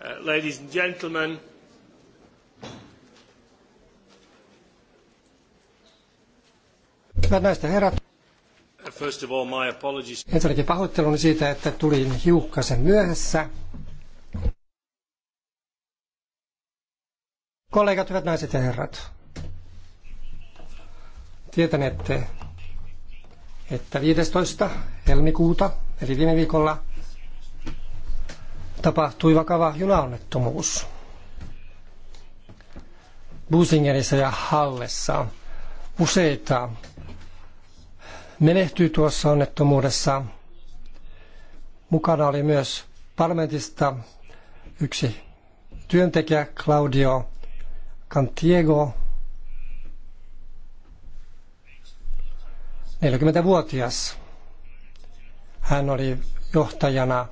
Uh, ladies and gentlemen, Hyvät First of all, my apologies. ensinnäkin pahoitteluni siitä, että tulin hiukkasen myöhässä. Kollegat, hyvät naiset ja herrat, tietänette, että 15. helmikuuta, eli viime viikolla, tapahtui vakava junaonnettomuus Busingerissa ja Hallessa. Useita menehtyi tuossa onnettomuudessa. Mukana oli myös parlamentista yksi työntekijä Claudio Cantiego, 40-vuotias. Hän oli johtajana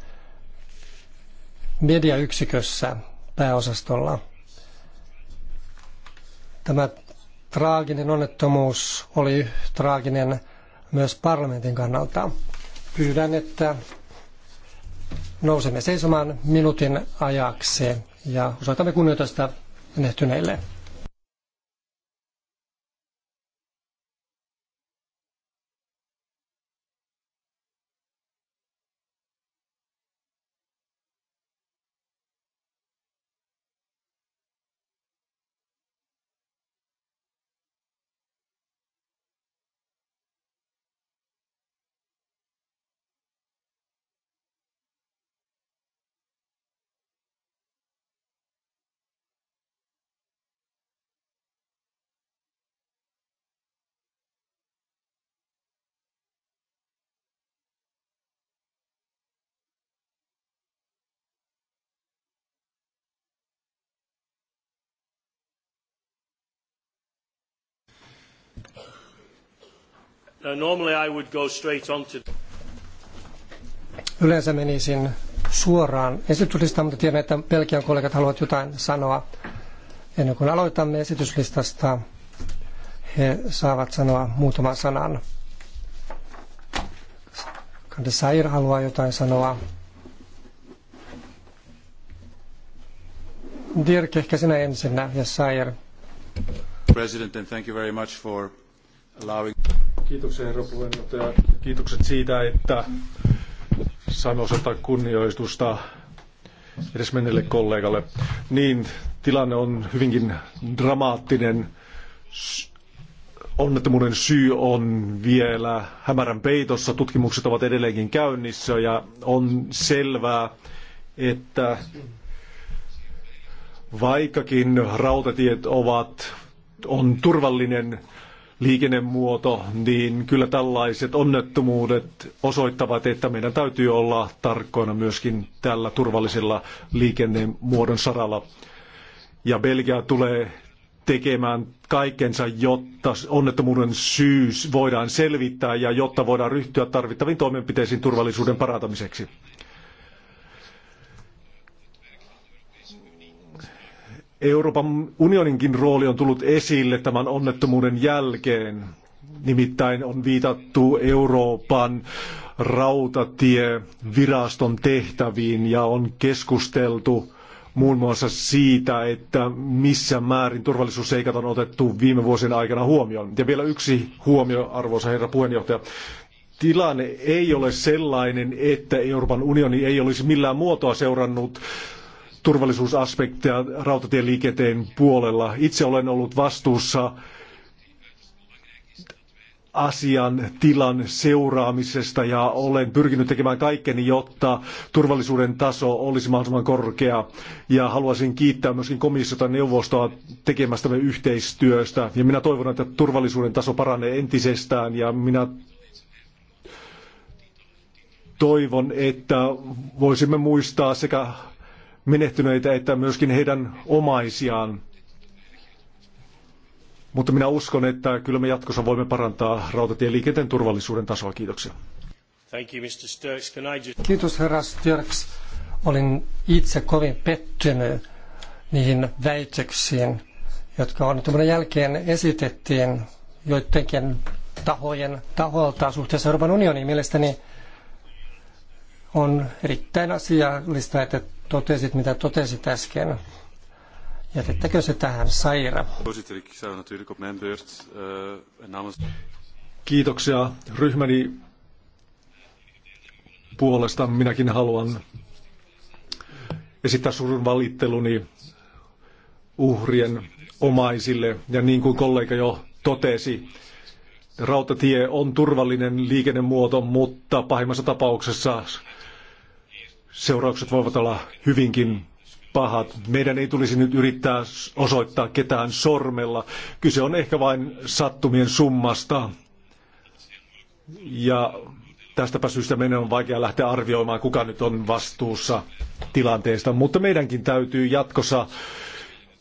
mediayksikössä pääosastolla. Tämä traaginen onnettomuus oli traaginen myös parlamentin kannalta. Pyydän, että nousemme seisomaan minuutin ajaksi ja osoitamme kunnioitusta menehtyneille. Uh, normally I would go straight on to... Yleensä menisin suoraan esityslista, mutta tiedän, että Belgian kollegat haluavat jotain sanoa. Ennen kuin aloitamme esityslistasta, he saavat sanoa muutaman sanan. Kande Sair haluaa jotain sanoa. Dirk, ehkä sinä ensinnä ja Sair. President, and thank you very much for allowing... Kiitoksia herra puheenjohtaja. Kiitokset siitä, että saimme osoittaa kunnioitusta edes menneelle kollegalle. Niin, tilanne on hyvinkin dramaattinen. Onnettomuuden syy on vielä hämärän peitossa. Tutkimukset ovat edelleenkin käynnissä ja on selvää, että vaikkakin rautatiet ovat, on turvallinen liikennemuoto, niin kyllä tällaiset onnettomuudet osoittavat, että meidän täytyy olla tarkkoina myöskin tällä turvallisella liikennemuodon saralla. Ja Belgia tulee tekemään kaikkensa, jotta onnettomuuden syys voidaan selvittää ja jotta voidaan ryhtyä tarvittaviin toimenpiteisiin turvallisuuden parantamiseksi. Euroopan unioninkin rooli on tullut esille tämän onnettomuuden jälkeen. Nimittäin on viitattu Euroopan rautatieviraston tehtäviin ja on keskusteltu muun muassa siitä, että missä määrin turvallisuusseikat on otettu viime vuosien aikana huomioon. Ja vielä yksi huomio, arvoisa herra puheenjohtaja. Tilanne ei ole sellainen, että Euroopan unioni ei olisi millään muotoa seurannut turvallisuusaspekteja rautatieliikenteen puolella. Itse olen ollut vastuussa asian tilan seuraamisesta ja olen pyrkinyt tekemään kaikkeni, jotta turvallisuuden taso olisi mahdollisimman korkea. Ja haluaisin kiittää myöskin komissiota neuvostoa tekemästämme yhteistyöstä. Ja minä toivon, että turvallisuuden taso paranee entisestään ja minä toivon, että voisimme muistaa sekä menehtyneitä että myöskin heidän omaisiaan. Mutta minä uskon, että kyllä me jatkossa voimme parantaa rautatieliikenteen turvallisuuden tasoa. Kiitoksia. Kiitos herra Styrks. Olin itse kovin pettynyt niihin väitöksiin, jotka tuon jälkeen esitettiin joidenkin tahojen taholta suhteessa Euroopan unioniin. Mielestäni on erittäin asiallista, että totesit, mitä totesit äsken. Jätettäkö se tähän, Saira? Eh, Kiitoksia ryhmäni puolesta. Minäkin haluan esittää surun valitteluni uhrien omaisille. Ja niin kuin kollega jo totesi, rautatie on turvallinen liikennemuoto, mutta pahimmassa tapauksessa seuraukset voivat olla hyvinkin pahat. Meidän ei tulisi nyt yrittää osoittaa ketään sormella. Kyse on ehkä vain sattumien summasta. Ja tästäpä syystä meidän on vaikea lähteä arvioimaan, kuka nyt on vastuussa tilanteesta. Mutta meidänkin täytyy jatkossa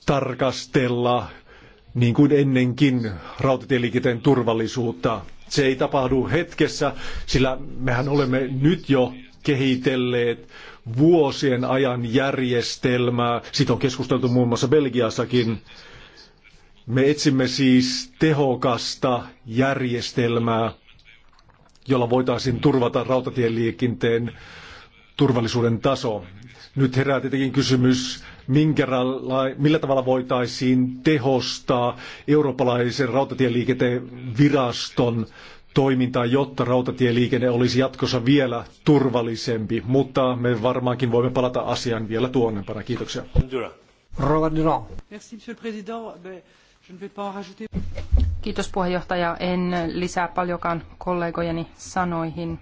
tarkastella, niin kuin ennenkin, rautatieliikenteen turvallisuutta. Se ei tapahdu hetkessä, sillä mehän olemme nyt jo kehitelleet vuosien ajan järjestelmää. Siitä on keskusteltu muun muassa Belgiassakin. Me etsimme siis tehokasta järjestelmää, jolla voitaisiin turvata rautatieliikenteen turvallisuuden taso. Nyt herää tietenkin kysymys, millä tavalla voitaisiin tehostaa eurooppalaisen rautatieliikenteen viraston toimintaa, jotta rautatieliikenne olisi jatkossa vielä turvallisempi, mutta me varmaankin voimme palata asiaan vielä tuonnempana. Kiitoksia. Kiitos puheenjohtaja. En lisää paljonkaan kollegojeni sanoihin.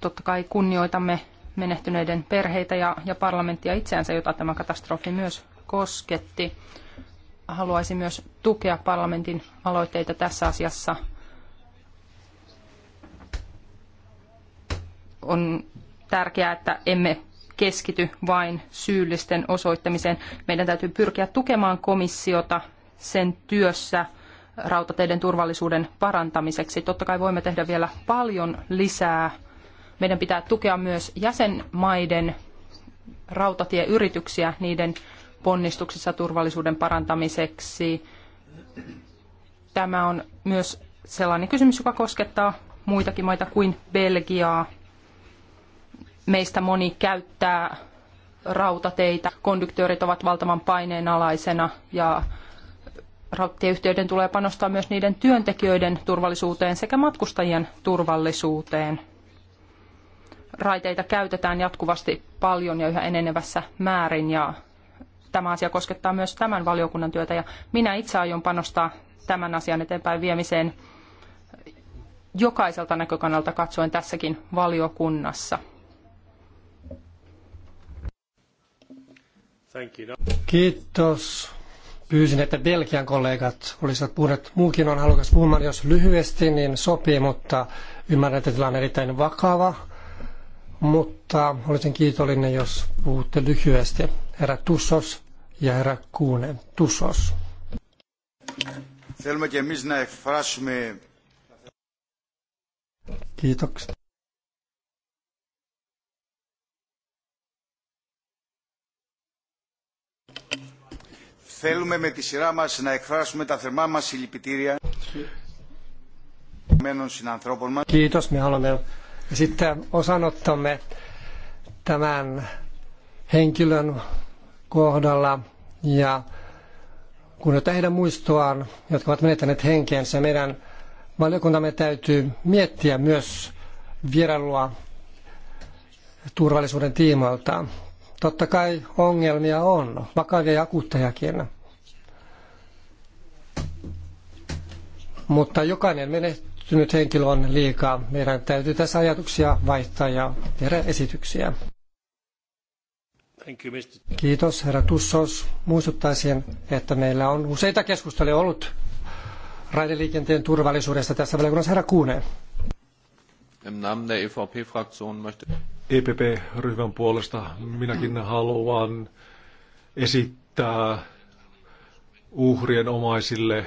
Totta kai kunnioitamme menehtyneiden perheitä ja, ja parlamenttia itseänsä, jota tämä katastrofi myös kosketti. Haluaisin myös tukea parlamentin aloitteita tässä asiassa on tärkeää, että emme keskity vain syyllisten osoittamiseen. Meidän täytyy pyrkiä tukemaan komissiota sen työssä rautateiden turvallisuuden parantamiseksi. Totta kai voimme tehdä vielä paljon lisää. Meidän pitää tukea myös jäsenmaiden rautatieyrityksiä niiden ponnistuksissa turvallisuuden parantamiseksi. Tämä on myös sellainen kysymys, joka koskettaa muitakin maita kuin Belgiaa meistä moni käyttää rautateitä. Konduktöörit ovat valtavan paineen alaisena ja rautatieyhtiöiden tulee panostaa myös niiden työntekijöiden turvallisuuteen sekä matkustajien turvallisuuteen. Raiteita käytetään jatkuvasti paljon ja yhä enenevässä määrin ja tämä asia koskettaa myös tämän valiokunnan työtä ja minä itse aion panostaa tämän asian eteenpäin viemiseen jokaiselta näkökannalta katsoen tässäkin valiokunnassa. Kiitos. Pyysin, että Belgian kollegat olisivat puhuneet. Muukin on halukas puhumaan, jos lyhyesti, niin sopii, mutta ymmärrän, että tilanne on erittäin vakava. Mutta olisin kiitollinen, jos puhutte lyhyesti. Herra Tussos ja herra Kuune. Tussos. Kiitoksia. Θέλουμε με τη σειρά μας να εκφράσουμε τα θερμά μας συλληπιτήρια συνανθρώπων μας. Kiitos, me haluamme esittää osanottomme tämän henkilön kohdalla ja kunnioittaa heidän muistoaan, jotka ovat menettäneet henkeensä. Meidän valiokuntamme täytyy miettiä myös vierailua turvallisuuden tiimoilta. Totta kai ongelmia on, vakavia ja akuuttejakin. Mutta jokainen menehtynyt henkilö on liikaa. Meidän täytyy tässä ajatuksia vaihtaa ja tehdä esityksiä. Kiitos, herra Tussos. Muistuttaisin, että meillä on useita keskusteluja ollut raideliikenteen turvallisuudesta tässä valiokunnassa. Herra Kuuneen. Im Namen der EVP-Fraktion möchte... EPP-ryhmän puolesta minäkin haluan esittää uhrien omaisille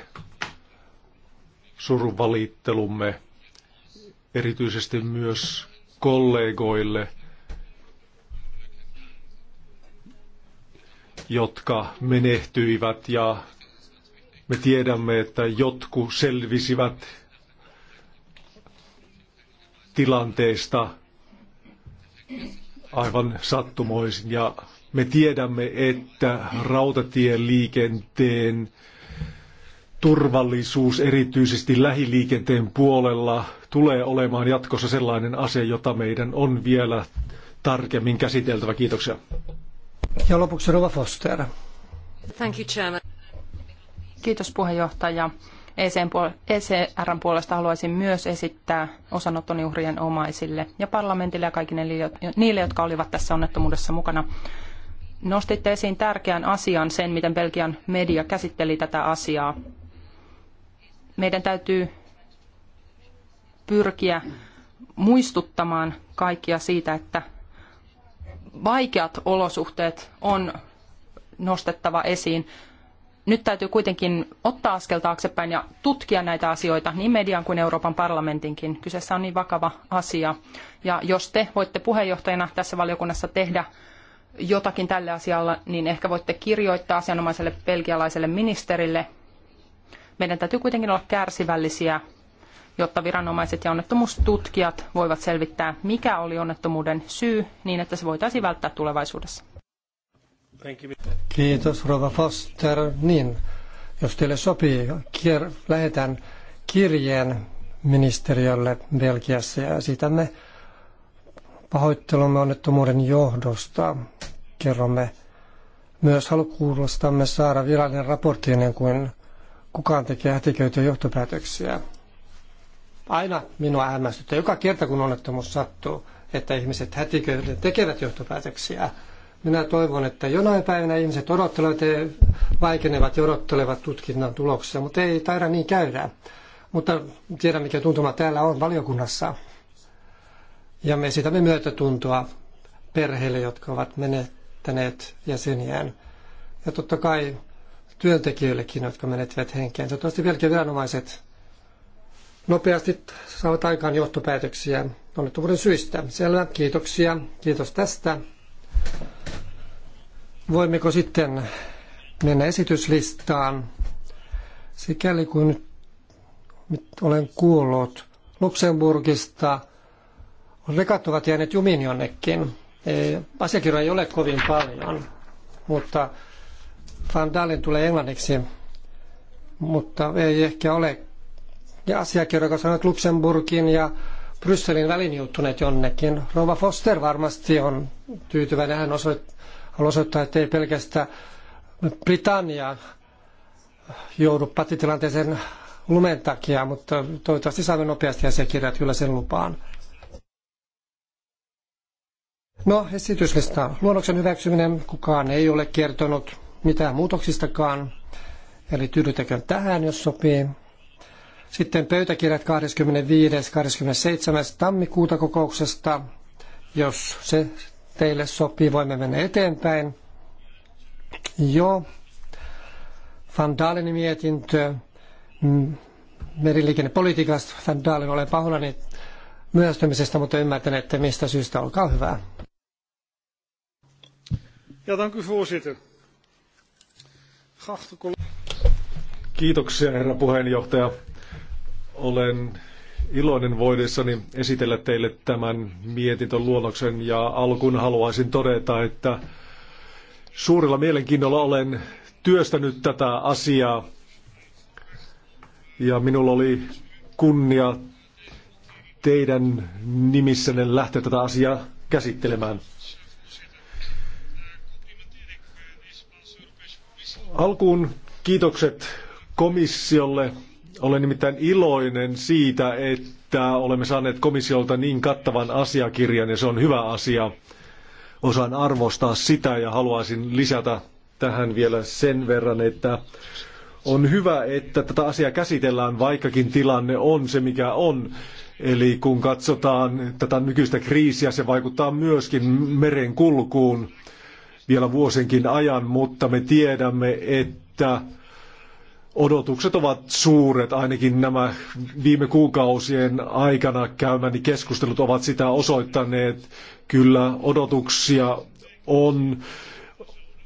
surunvalittelumme, erityisesti myös kollegoille, jotka menehtyivät ja me tiedämme, että jotkut selvisivät tilanteesta aivan sattumoisin. Ja me tiedämme, että rautatien liikenteen turvallisuus erityisesti lähiliikenteen puolella tulee olemaan jatkossa sellainen asia, jota meidän on vielä tarkemmin käsiteltävä. Kiitoksia. Ja lopuksi Rova Foster. Thank you, Chairman. Kiitos puheenjohtaja. ECRn e puolesta haluaisin myös esittää osanoton uhrien omaisille ja parlamentille ja kaikille niille, jotka olivat tässä onnettomuudessa mukana. Nostitte esiin tärkeän asian sen, miten Belgian media käsitteli tätä asiaa. Meidän täytyy pyrkiä muistuttamaan kaikkia siitä, että vaikeat olosuhteet on nostettava esiin nyt täytyy kuitenkin ottaa askel taaksepäin ja tutkia näitä asioita niin median kuin Euroopan parlamentinkin. Kyseessä on niin vakava asia. Ja jos te voitte puheenjohtajana tässä valiokunnassa tehdä jotakin tälle asialle, niin ehkä voitte kirjoittaa asianomaiselle belgialaiselle ministerille. Meidän täytyy kuitenkin olla kärsivällisiä, jotta viranomaiset ja onnettomuustutkijat voivat selvittää, mikä oli onnettomuuden syy, niin että se voitaisiin välttää tulevaisuudessa. Kiitos, Rova Foster. Niin, jos teille sopii, kier, lähetän kirjeen ministeriölle Belgiassa ja esitämme pahoittelumme onnettomuuden johdosta. Kerromme myös halukkuudestamme saada virallinen raportti ennen kuin kukaan tekee hätiköityjä johtopäätöksiä. Aina minua hämmästyttää joka kerta, kun onnettomuus sattuu, että ihmiset hätiköiden tekevät johtopäätöksiä. Minä toivon, että jonain päivänä ihmiset odottelevat ja vaikenevat ja odottelevat tutkinnan tuloksia, mutta ei taida niin käydä. Mutta tiedän, mikä tuntuma täällä on valiokunnassa. Ja me esitämme myötätuntoa perheille, jotka ovat menettäneet jäseniään. Ja totta kai työntekijöillekin, jotka menettivät henkeään. Toivottavasti vieläkin viranomaiset nopeasti saavat aikaan johtopäätöksiä onnettomuuden syistä. Selvä, kiitoksia. Kiitos tästä. Voimmeko sitten mennä esityslistaan? Sikäli kuin nyt olen kuullut Luxemburgista, rekat ovat jääneet jumiin jonnekin. E, asiakirjoja ei ole kovin paljon, mutta Van Dalen tulee englanniksi, mutta ei ehkä ole. Ja asiakirjoja, joka sanoo, Luxemburgin ja Brysselin välin jonnekin. Rova Foster varmasti on tyytyväinen. Hän osoittaa Haluan osoittaa, että ei pelkästään Britannia joudu pattitilanteeseen lumen takia, mutta toivottavasti saamme nopeasti asiakirjat kyllä sen lupaan. No, esityslista. Luonnoksen hyväksyminen. Kukaan ei ole kertonut mitään muutoksistakaan. Eli tyydytäkö tähän, jos sopii. Sitten pöytäkirjat 25. 27. tammikuuta kokouksesta, jos se teille sopii, voimme mennä eteenpäin. Joo. Van Dalen mietintö mm, meriliikennepolitiikasta. Van Dalen, olen pahoillani myöhästymisestä, mutta ymmärtän, että mistä syystä. Olkaa hyvää. Ja, tämän u Kiitoksia, herra puheenjohtaja. Olen iloinen voidessani esitellä teille tämän mietintöluonnoksen ja alkuun haluaisin todeta, että suurella mielenkiinnolla olen työstänyt tätä asiaa ja minulla oli kunnia teidän nimissänne lähteä tätä asiaa käsittelemään. Alkuun kiitokset komissiolle olen nimittäin iloinen siitä, että olemme saaneet komissiolta niin kattavan asiakirjan ja se on hyvä asia. Osaan arvostaa sitä ja haluaisin lisätä tähän vielä sen verran, että on hyvä, että tätä asiaa käsitellään, vaikkakin tilanne on se mikä on. Eli kun katsotaan tätä nykyistä kriisiä, se vaikuttaa myöskin meren kulkuun vielä vuosienkin ajan, mutta me tiedämme, että Odotukset ovat suuret, ainakin nämä viime kuukausien aikana käymäni keskustelut ovat sitä osoittaneet. Kyllä odotuksia on.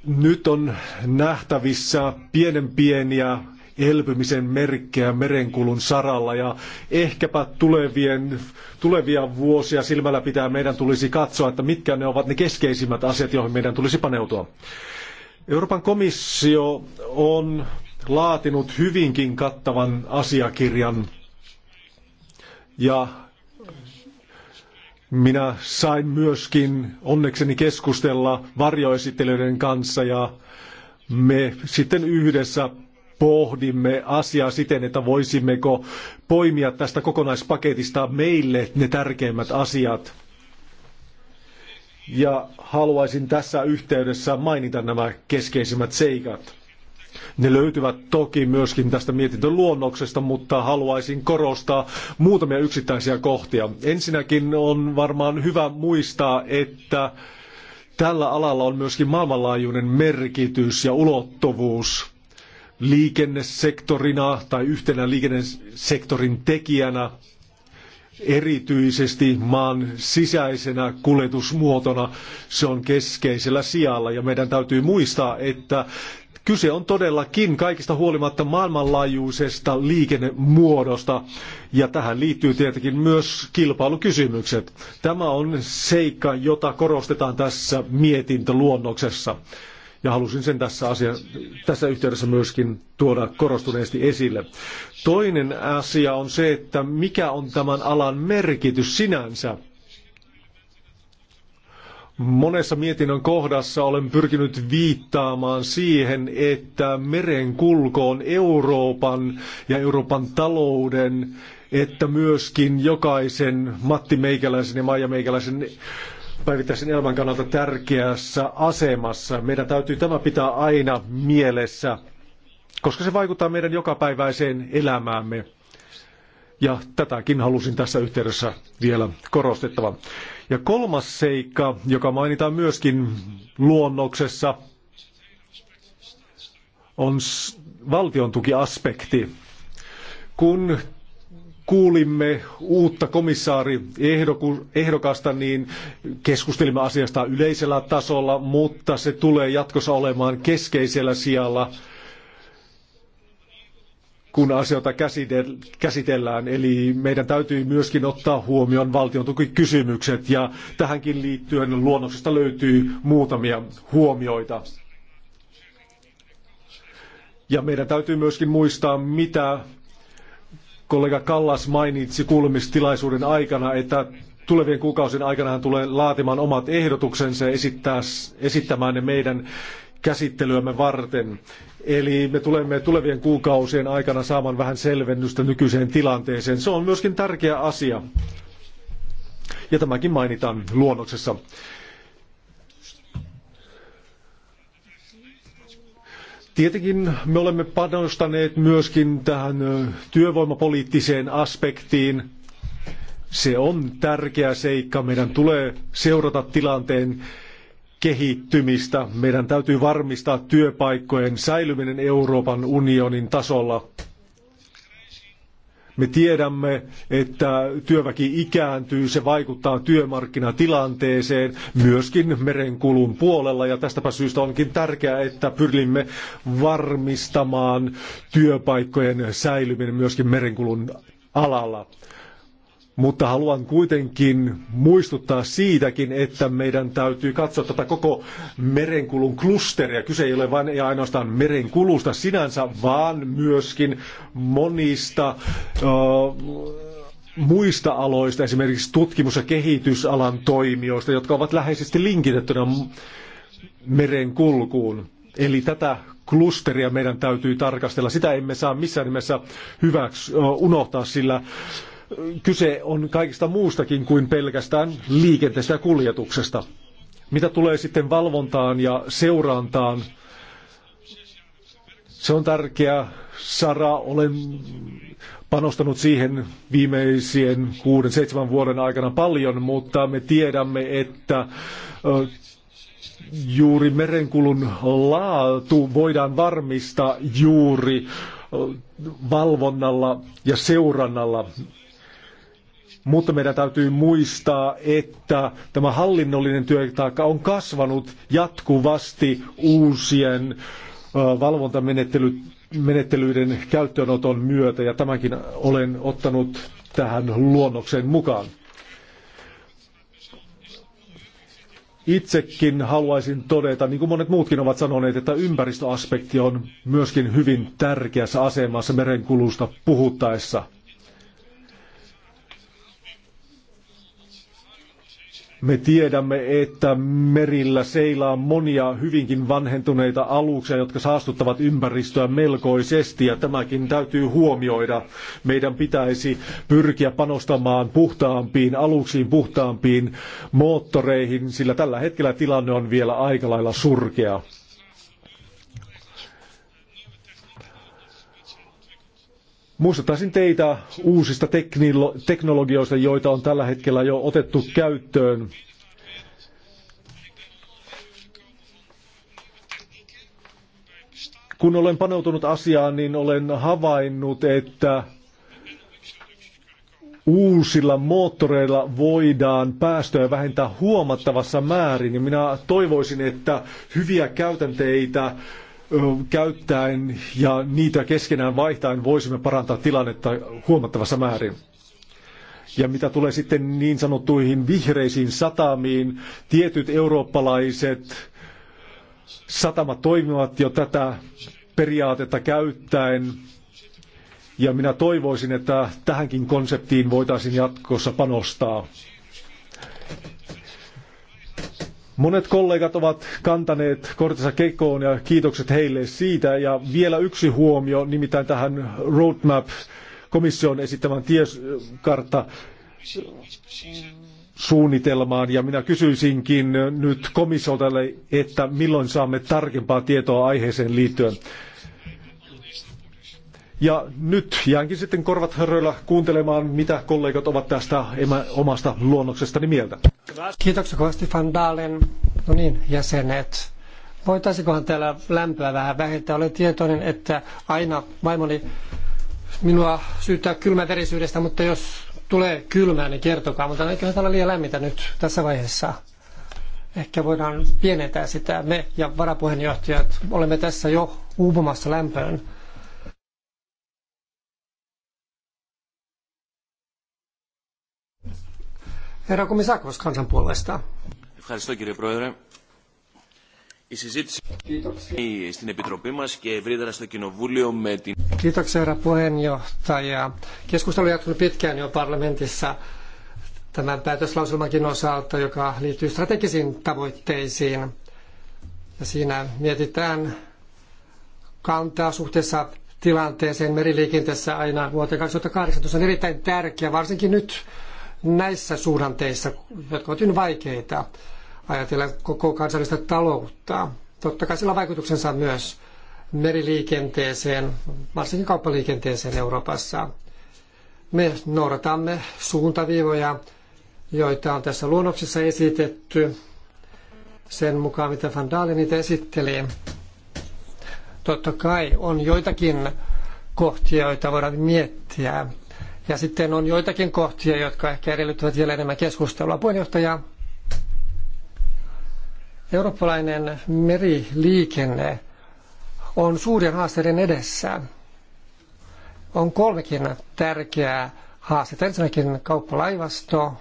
Nyt on nähtävissä pienen pieniä elpymisen merkkejä merenkulun saralla ja ehkäpä tulevien, tulevia vuosia silmällä pitää meidän tulisi katsoa, että mitkä ne ovat ne keskeisimmät asiat, joihin meidän tulisi paneutua. Euroopan komissio on laatinut hyvinkin kattavan asiakirjan ja minä sain myöskin onnekseni keskustella varjoesittelijöiden kanssa ja me sitten yhdessä pohdimme asiaa siten, että voisimmeko poimia tästä kokonaispaketista meille ne tärkeimmät asiat. Ja haluaisin tässä yhteydessä mainita nämä keskeisimmät seikat. Ne löytyvät toki myöskin tästä mietintön luonnoksesta, mutta haluaisin korostaa muutamia yksittäisiä kohtia. Ensinnäkin on varmaan hyvä muistaa, että tällä alalla on myöskin maailmanlaajuinen merkitys ja ulottuvuus liikennesektorina tai yhtenä liikennesektorin tekijänä erityisesti maan sisäisenä kuljetusmuotona se on keskeisellä sijalla ja meidän täytyy muistaa, että Kyse on todellakin kaikista huolimatta maailmanlaajuisesta liikennemuodosta ja tähän liittyy tietenkin myös kilpailukysymykset. Tämä on seikka, jota korostetaan tässä mietintöluonnoksessa ja halusin sen tässä, asia, tässä yhteydessä myöskin tuoda korostuneesti esille. Toinen asia on se, että mikä on tämän alan merkitys sinänsä. Monessa mietinnön kohdassa olen pyrkinyt viittaamaan siihen, että kulko on Euroopan ja Euroopan talouden, että myöskin jokaisen Matti Meikäläisen ja Maija Meikäläisen päivittäisen elämän kannalta tärkeässä asemassa. Meidän täytyy tämä pitää aina mielessä, koska se vaikuttaa meidän jokapäiväiseen elämäämme. Ja tätäkin halusin tässä yhteydessä vielä korostettavan. Ja kolmas seikka, joka mainitaan myöskin luonnoksessa, on valtiontukiaspekti. Kun kuulimme uutta komissaari ehdokasta, niin keskustelimme asiasta yleisellä tasolla, mutta se tulee jatkossa olemaan keskeisellä sijalla kun asioita käsitellään. Eli meidän täytyy myöskin ottaa huomioon valtion tukikysymykset ja tähänkin liittyen luonnoksesta löytyy muutamia huomioita. Ja meidän täytyy myöskin muistaa, mitä kollega Kallas mainitsi kuulemistilaisuuden aikana, että tulevien kuukausien aikana hän tulee laatimaan omat ehdotuksensa ja esittämään ne meidän käsittelyämme varten. Eli me tulemme tulevien kuukausien aikana saamaan vähän selvennystä nykyiseen tilanteeseen. Se on myöskin tärkeä asia. Ja tämäkin mainitaan luonnoksessa. Tietenkin me olemme panostaneet myöskin tähän työvoimapoliittiseen aspektiin. Se on tärkeä seikka. Meidän tulee seurata tilanteen kehittymistä. Meidän täytyy varmistaa työpaikkojen säilyminen Euroopan unionin tasolla. Me tiedämme, että työväki ikääntyy, se vaikuttaa työmarkkinatilanteeseen myöskin merenkulun puolella ja tästäpä syystä onkin tärkeää, että pyrimme varmistamaan työpaikkojen säilyminen myöskin merenkulun alalla. Mutta haluan kuitenkin muistuttaa siitäkin, että meidän täytyy katsoa tätä koko merenkulun klusteria. Kyse ei ole vain ja ainoastaan merenkulusta sinänsä, vaan myöskin monista uh, muista aloista, esimerkiksi tutkimus- ja kehitysalan toimijoista, jotka ovat läheisesti linkitettynä merenkulkuun. Eli tätä klusteria meidän täytyy tarkastella. Sitä emme saa missään nimessä hyväksi, uh, unohtaa, sillä uh, kyse on kaikista muustakin kuin pelkästään liikenteestä ja kuljetuksesta. Mitä tulee sitten valvontaan ja seurantaan, se on tärkeää. sara. Olen panostanut siihen viimeisien kuuden, seitsemän vuoden aikana paljon, mutta me tiedämme, että juuri merenkulun laatu voidaan varmistaa juuri valvonnalla ja seurannalla mutta meidän täytyy muistaa, että tämä hallinnollinen työtaakka on kasvanut jatkuvasti uusien valvontamenettelyiden käyttöönoton myötä, ja tämänkin olen ottanut tähän luonnokseen mukaan. Itsekin haluaisin todeta, niin kuin monet muutkin ovat sanoneet, että ympäristöaspekti on myöskin hyvin tärkeässä asemassa merenkulusta puhuttaessa – Me tiedämme, että merillä seilaa monia hyvinkin vanhentuneita aluksia, jotka saastuttavat ympäristöä melkoisesti, ja tämäkin täytyy huomioida. Meidän pitäisi pyrkiä panostamaan puhtaampiin aluksiin, puhtaampiin moottoreihin, sillä tällä hetkellä tilanne on vielä aika lailla surkea. Muistuttaisin teitä uusista teknologioista, joita on tällä hetkellä jo otettu käyttöön. Kun olen paneutunut asiaan, niin olen havainnut, että uusilla moottoreilla voidaan päästöjä vähentää huomattavassa määrin. Ja minä toivoisin, että hyviä käytänteitä käyttäen ja niitä keskenään vaihtaen voisimme parantaa tilannetta huomattavassa määrin. Ja mitä tulee sitten niin sanottuihin vihreisiin satamiin, tietyt eurooppalaiset satamat toimivat jo tätä periaatetta käyttäen. Ja minä toivoisin, että tähänkin konseptiin voitaisiin jatkossa panostaa. Monet kollegat ovat kantaneet kortensa kekoon ja kiitokset heille siitä. Ja vielä yksi huomio, nimittäin tähän roadmap komission esittämään tiekartta suunnitelmaan ja minä kysyisinkin nyt komissiolta, että milloin saamme tarkempaa tietoa aiheeseen liittyen. Ja nyt jäänkin sitten korvat höröillä kuuntelemaan, mitä kollegat ovat tästä omasta luonnoksestani mieltä. Kiitoksia kovasti Van Dalen. No niin, jäsenet. Voitaisikohan täällä lämpöä vähän vähentää? Olen tietoinen, että aina vaimoni minua syyttää kylmäverisyydestä, mutta jos tulee kylmää, niin kertokaa. Mutta eiköhän täällä liian lämmintä nyt tässä vaiheessa. Ehkä voidaan pienentää sitä. Me ja varapuheenjohtajat olemme tässä jo uupumassa lämpöön. Herra Komisakos kansan puolesta. Ευχαριστώ κύριε Πρόεδρε. Η συζήτηση στην Επιτροπή μας και ευρύτερα στο Κοινοβούλιο με την... Kiitoksia herra puheenjohtaja. Keskustelu on jatkunut pitkään jo parlamentissa tämän päätöslauselmankin osalta, joka liittyy strategisiin tavoitteisiin. Ja siinä mietitään kantaa suhteessa tilanteeseen meriliikenteessä aina vuoteen 2018. Se on erittäin tärkeä, varsinkin nyt näissä suhdanteissa, jotka ovat hyvin vaikeita ajatella koko kansallista taloutta. Totta kai sillä on vaikutuksensa myös meriliikenteeseen, varsinkin kauppaliikenteeseen Euroopassa. Me noudatamme suuntaviivoja, joita on tässä luonnoksessa esitetty sen mukaan, mitä Van Dahlen niitä esitteli. Totta kai on joitakin kohtia, joita voidaan miettiä ja sitten on joitakin kohtia, jotka ehkä edellyttävät vielä enemmän keskustelua. Puheenjohtaja, eurooppalainen meriliikenne on suurien haasteiden edessä. On kolmekin tärkeää haastetta. Ensinnäkin kauppalaivasto.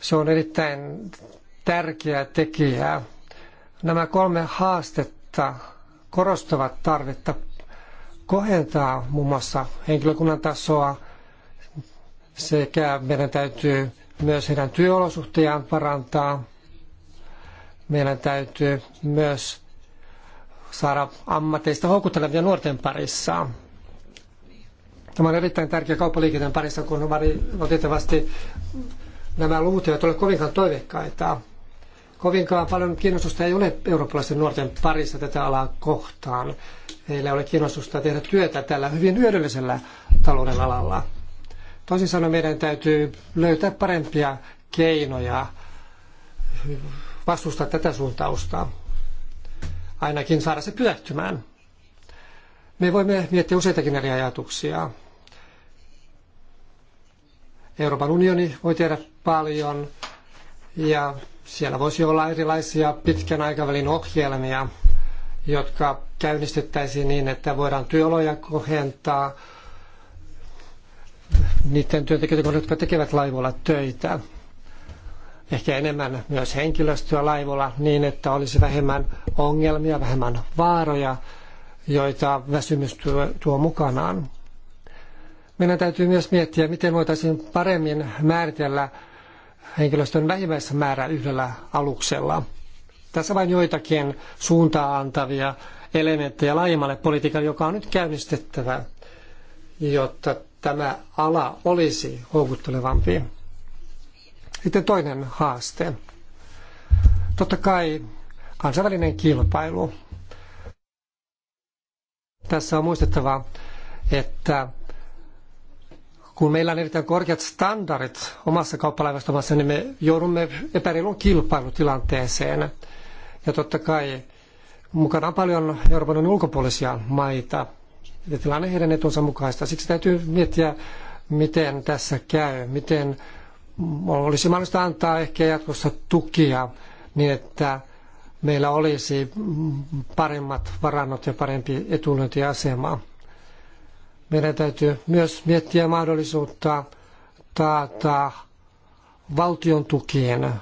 Se on erittäin tärkeä tekijä. Nämä kolme haastetta korostavat tarvetta kohentaa muun muassa henkilökunnan tasoa sekä meidän täytyy myös heidän työolosuhtejaan parantaa. Meidän täytyy myös saada ammateista houkuttelevia nuorten parissa. Tämä on erittäin tärkeä kauppaliikenteen parissa, kun valitettavasti nämä luvut eivät ole kovinkaan toiveikkaita. Kovinkaan paljon kiinnostusta ei ole eurooppalaisten nuorten parissa tätä alaa kohtaan heillä ei ole kiinnostusta tehdä työtä tällä hyvin hyödyllisellä talouden alalla. Toisin sanoen meidän täytyy löytää parempia keinoja vastustaa tätä suuntausta, ainakin saada se pysähtymään. Me voimme miettiä useitakin eri ajatuksia. Euroopan unioni voi tehdä paljon ja siellä voisi olla erilaisia pitkän aikavälin ohjelmia – jotka käynnistettäisiin niin, että voidaan työoloja kohentaa niiden työntekijöiden jotka tekevät laivoilla töitä. Ehkä enemmän myös henkilöstöä laivolla niin, että olisi vähemmän ongelmia, vähemmän vaaroja, joita väsymys tuo mukanaan. Meidän täytyy myös miettiä, miten voitaisiin paremmin määritellä henkilöstön vähimmäismäärä yhdellä aluksella. Tässä vain joitakin suuntaa antavia elementtejä laajemmalle politiikalle, joka on nyt käynnistettävä, jotta tämä ala olisi houkuttelevampi. Sitten toinen haaste. Totta kai kansainvälinen kilpailu. Tässä on muistettava, että kun meillä on erittäin korkeat standardit omassa kauppalaivastommassa, niin me joudumme epäreilun kilpailutilanteeseen – ja totta kai mukana on paljon Euroopan unionin ulkopuolisia maita ja tilanne heidän etunsa mukaista. Siksi täytyy miettiä, miten tässä käy, miten olisi mahdollista antaa ehkä jatkossa tukia niin, että meillä olisi paremmat varannot ja parempi etulyöntiasema. Meidän täytyy myös miettiä mahdollisuutta taata valtion tukien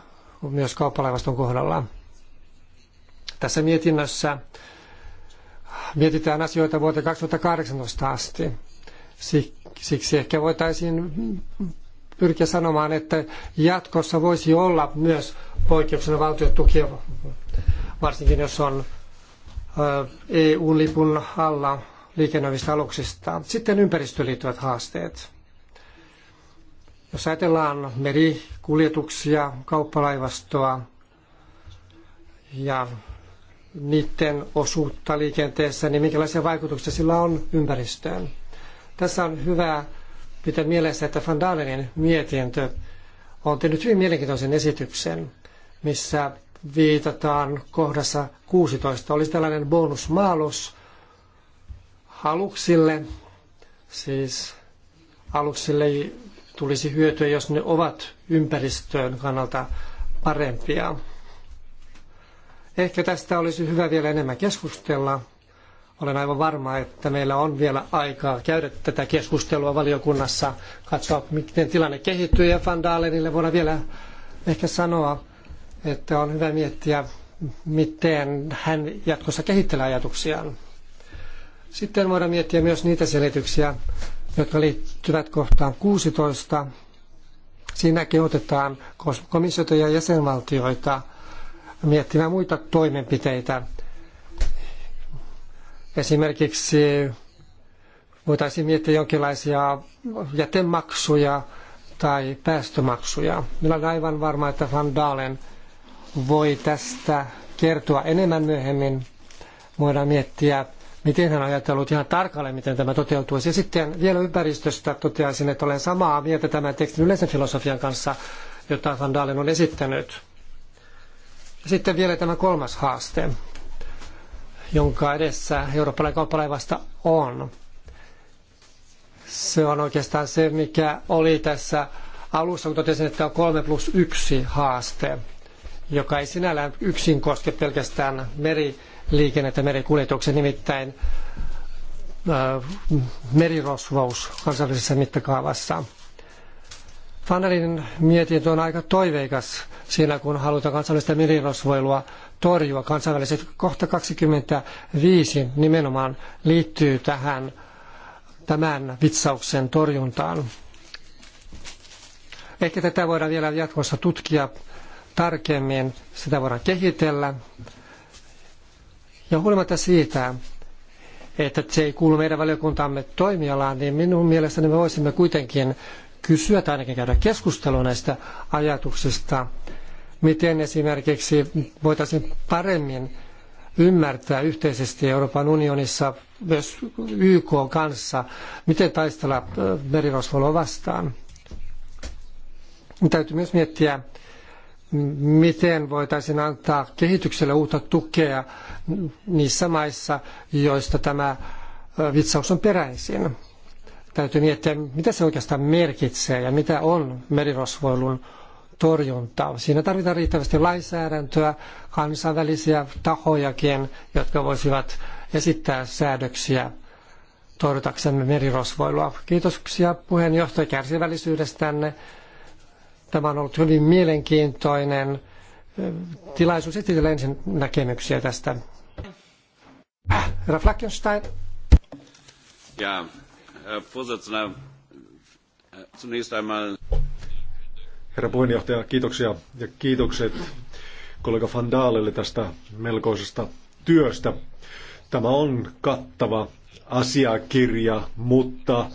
myös kauppalaivaston kohdalla. Tässä mietinnössä mietitään asioita vuoteen 2018 asti. Siksi ehkä voitaisiin pyrkiä sanomaan, että jatkossa voisi olla myös poikkeuksena valtion tukia, varsinkin jos on EU-lipun alla liikennöivistä aluksista. Sitten ympäristöön liittyvät haasteet. Jos ajatellaan merikuljetuksia, kauppalaivastoa ja niiden osuutta liikenteessä, niin minkälaisia vaikutuksia sillä on ympäristöön. Tässä on hyvä pitää mielessä, että Van Dalenin mietintö on tehnyt hyvin mielenkiintoisen esityksen, missä viitataan kohdassa 16. Olisi tällainen bonusmaalus aluksille, siis aluksille tulisi hyötyä, jos ne ovat ympäristöön kannalta parempia. Ehkä tästä olisi hyvä vielä enemmän keskustella. Olen aivan varma, että meillä on vielä aikaa käydä tätä keskustelua valiokunnassa, katsoa miten tilanne kehittyy ja Van Dalenille voidaan vielä ehkä sanoa, että on hyvä miettiä, miten hän jatkossa kehittelee ajatuksiaan. Sitten voidaan miettiä myös niitä selityksiä, jotka liittyvät kohtaan 16. Siinä kehotetaan komissiota ja jäsenvaltioita – miettimään muita toimenpiteitä. Esimerkiksi voitaisiin miettiä jonkinlaisia jätemaksuja tai päästömaksuja. Minä olen aivan varma, että Van Dalen voi tästä kertoa enemmän myöhemmin. Voidaan miettiä, miten hän on ajatellut ihan tarkalleen, miten tämä toteutuisi. Ja sitten vielä ympäristöstä toteaisin, että olen samaa mieltä tämän tekstin yleisen filosofian kanssa, jota Van Dalen on esittänyt. Sitten vielä tämä kolmas haaste, jonka edessä eurooppalainen kauppalaivasta on. Se on oikeastaan se, mikä oli tässä alussa, kun totesin, että on kolme plus yksi haaste, joka ei sinällään yksin koske pelkästään meriliikennettä, merikuljetuksen, nimittäin äh, merirosvous kansallisessa mittakaavassa. Fanelin mietintö on aika toiveikas siinä, kun halutaan kansainvälistä merirosvoilua torjua. Kansainväliset kohta 25 nimenomaan liittyy tähän tämän vitsauksen torjuntaan. Ehkä tätä voidaan vielä jatkossa tutkia tarkemmin, sitä voidaan kehitellä. Ja huolimatta siitä, että se ei kuulu meidän valiokuntamme toimialaan, niin minun mielestäni me voisimme kuitenkin kysyä tai ainakin käydä keskustelua näistä ajatuksista, miten esimerkiksi voitaisiin paremmin ymmärtää yhteisesti Euroopan unionissa myös YK kanssa, miten taistella äh, merirosvoa vastaan. Täytyy myös miettiä, miten voitaisiin antaa kehitykselle uutta tukea niissä maissa, joista tämä äh, vitsaus on peräisin. Täytyy miettiä, mitä se oikeastaan merkitsee ja mitä on merirosvoilun torjunta. Siinä tarvitaan riittävästi lainsäädäntöä, kansainvälisiä tahojakin, jotka voisivat esittää säädöksiä torjutaksemme merirosvoilua. Kiitoksia puheenjohtaja kärsivällisyydestänne. Tämä on ollut hyvin mielenkiintoinen eh, tilaisuus esitellä ensin näkemyksiä tästä. Äh, Herra Herr Vorsitzender. Zunächst einmal... Herra puheenjohtaja, kiitoksia ja kiitokset kollega Van Daalelle tästä melkoisesta työstä. Tämä on kattava asiakirja, mutta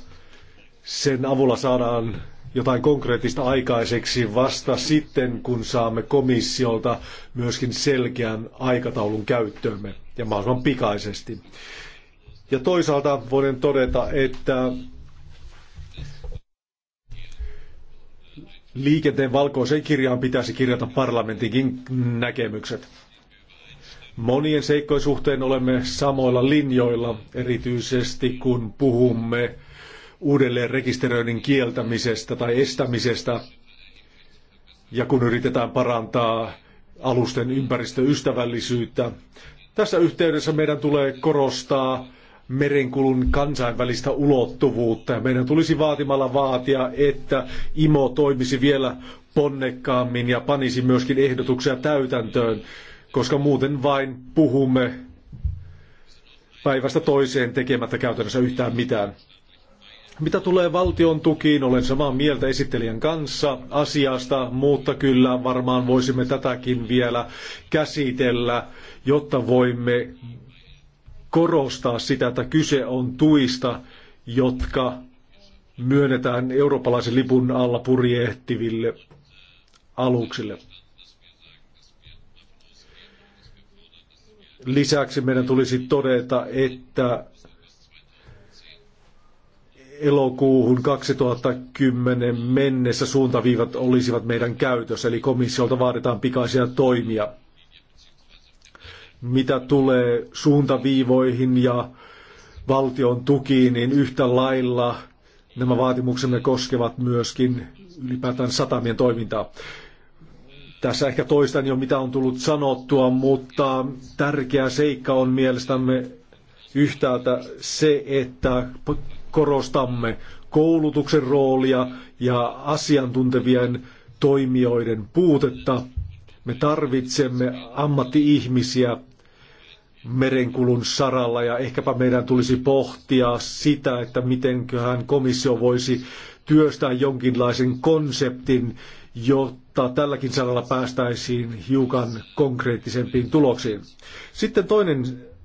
sen avulla saadaan jotain konkreettista aikaiseksi vasta sitten, kun saamme komissiolta myöskin selkeän aikataulun käyttöömme ja mahdollisimman pikaisesti. Ja toisaalta voin todeta, että liikenteen valkoiseen kirjaan pitäisi kirjata parlamentinkin näkemykset. Monien seikkojen suhteen olemme samoilla linjoilla, erityisesti kun puhumme uudelleen rekisteröinnin kieltämisestä tai estämisestä, ja kun yritetään parantaa alusten ympäristöystävällisyyttä. Tässä yhteydessä meidän tulee korostaa merenkulun kansainvälistä ulottuvuutta. Meidän tulisi vaatimalla vaatia, että IMO toimisi vielä ponnekkaammin ja panisi myöskin ehdotuksia täytäntöön, koska muuten vain puhumme päivästä toiseen tekemättä käytännössä yhtään mitään. Mitä tulee valtion tukiin, olen samaa mieltä esittelijän kanssa asiasta, mutta kyllä varmaan voisimme tätäkin vielä käsitellä, jotta voimme korostaa sitä, että kyse on tuista, jotka myönnetään eurooppalaisen lipun alla purjehtiville aluksille. Lisäksi meidän tulisi todeta, että elokuuhun 2010 mennessä suuntaviivat olisivat meidän käytössä, eli komissiolta vaaditaan pikaisia toimia mitä tulee suuntaviivoihin ja valtion tukiin, niin yhtä lailla nämä vaatimuksemme koskevat myöskin ylipäätään satamien toimintaa. Tässä ehkä toistan jo mitä on tullut sanottua, mutta tärkeä seikka on mielestämme yhtäältä se, että korostamme koulutuksen roolia ja asiantuntevien toimijoiden puutetta. Me tarvitsemme ammatti-ihmisiä merenkulun saralla ja ehkäpä meidän tulisi pohtia sitä, että mitenköhän komissio voisi työstää jonkinlaisen konseptin, jotta tälläkin saralla päästäisiin hiukan konkreettisempiin tuloksiin. Sitten toinen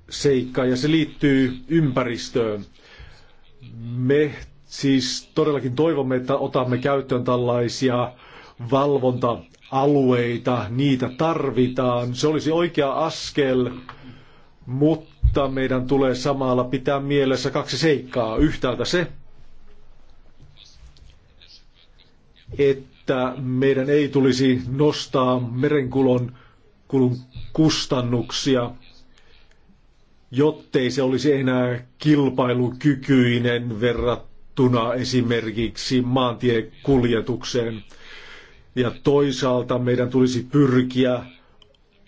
seikka ja se liittyy ympäristöön. Me siis todellakin toivomme, että otamme käyttöön tällaisia valvonta-alueita, niitä tarvitaan. Se olisi oikea askel mutta meidän tulee samalla pitää mielessä kaksi seikkaa. Yhtäältä se, että meidän ei tulisi nostaa merenkulun kulun kustannuksia, jottei se olisi enää kilpailukykyinen verrattuna esimerkiksi maantiekuljetukseen. Ja toisaalta meidän tulisi pyrkiä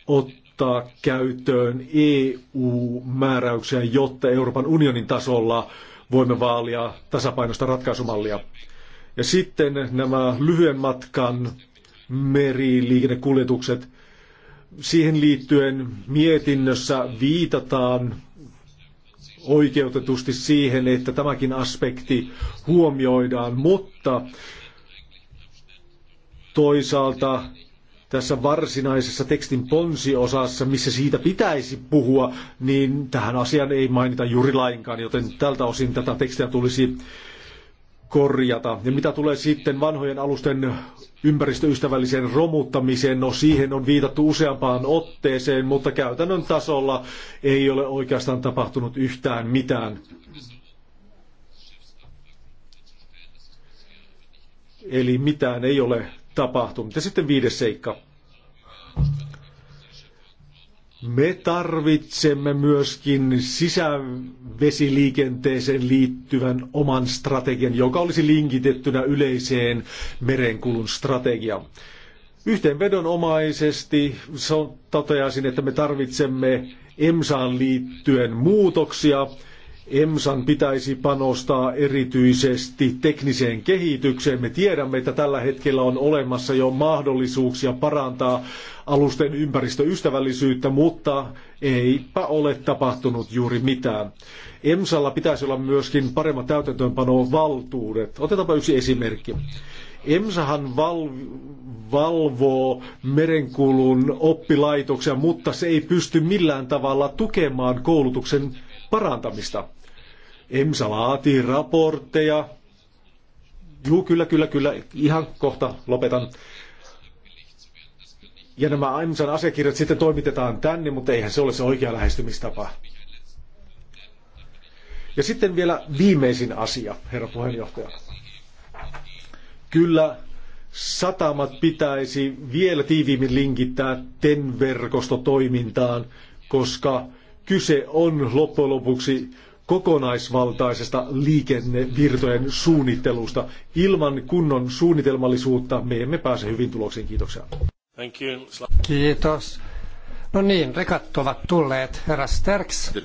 ottamaan ottaa käyttöön EU-määräyksiä, jotta Euroopan unionin tasolla voimme vaalia tasapainosta ratkaisumallia. Ja sitten nämä lyhyen matkan meriliikennekuljetukset. Siihen liittyen mietinnössä viitataan oikeutetusti siihen, että tämäkin aspekti huomioidaan, mutta toisaalta tässä varsinaisessa tekstin ponsiosassa, missä siitä pitäisi puhua, niin tähän asiaan ei mainita juuri lainkaan, joten tältä osin tätä tekstiä tulisi korjata. Ja mitä tulee sitten vanhojen alusten ympäristöystävälliseen romuttamiseen, no siihen on viitattu useampaan otteeseen, mutta käytännön tasolla ei ole oikeastaan tapahtunut yhtään mitään. Eli mitään ei ole tapahtunut. Ja sitten viides seikka. Me tarvitsemme myöskin sisävesiliikenteeseen liittyvän oman strategian, joka olisi linkitettynä yleiseen merenkulun strategiaan. Yhteenvedonomaisesti toteaisin, että me tarvitsemme EMSAan liittyen muutoksia, EMSAn pitäisi panostaa erityisesti tekniseen kehitykseen. Me tiedämme, että tällä hetkellä on olemassa jo mahdollisuuksia parantaa alusten ympäristöystävällisyyttä, mutta eipä ole tapahtunut juuri mitään. EMSalla pitäisi olla myöskin paremmat täytäntöönpanovaltuudet. Otetaanpa yksi esimerkki. EMSahan val, valvoo merenkulun oppilaitoksia, mutta se ei pysty millään tavalla tukemaan koulutuksen parantamista. EMSA laatii raportteja. Juu, kyllä, kyllä, kyllä, ihan kohta lopetan. Ja nämä EMSAn asiakirjat sitten toimitetaan tänne, mutta eihän se ole se oikea lähestymistapa. Ja sitten vielä viimeisin asia, herra puheenjohtaja. Kyllä satamat pitäisi vielä tiiviimmin linkittää TEN-verkostotoimintaan, koska kyse on loppujen lopuksi kokonaisvaltaisesta liikennevirtojen suunnittelusta. Ilman kunnon suunnitelmallisuutta me emme pääse hyvin tuloksiin. Kiitoksia. Kiitos. No niin, rekat ovat tulleet. Herra Sterks. Eh,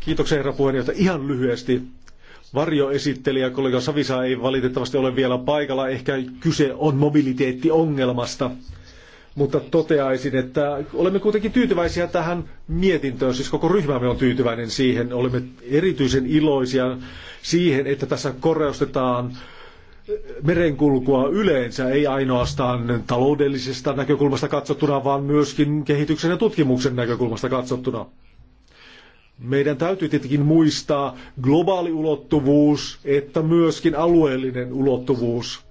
Kiitoksia herra puheenjohtaja. Ihan lyhyesti. Varjoesittelijä kollega Savisa ei valitettavasti ole vielä paikalla. Ehkä kyse on mobiliteettiongelmasta. ongelmasta mutta toteaisin, että olemme kuitenkin tyytyväisiä tähän mietintöön, siis koko ryhmämme on tyytyväinen siihen. Olemme erityisen iloisia siihen, että tässä korostetaan merenkulkua yleensä, ei ainoastaan taloudellisesta näkökulmasta katsottuna, vaan myöskin kehityksen ja tutkimuksen näkökulmasta katsottuna. Meidän täytyy tietenkin muistaa globaali ulottuvuus, että myöskin alueellinen ulottuvuus –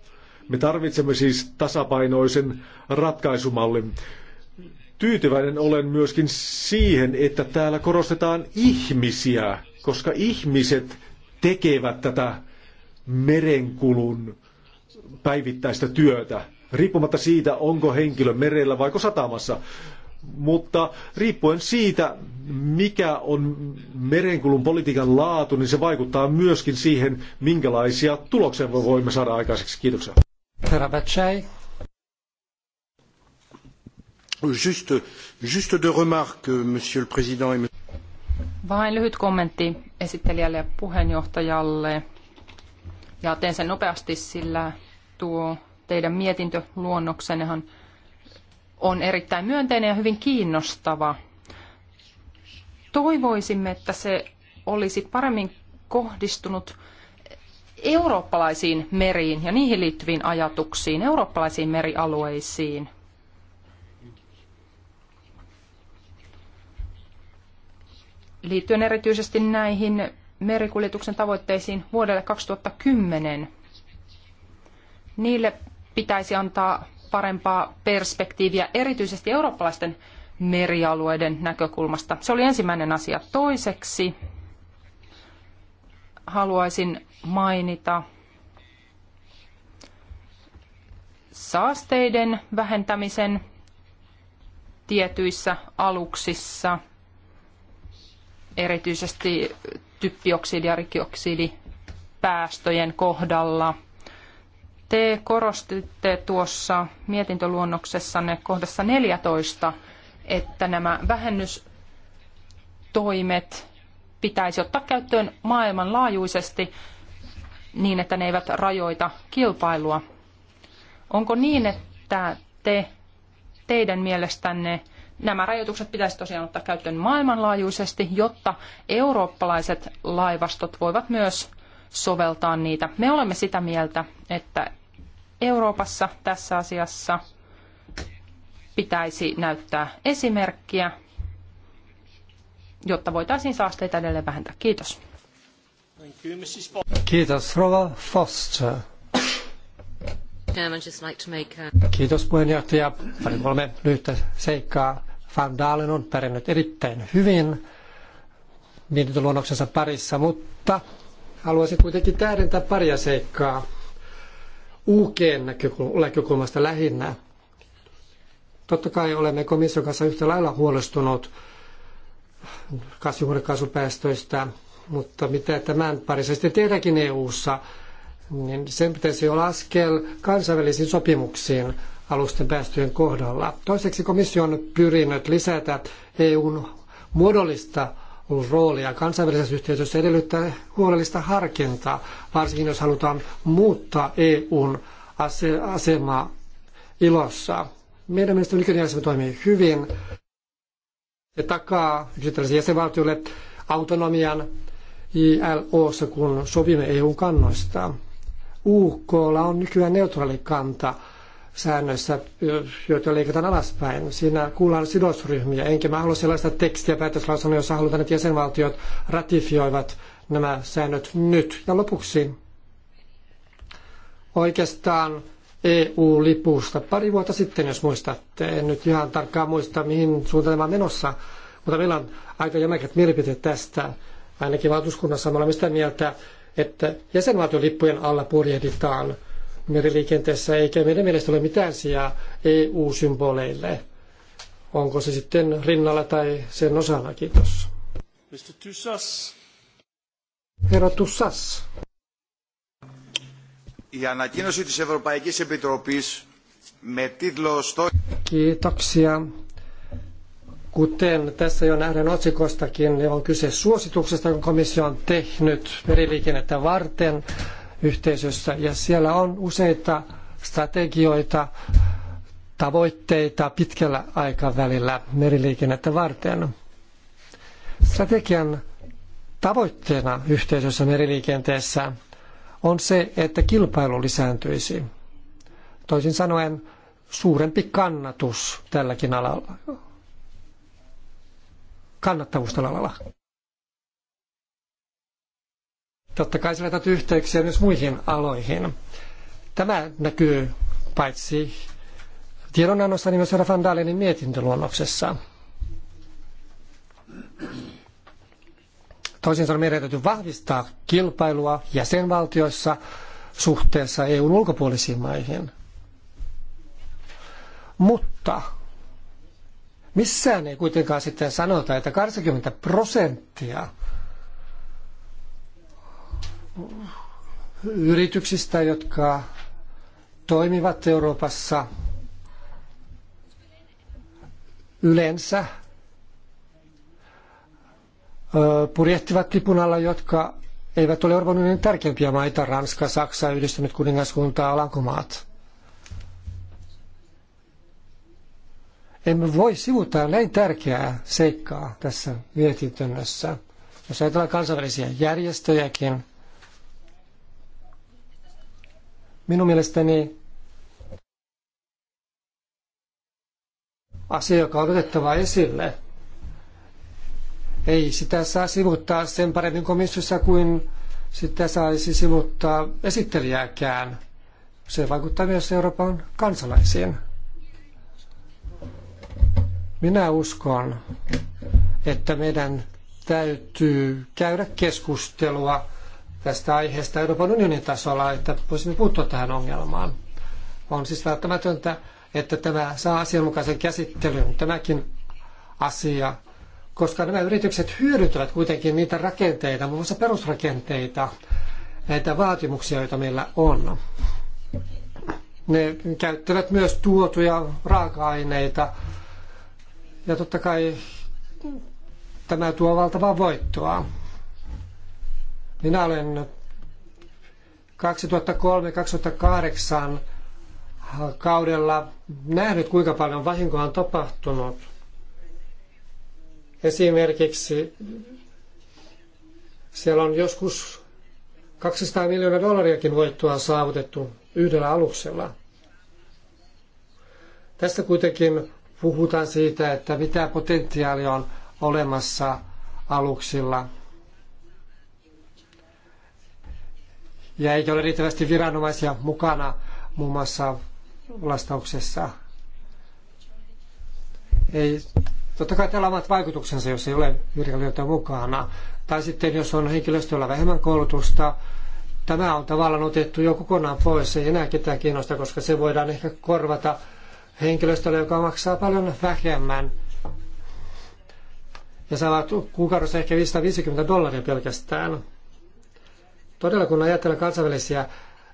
me tarvitsemme siis tasapainoisen ratkaisumallin. Tyytyväinen olen myöskin siihen, että täällä korostetaan ihmisiä, koska ihmiset tekevät tätä merenkulun päivittäistä työtä, riippumatta siitä, onko henkilö merellä vai satamassa. Mutta riippuen siitä, mikä on merenkulun politiikan laatu, niin se vaikuttaa myöskin siihen, minkälaisia tuloksia voimme saada aikaiseksi. Kiitoksia. Herra juste deux remarques, monsieur le président et vain lyhyt kommentti esittelijälle ja puheenjohtajalle. Ja teen sen nopeasti, sillä tuo teidän mietintöluonnoksennehan on erittäin myönteinen ja hyvin kiinnostava. Toivoisimme, että se olisi paremmin kohdistunut eurooppalaisiin meriin ja niihin liittyviin ajatuksiin, eurooppalaisiin merialueisiin. Liittyen erityisesti näihin merikuljetuksen tavoitteisiin vuodelle 2010, niille pitäisi antaa parempaa perspektiiviä erityisesti eurooppalaisten merialueiden näkökulmasta. Se oli ensimmäinen asia. Toiseksi haluaisin mainita saasteiden vähentämisen tietyissä aluksissa, erityisesti typpioksidi- ja rikioksidipäästöjen kohdalla. Te korostitte tuossa mietintöluonnoksessanne kohdassa 14, että nämä vähennystoimet pitäisi ottaa käyttöön maailmanlaajuisesti niin, että ne eivät rajoita kilpailua. Onko niin, että te, teidän mielestänne nämä rajoitukset pitäisi tosiaan ottaa käyttöön maailmanlaajuisesti, jotta eurooppalaiset laivastot voivat myös soveltaa niitä. Me olemme sitä mieltä, että Euroopassa tässä asiassa pitäisi näyttää esimerkkiä, jotta voitaisiin saasteita edelleen vähentää. Kiitos. Kiitos, Rova Foster. Kiitos puheenjohtaja. Pari kolme lyhyttä seikkaa. Van Dalen on pärjännyt erittäin hyvin mietintöluonnoksensa parissa, mutta haluaisin kuitenkin tähdentää paria seikkaa UKn näkökulmasta lähinnä. Totta kai olemme komission kanssa yhtä lailla huolestunut kasvihuonekaasupäästöistä mutta mitä tämän parissa sitten tehdäänkin EU-ssa, niin sen pitäisi olla askel kansainvälisiin sopimuksiin alusten päästöjen kohdalla. Toiseksi komissio on pyrinnöt lisätä EUn muodollista roolia kansainvälisessä yhteisössä edellyttää huolellista harkintaa, varsinkin jos halutaan muuttaa EUn asemaa ilossa. Meidän mielestämme nykyinen järjestelmä toimii hyvin. Se takaa yksittäisille jäsenvaltioille autonomian ILOssa, e kun sovimme EUn kannoista. UKlla on nykyään neutraali kanta säännöissä, joita leikataan alaspäin. Siinä kuullaan sidosryhmiä, enkä mä halua sellaista tekstiä päätöslausunnolla, jossa halutaan, että jäsenvaltiot ratifioivat nämä säännöt nyt. Ja lopuksi oikeastaan EU-lipusta pari vuotta sitten, jos muistatte. En nyt ihan tarkkaan muista, mihin suuntaan tämä on menossa, mutta meillä on aika jämäkät mielipiteet tästä. Ainakin valtuuskunnassa me olemme sitä mieltä, että jäsenvaltiolippujen alla purjehditaan meriliikenteessä, eikä meidän mielestä ole mitään sijaa EU-symboleille. Onko se sitten rinnalla tai sen osana? Kiitos. Mr. Tussas. Herra Tussas. Η ανακοίνωση της Ευρωπαϊκής Επιτροπής με τίτλο «Στόχοι Kuten tässä jo nähdään otsikostakin, niin on kyse suosituksesta, jonka komissio on tehnyt meriliikennettä varten yhteisössä. Ja siellä on useita strategioita, tavoitteita pitkällä aikavälillä meriliikennettä varten. Strategian tavoitteena yhteisössä meriliikenteessä on se, että kilpailu lisääntyisi. Toisin sanoen suurempi kannatus tälläkin alalla kannattavuus tällä alalla. Totta kai sillä täytyy yhteyksiä myös muihin aloihin. Tämä näkyy paitsi tiedonannossa, niin myös herra Van Dalenin mietintöluonnoksessa. Toisin sanoen meidän täytyy vahvistaa kilpailua jäsenvaltioissa suhteessa EUn ulkopuolisiin maihin. Mutta Missään ei kuitenkaan sitten sanota, että 80 prosenttia yrityksistä, jotka toimivat Euroopassa yleensä, purjehtivat lipun alla, jotka eivät ole Euroopan unionin tärkeimpiä maita, Ranska, Saksa, Yhdistynyt kuningaskunta, Alankomaat. Emme voi sivuttaa näin tärkeää seikkaa tässä mietinnössä. Jos ajatellaan kansainvälisiä järjestöjäkin, minun mielestäni asia, joka on otettava esille, ei sitä saa sivuttaa sen paremmin komissiossa kuin sitä saisi sivuttaa esittelijääkään. Se vaikuttaa myös Euroopan kansalaisiin. Minä uskon, että meidän täytyy käydä keskustelua tästä aiheesta Euroopan unionin tasolla, että voisimme puuttua tähän ongelmaan. On siis välttämätöntä, että tämä saa asianmukaisen käsittelyn, tämäkin asia, koska nämä yritykset hyödyntävät kuitenkin niitä rakenteita, muun muassa perusrakenteita, näitä vaatimuksia, joita meillä on. Ne käyttävät myös tuotuja raaka-aineita, ja totta kai tämä tuo valtavaa voittoa. Minä olen 2003-2008 kaudella nähnyt, kuinka paljon vahinkoa on tapahtunut. Esimerkiksi siellä on joskus 200 miljoonaa dollariakin voittoa saavutettu yhdellä aluksella. Tästä kuitenkin puhutaan siitä, että mitä potentiaalia on olemassa aluksilla. Ja ei ole riittävästi viranomaisia mukana muun muassa lastauksessa. Ei, totta kai täällä on omat vaikutuksensa, jos ei ole virkailijoita mukana. Tai sitten jos on henkilöstöllä vähemmän koulutusta, tämä on tavallaan otettu jo kokonaan pois, ei enää ketään kiinnosta, koska se voidaan ehkä korvata henkilöstölle, joka maksaa paljon vähemmän ja saavat kuukaudessa ehkä 550 dollaria pelkästään. Todella kun ajatellaan kansainvälisiä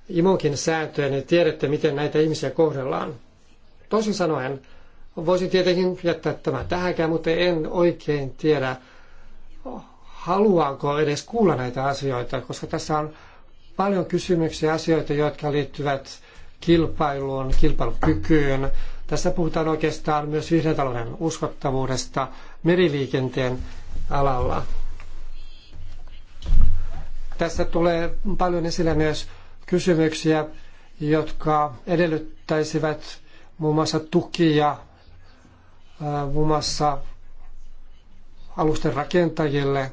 imonkin sääntöjä, niin tiedätte, miten näitä ihmisiä kohdellaan. Toisin sanoen, voisin tietenkin jättää tämän tähänkään, mutta en oikein tiedä, haluanko edes kuulla näitä asioita, koska tässä on paljon kysymyksiä asioita, jotka liittyvät kilpailuun, kilpailukykyyn, tässä puhutaan oikeastaan myös vihreän talouden uskottavuudesta meriliikenteen alalla. Tässä tulee paljon esille myös kysymyksiä, jotka edellyttäisivät muun muassa tukia muun muassa alusten rakentajille,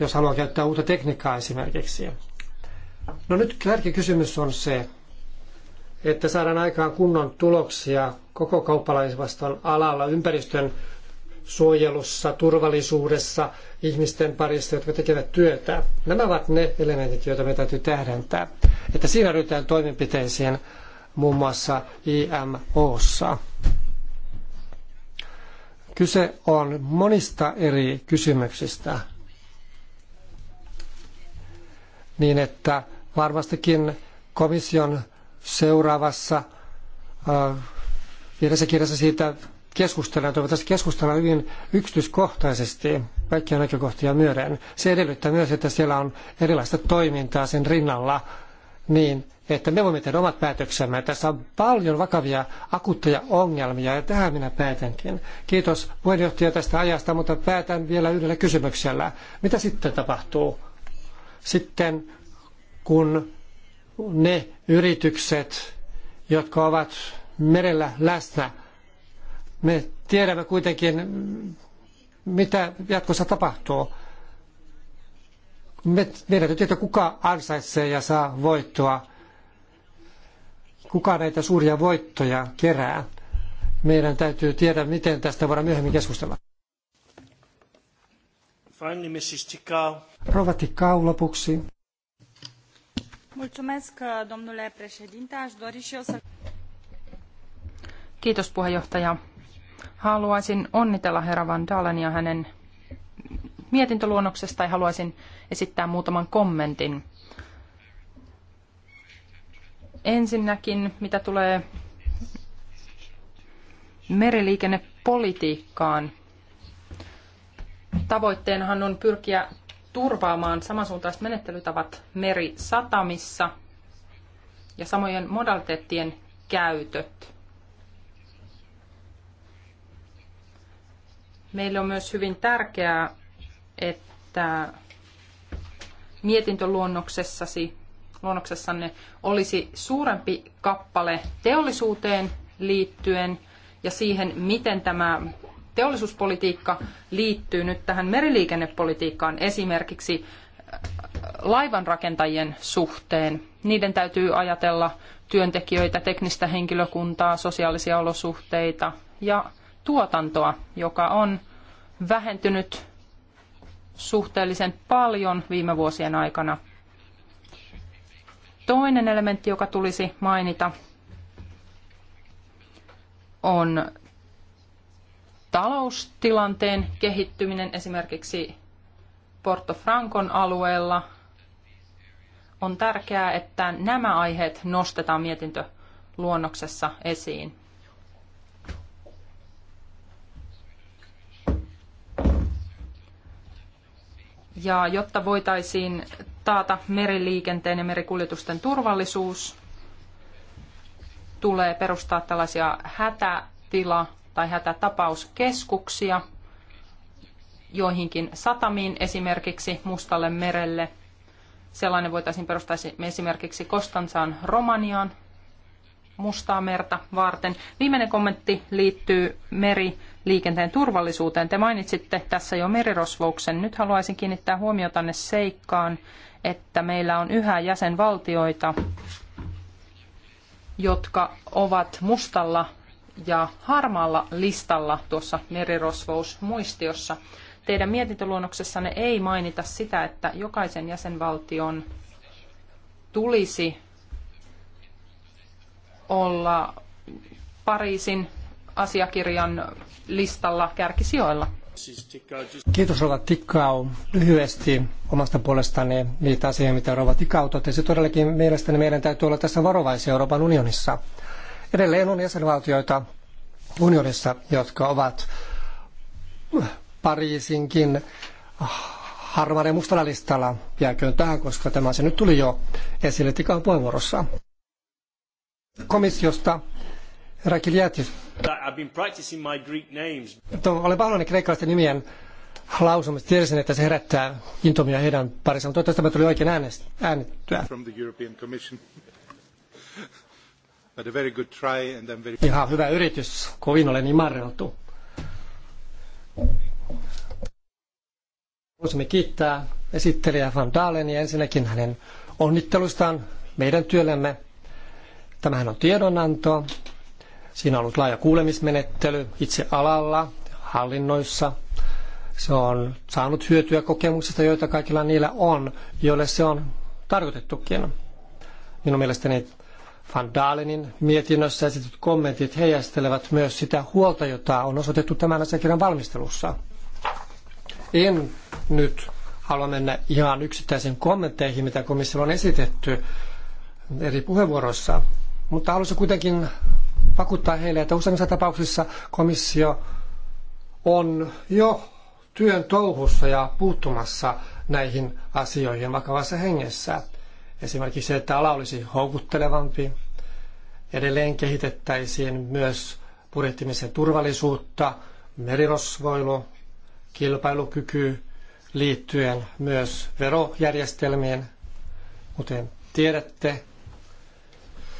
jos haluaa käyttää uutta tekniikkaa esimerkiksi. No nyt kärkikysymys on se, että saadaan aikaan kunnon tuloksia koko kauppalaisvaston alalla, ympäristön suojelussa, turvallisuudessa, ihmisten parissa, jotka tekevät työtä. Nämä ovat ne elementit, joita me täytyy tähdentää. Että siinä ryhdytään toimenpiteisiin muun muassa IMOssa. Kyse on monista eri kysymyksistä, niin että varmastikin komission seuraavassa viidessä äh, kirjassa siitä keskustellaan. Toivottavasti keskustellaan hyvin yksityiskohtaisesti kaikkia näkökohtia myöden. Se edellyttää myös, että siellä on erilaista toimintaa sen rinnalla niin, että me voimme tehdä omat päätöksemme. Tässä on paljon vakavia akuutteja ongelmia ja tähän minä päätänkin. Kiitos puheenjohtaja tästä ajasta, mutta päätän vielä yhdellä kysymyksellä. Mitä sitten tapahtuu? Sitten kun ne yritykset, jotka ovat merellä läsnä. Me tiedämme kuitenkin, mitä jatkossa tapahtuu. Me, meidän täytyy tietää, kuka ansaitsee ja saa voittoa, kuka näitä suuria voittoja kerää. Meidän täytyy tiedä, miten tästä voidaan myöhemmin keskustella. Finally, Mrs. Rova Tikau lopuksi. Mulțumesc, domnule președinte. Aș dori și eu să... Kiitos puheenjohtaja. Haluaisin onnitella herra Van Dalenia hänen mietintöluonnoksesta ja haluaisin esittää muutaman kommentin. Ensinnäkin, mitä tulee meriliikennepolitiikkaan. Tavoitteenahan on pyrkiä turvaamaan samansuuntaiset menettelytavat merisatamissa ja samojen modaliteettien käytöt. Meille on myös hyvin tärkeää, että mietintöluonnoksessasi luonnoksessanne olisi suurempi kappale teollisuuteen liittyen ja siihen, miten tämä teollisuuspolitiikka liittyy nyt tähän meriliikennepolitiikkaan esimerkiksi äh, laivanrakentajien suhteen. Niiden täytyy ajatella työntekijöitä, teknistä henkilökuntaa, sosiaalisia olosuhteita ja tuotantoa, joka on vähentynyt suhteellisen paljon viime vuosien aikana. Toinen elementti, joka tulisi mainita, on taloustilanteen kehittyminen esimerkiksi Porto Francon alueella. On tärkeää, että nämä aiheet nostetaan mietintöluonnoksessa esiin. Ja jotta voitaisiin taata meriliikenteen ja merikuljetusten turvallisuus, tulee perustaa tällaisia hätätila- tai hätätapauskeskuksia joihinkin satamiin esimerkiksi Mustalle merelle. Sellainen voitaisiin perustaa esimerkiksi Kostansaan Romaniaan Mustaa merta varten. Viimeinen kommentti liittyy meriliikenteen turvallisuuteen. Te mainitsitte tässä jo merirosvouksen. Nyt haluaisin kiinnittää tänne seikkaan, että meillä on yhä jäsenvaltioita, jotka ovat mustalla ja harmaalla listalla tuossa merirosvousmuistiossa. Teidän mietintöluonnoksessanne ei mainita sitä, että jokaisen jäsenvaltion tulisi olla Pariisin asiakirjan listalla kärkisijoilla. Kiitos Rova Tikkau. Lyhyesti omasta puolestani niitä asioita, mitä Rova Tikkau totesi. Todellakin mielestäni meidän täytyy olla tässä varovaisia Euroopan unionissa. Edelleen on jäsenvaltioita unionissa, jotka ovat Pariisinkin harmaana ja mustalla listalla. Jääköön tähän, koska tämä se nyt tuli jo esille tikan puheenvuorossa. Komissiosta Rakiliatis. I've been practicing my Greek names. olen pahoillani kreikkalaisten nimien lausumista. Tiesin, että se herättää intomia heidän parissaan. Toivottavasti tämä tuli oikein äänest, äänettyä. From the European Commission. But a very good try and very... Ihan hyvä yritys. Kovin olen imarreltu. Haluaisimme kiittää esittelijä Van Dalenia ensinnäkin hänen onnittelustaan meidän työllemme. Tämähän on tiedonanto. Siinä on ollut laaja kuulemismenettely itse alalla, hallinnoissa. Se on saanut hyötyä kokemuksista, joita kaikilla niillä on, joille se on tarkoitettukin. Minun mielestäni Van Dalenin mietinnössä esitetyt kommentit heijastelevat myös sitä huolta, jota on osoitettu tämän asiakirjan valmistelussa. En nyt halua mennä ihan yksittäisiin kommentteihin, mitä komissio on esitetty eri puheenvuoroissa, mutta haluaisin kuitenkin vakuuttaa heille, että useimmissa tapauksissa komissio on jo työn touhussa ja puuttumassa näihin asioihin vakavassa hengessä. Esimerkiksi se, että ala olisi houkuttelevampi. Edelleen kehitettäisiin myös purjehtimisen turvallisuutta, merirosvoilu, kilpailukyky liittyen myös verojärjestelmiin. Kuten tiedätte,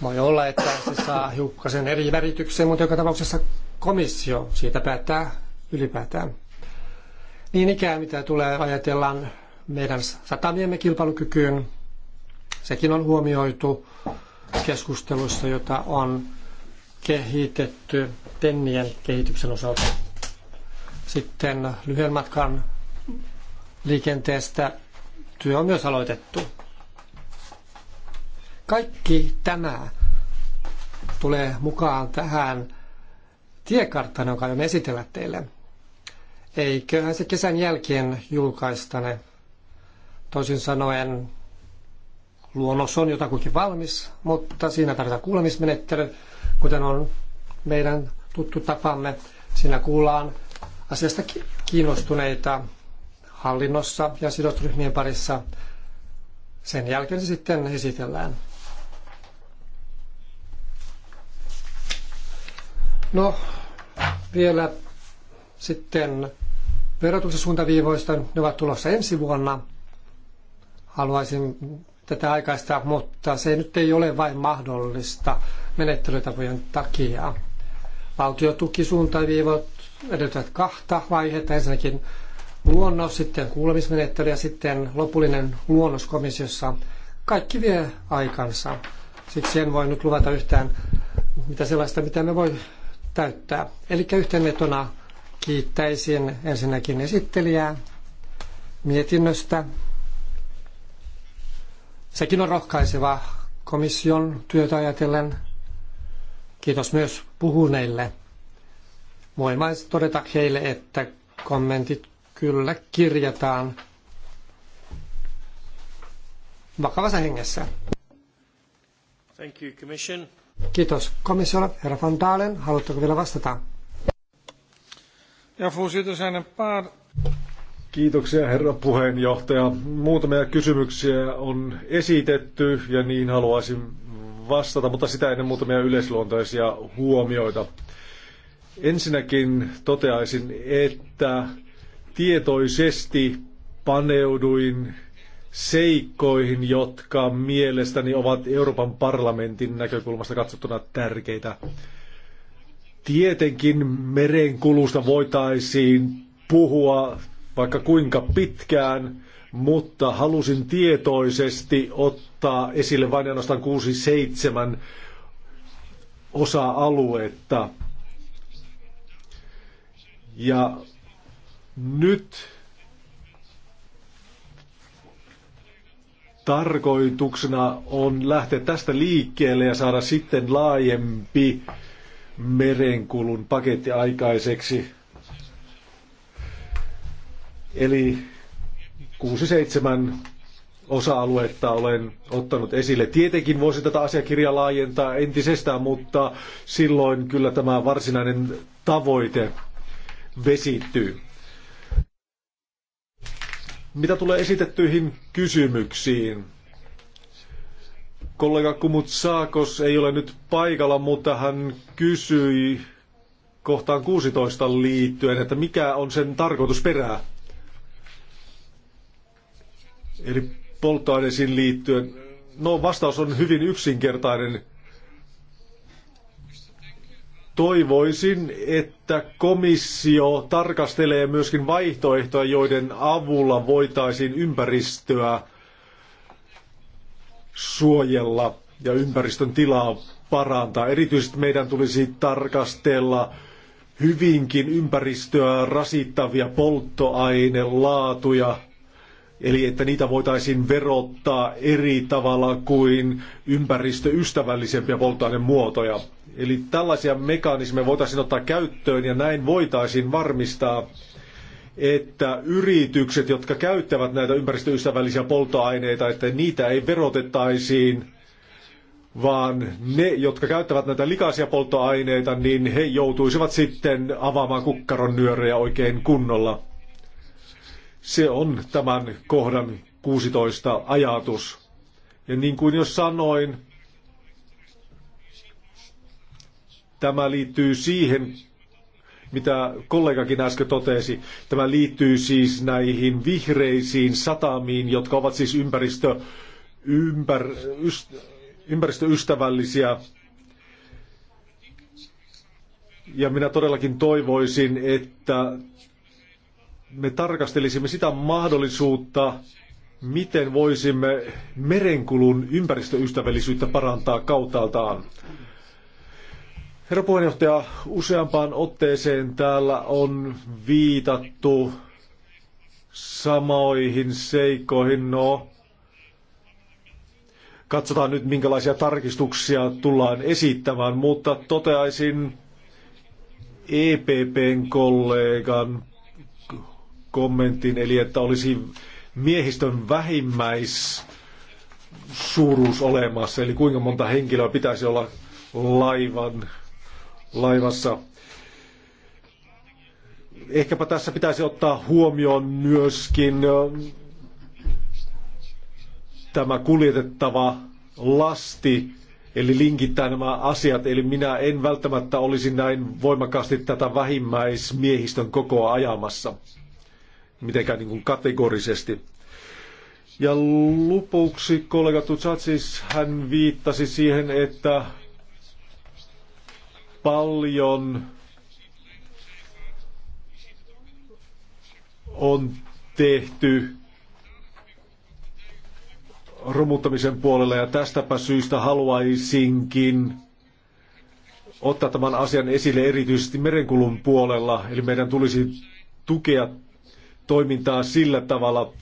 voi olla, että se saa hiukkasen eri värityksen, mutta joka tapauksessa komissio siitä päättää ylipäätään. Niin ikään mitä tulee ajatellaan meidän satamiemme kilpailukykyyn, Sekin on huomioitu keskusteluissa, jota on kehitetty tennien kehityksen osalta. Sitten lyhyen matkan liikenteestä työ on myös aloitettu. Kaikki tämä tulee mukaan tähän tiekarttaan, jonka aion esitellä teille. Eiköhän se kesän jälkeen julkaistane. Toisin sanoen luonnos on jotakuinkin valmis, mutta siinä tarvitaan kuulemismenettely, kuten on meidän tuttu tapamme. Siinä kuullaan asiasta kiinnostuneita hallinnossa ja sidosryhmien parissa. Sen jälkeen se sitten esitellään. No, vielä sitten verotuksen suuntaviivoista. Ne ovat tulossa ensi vuonna. Haluaisin tätä aikaista, mutta se nyt ei ole vain mahdollista menettelytapojen takia. Valtiotukisuuntaviivot edellyttävät kahta vaihetta. Ensinnäkin luonnos, sitten kuulemismenettely ja sitten lopullinen luonnos komissiossa. Kaikki vie aikansa. Siksi en voi nyt luvata yhtään mitä sellaista, mitä me voi täyttää. Eli yhteenvetona kiittäisin ensinnäkin esittelijää mietinnöstä, Sekin on rohkaiseva komission työtä ajatellen. Kiitos myös puhuneille. Voin vain todeta heille, että kommentit kyllä kirjataan vakavassa hengessä. Thank you, commission. Kiitos komissiolle. Herra Van Dalen, haluatteko vielä vastata? Ja voorzitter, er zijn een paar Kiitoksia herra puheenjohtaja. Muutamia kysymyksiä on esitetty ja niin haluaisin vastata, mutta sitä ennen muutamia yleisluontoisia huomioita. Ensinnäkin toteaisin, että tietoisesti paneuduin seikkoihin, jotka mielestäni ovat Euroopan parlamentin näkökulmasta katsottuna tärkeitä. Tietenkin merenkulusta voitaisiin puhua vaikka kuinka pitkään, mutta halusin tietoisesti ottaa esille vain ainoastaan 6-7 osa-aluetta. Ja nyt tarkoituksena on lähteä tästä liikkeelle ja saada sitten laajempi merenkulun paketti aikaiseksi. Eli kuusi seitsemän osa-aluetta olen ottanut esille. Tietenkin voisi tätä asiakirjaa laajentaa entisestään, mutta silloin kyllä tämä varsinainen tavoite vesittyy. Mitä tulee esitettyihin kysymyksiin? Kollega Kumut Saakos ei ole nyt paikalla, mutta hän kysyi kohtaan 16 liittyen, että mikä on sen tarkoitusperää. Eli polttoaineisiin liittyen. No vastaus on hyvin yksinkertainen. Toivoisin, että komissio tarkastelee myöskin vaihtoehtoja, joiden avulla voitaisiin ympäristöä suojella ja ympäristön tilaa parantaa. Erityisesti meidän tulisi tarkastella hyvinkin ympäristöä rasittavia polttoainelaatuja, Eli että niitä voitaisiin verottaa eri tavalla kuin ympäristöystävällisempiä muotoja Eli tällaisia mekanismeja voitaisiin ottaa käyttöön ja näin voitaisiin varmistaa, että yritykset, jotka käyttävät näitä ympäristöystävällisiä polttoaineita, että niitä ei verotettaisiin, vaan ne, jotka käyttävät näitä likaisia polttoaineita, niin he joutuisivat sitten avaamaan kukkaron nyörejä oikein kunnolla. Se on tämän kohdan 16 ajatus. Ja niin kuin jo sanoin, tämä liittyy siihen, mitä kollegakin äsken totesi. Tämä liittyy siis näihin vihreisiin satamiin, jotka ovat siis ympäristö, ympär, yst, ympäristöystävällisiä. Ja minä todellakin toivoisin, että me tarkastelisimme sitä mahdollisuutta, miten voisimme merenkulun ympäristöystävällisyyttä parantaa kauttaaltaan. Herra puheenjohtaja, useampaan otteeseen täällä on viitattu samoihin seikkoihin. No, katsotaan nyt minkälaisia tarkistuksia tullaan esittämään, mutta toteaisin EPPn kollegan kommentin, eli että olisi miehistön vähimmäis suuruus olemassa, eli kuinka monta henkilöä pitäisi olla laivan, laivassa. Ehkäpä tässä pitäisi ottaa huomioon myöskin tämä kuljetettava lasti, eli linkittää nämä asiat. Eli minä en välttämättä olisi näin voimakkaasti tätä vähimmäismiehistön kokoa ajamassa mitenkään niin kuin kategorisesti. Ja lopuksi kollega Tutsatsis, hän viittasi siihen, että paljon on tehty romuttamisen puolella ja tästäpä syystä haluaisinkin ottaa tämän asian esille erityisesti merenkulun puolella. Eli meidän tulisi tukea toimintaa sillä tavalla,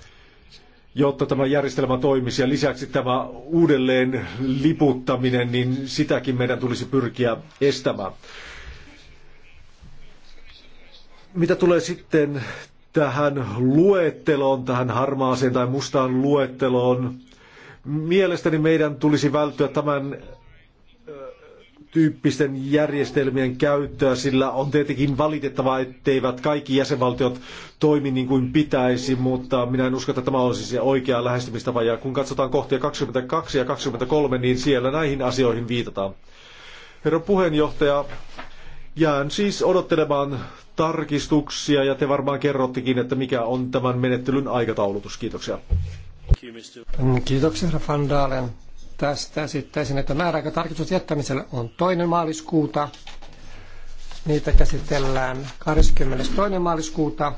jotta tämä järjestelmä toimisi. Ja lisäksi tämä uudelleen liputtaminen, niin sitäkin meidän tulisi pyrkiä estämään. Mitä tulee sitten tähän luetteloon, tähän harmaaseen tai mustaan luetteloon, mielestäni meidän tulisi välttyä tämän tyyppisten järjestelmien käyttöä, sillä on tietenkin valitettavaa, etteivät kaikki jäsenvaltiot toimi niin kuin pitäisi, mutta minä en usko, että tämä olisi se oikea lähestymistapa. Ja kun katsotaan kohtia 22 ja 23, niin siellä näihin asioihin viitataan. Herra puheenjohtaja, jään siis odottelemaan tarkistuksia ja te varmaan kerrottekin, että mikä on tämän menettelyn aikataulutus. Kiitoksia. Kiitoksia, herra Van Dalen tästä esittäisin, että määräaika tarkistus jättämiselle on toinen maaliskuuta. Niitä käsitellään 22. maaliskuuta.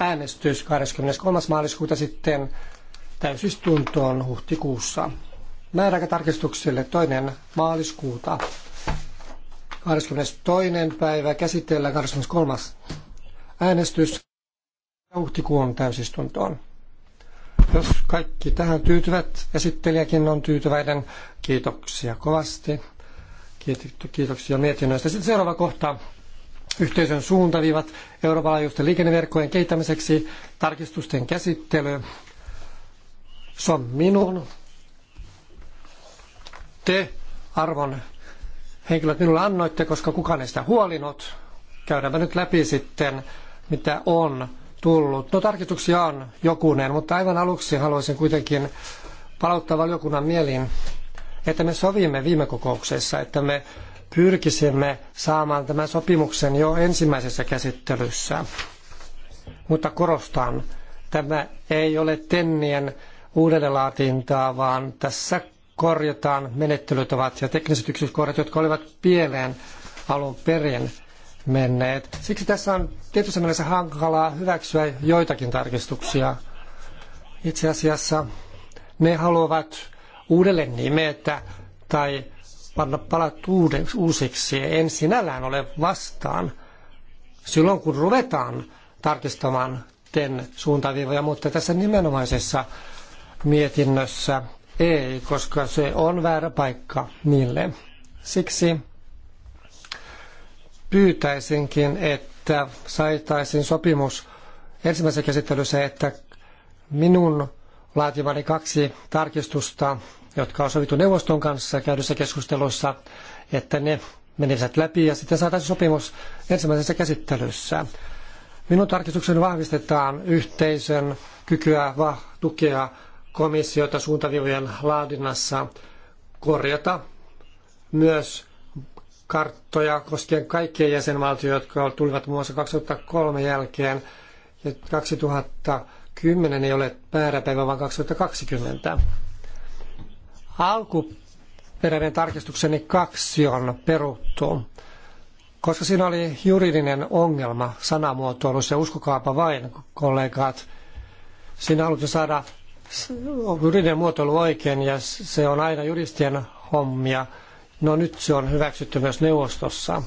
Äänestys 23. maaliskuuta sitten täysistuntoon huhtikuussa. tarkistukselle toinen maaliskuuta. 22. päivä käsitellään 23. äänestys huhtikuun täysistuntoon. Jos kaikki tähän tyytyvät, esittelijäkin on tyytyväinen. Kiitoksia kovasti. Kiitoksia mietinnöistä. Sitten seuraava kohta. Yhteisön suuntaviivat Euroopan laajuisten liikenneverkkojen kehittämiseksi, tarkistusten käsittely. Se on minun. Te, arvon henkilöt, minulle annoitte, koska kukaan ei sitä huolinut. Käydäänpä nyt läpi sitten, mitä on tullut. No tarkistuksia on jokunen, mutta aivan aluksi haluaisin kuitenkin palauttaa valiokunnan mieliin, että me sovimme viime kokouksessa, että me pyrkisimme saamaan tämän sopimuksen jo ensimmäisessä käsittelyssä. Mutta korostan, tämä ei ole tennien uudelleenlaatintaa, vaan tässä korjataan menettelytavat ja tekniset yksityiskohdat, jotka olivat pieleen alun perin – menneet. Siksi tässä on tietyssä mielessä hankalaa hyväksyä joitakin tarkistuksia. Itse asiassa ne haluavat uudelleen nimetä tai panna palat uudeksi, uusiksi. En sinällään ole vastaan silloin, kun ruvetaan tarkistamaan ten suuntaviivoja, mutta tässä nimenomaisessa mietinnössä ei, koska se on väärä paikka niille. Siksi pyytäisinkin, että saitaisin sopimus ensimmäisessä käsittelyssä, että minun laativani kaksi tarkistusta, jotka on sovittu neuvoston kanssa käydyssä keskustelussa, että ne menisivät läpi ja sitten saataisiin sopimus ensimmäisessä käsittelyssä. Minun tarkistukseni vahvistetaan yhteisön kykyä tukea komissiota suuntaviivojen laadinnassa korjata myös karttoja koskien kaikkia jäsenvaltioita, jotka tulivat muun muassa 2003 jälkeen. Ja 2010 ei ole pääräpäivä, vaan 2020. Alkuperäinen tarkistukseni kaksi on peruttu, koska siinä oli juridinen ongelma sanamuotoilussa. Ja uskokaapa vain, kollegat, siinä haluttiin saada juridinen muotoilu oikein ja se on aina juristien hommia – No nyt se on hyväksytty myös neuvostossa.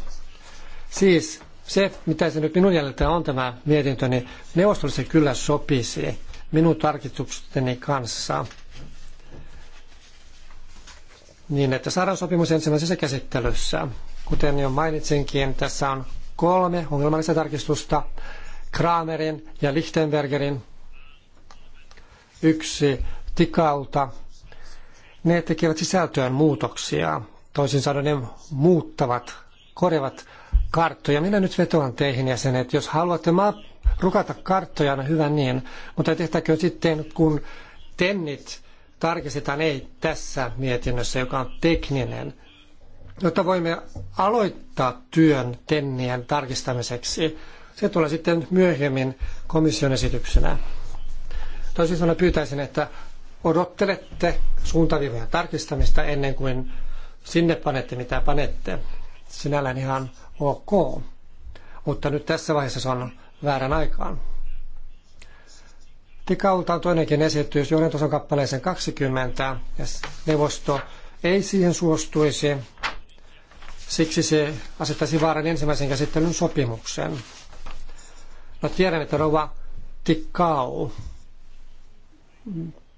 Siis se, mitä se nyt minun jäljeltä on tämä mietintö, niin neuvostolle se kyllä sopisi minun tarkistukseni kanssa. Niin, että saadaan sopimus ensimmäisessä käsittelyssä. Kuten jo mainitsinkin, tässä on kolme ongelmallista tarkistusta. Kramerin ja Lichtenbergerin. Yksi Tikalta. Ne tekevät sisältöön muutoksia Toisin sanoen ne muuttavat, korjavat karttoja. Minä nyt vetoan teihin jäsenet, jos haluatte maa rukata karttoja, no hyvä niin, mutta tehtäkö sitten, kun tennit tarkistetaan, ei tässä mietinnössä, joka on tekninen, jotta voimme aloittaa työn tennien tarkistamiseksi. Se tulee sitten myöhemmin komission esityksenä. Toisin sanoen pyytäisin, että odottelette suuntaviivojen tarkistamista ennen kuin Sinne panette mitä panette. Sinällään ihan ok. Mutta nyt tässä vaiheessa se on väärän aikaan. Tikaulta on toinenkin esitys, joiden tuossa kappaleeseen 20, ja neuvosto ei siihen suostuisi. Siksi se asettaisi vaaran ensimmäisen käsittelyn sopimuksen. No tiedän, että rouva Tikau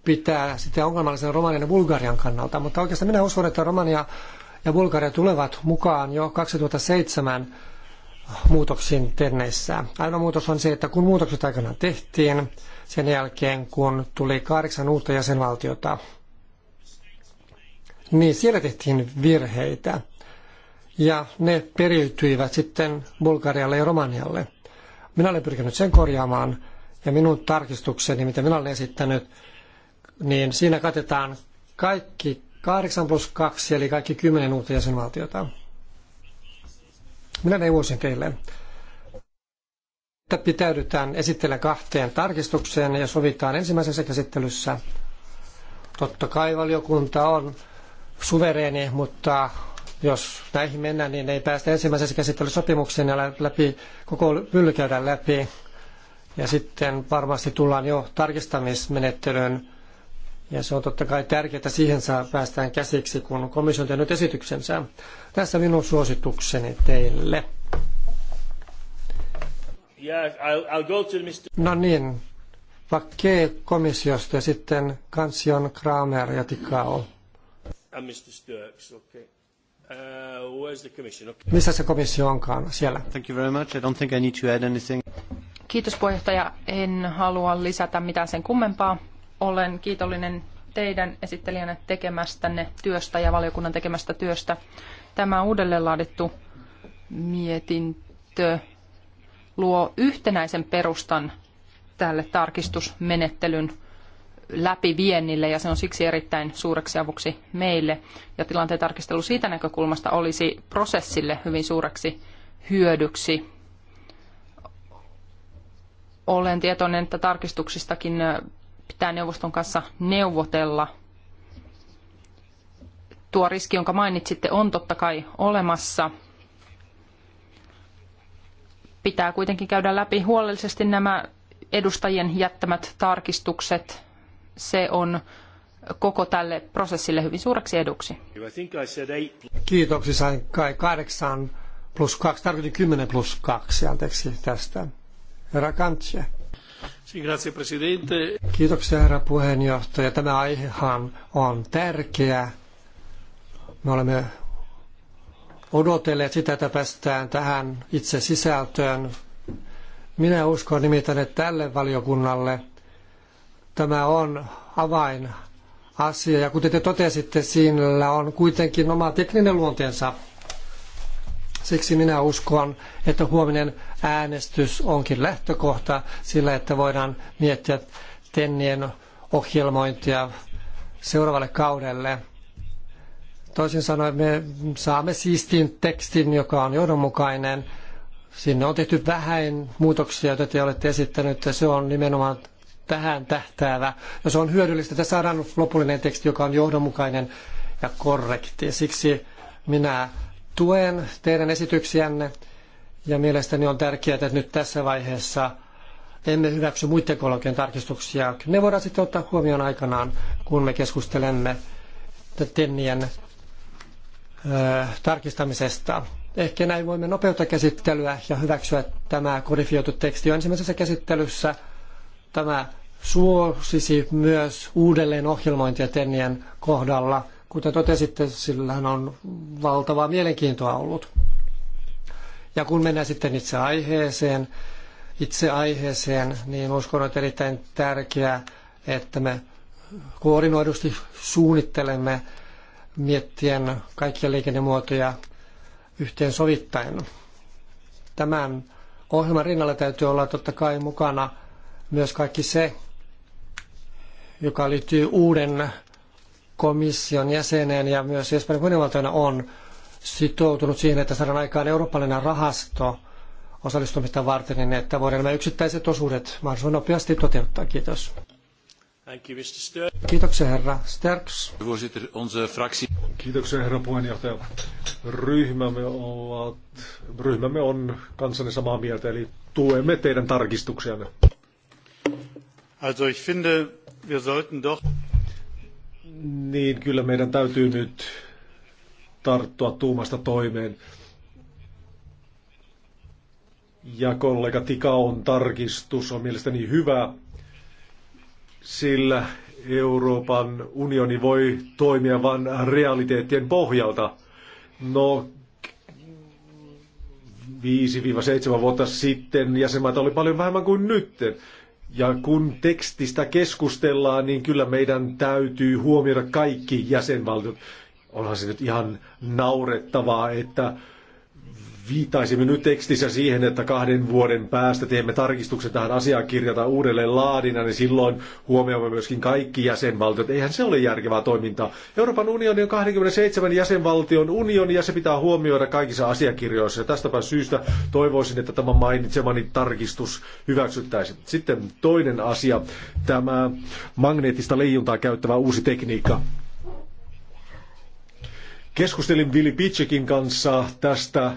pitää sitä ongelmallisena Romanian ja Bulgarian kannalta, mutta oikeastaan minä uskon, että Romania ja Bulgaria tulevat mukaan jo 2007 muutoksiin tenneissä. Ainoa muutos on se, että kun muutokset aikanaan tehtiin, sen jälkeen kun tuli kahdeksan uutta jäsenvaltiota, niin siellä tehtiin virheitä. Ja ne periytyivät sitten Bulgarialle ja Romanialle. Minä olen pyrkinyt sen korjaamaan, ja minun tarkistukseni, mitä minä olen esittänyt, niin siinä katetaan kaikki 8 plus 2, eli kaikki 10 uutta jäsenvaltiota. Minä neuvoisin teille, että pitäydytään esittele kahteen tarkistukseen ja sovitaan ensimmäisessä käsittelyssä. Totta kai valiokunta on suvereeni, mutta jos näihin mennään, niin ei päästä ensimmäisessä käsittelyssä sopimukseen ja läpi, koko pylly läpi. Ja sitten varmasti tullaan jo tarkistamismenettelyyn ja se on totta kai tärkeää, että siihen saa, päästään käsiksi, kun komissio on tehnyt esityksensä. Tässä minun suositukseni teille. I'll, I'll go to Mr. No niin, Pakkee komissiosta ja sitten Kansion, Kramer ja Tikao. And Mr. Sturks, okay. Uh, where's the commission? Okay. Missä se komissio onkaan? Siellä. Thank you very much. I don't think I need to add anything. Kiitos puheenjohtaja. En halua lisätä mitään sen kummempaa olen kiitollinen teidän esittelijänä tekemästänne työstä ja valiokunnan tekemästä työstä. Tämä uudelleen laadittu mietintö luo yhtenäisen perustan tälle tarkistusmenettelyn läpiviennille ja se on siksi erittäin suureksi avuksi meille. Ja tilanteen tarkistelu siitä näkökulmasta olisi prosessille hyvin suureksi hyödyksi. Olen tietoinen, että tarkistuksistakin pitää neuvoston kanssa neuvotella. Tuo riski, jonka mainitsitte, on totta kai olemassa. Pitää kuitenkin käydä läpi huolellisesti nämä edustajien jättämät tarkistukset. Se on koko tälle prosessille hyvin suureksi eduksi. Kiitoksia, sain kai kahdeksan plus kaksi, tarkoitin kymmenen plus kaksi, anteeksi tästä. Herra Kiitoksia herra puheenjohtaja. Tämä aihehan on tärkeä. Me olemme odotelleet sitä, että päästään tähän itse sisältöön. Minä uskon nimittäin, että tälle valiokunnalle tämä on avainasia. Ja kuten te totesitte, siinä on kuitenkin oma tekninen luonteensa Siksi minä uskon, että huominen äänestys onkin lähtökohta sillä, että voidaan miettiä tennien ohjelmointia seuraavalle kaudelle. Toisin sanoen me saamme siistin tekstin, joka on johdonmukainen. Sinne on tehty vähän muutoksia, joita te olette esittänyt, ja se on nimenomaan tähän tähtäävä. Ja se on hyödyllistä, että saadaan lopullinen teksti, joka on johdonmukainen ja korrekti. Siksi minä Tuen teidän esityksiänne ja mielestäni on tärkeää, että nyt tässä vaiheessa emme hyväksy muiden ekologien tarkistuksia. Ne voidaan sitten ottaa huomioon aikanaan, kun me keskustelemme tennien tarkistamisesta. Ehkä näin voimme nopeuttaa käsittelyä ja hyväksyä tämä kodifioitu teksti jo ensimmäisessä käsittelyssä. Tämä suosisi myös uudelleen ohjelmointia tennien kohdalla – Kuten totesitte, sillähän on valtavaa mielenkiintoa ollut. Ja kun mennään sitten itse aiheeseen, itse aiheeseen, niin uskon, että erittäin tärkeää, että me koordinoidusti suunnittelemme miettien kaikkia liikennemuotoja yhteen sovittain. Tämän ohjelman rinnalla täytyy olla totta kai mukana myös kaikki se, joka liittyy uuden komission jäsenen ja myös Espanjan puheenjohtajana on sitoutunut siihen, että saadaan aikaan eurooppalainen rahasto osallistumista varten, niin että voidaan nämä yksittäiset osuudet mahdollisimman nopeasti toteuttaa. Kiitos. Kiitoksia herra Sterks. Kiitoksia herra puheenjohtaja. Ryhmämme, ovat, ryhmämme on kanssani samaa mieltä, eli tuemme teidän tarkistuksianne. Also ich finde, wir sollten doch niin kyllä meidän täytyy nyt tarttua tuumasta toimeen. Ja kollega on tarkistus on mielestäni hyvä, sillä Euroopan unioni voi toimia vain realiteettien pohjalta. No, 5-7 vuotta sitten jäsenmaita oli paljon vähemmän kuin nytten. Ja kun tekstistä keskustellaan, niin kyllä meidän täytyy huomioida kaikki jäsenvaltiot. Onhan se nyt ihan naurettavaa, että viittaisimme nyt tekstissä siihen, että kahden vuoden päästä teemme tarkistuksen tähän asiakirjaan tai uudelleen laadinnan, niin silloin huomioimme myöskin kaikki jäsenvaltiot. Eihän se ole järkevää toimintaa. Euroopan unioni on 27 jäsenvaltion unioni ja se pitää huomioida kaikissa asiakirjoissa. Ja tästäpä syystä toivoisin, että tämä mainitsemani tarkistus hyväksyttäisiin. Sitten toinen asia, tämä magneettista leijuntaa käyttävä uusi tekniikka. Keskustelin Willy Pitsekin kanssa tästä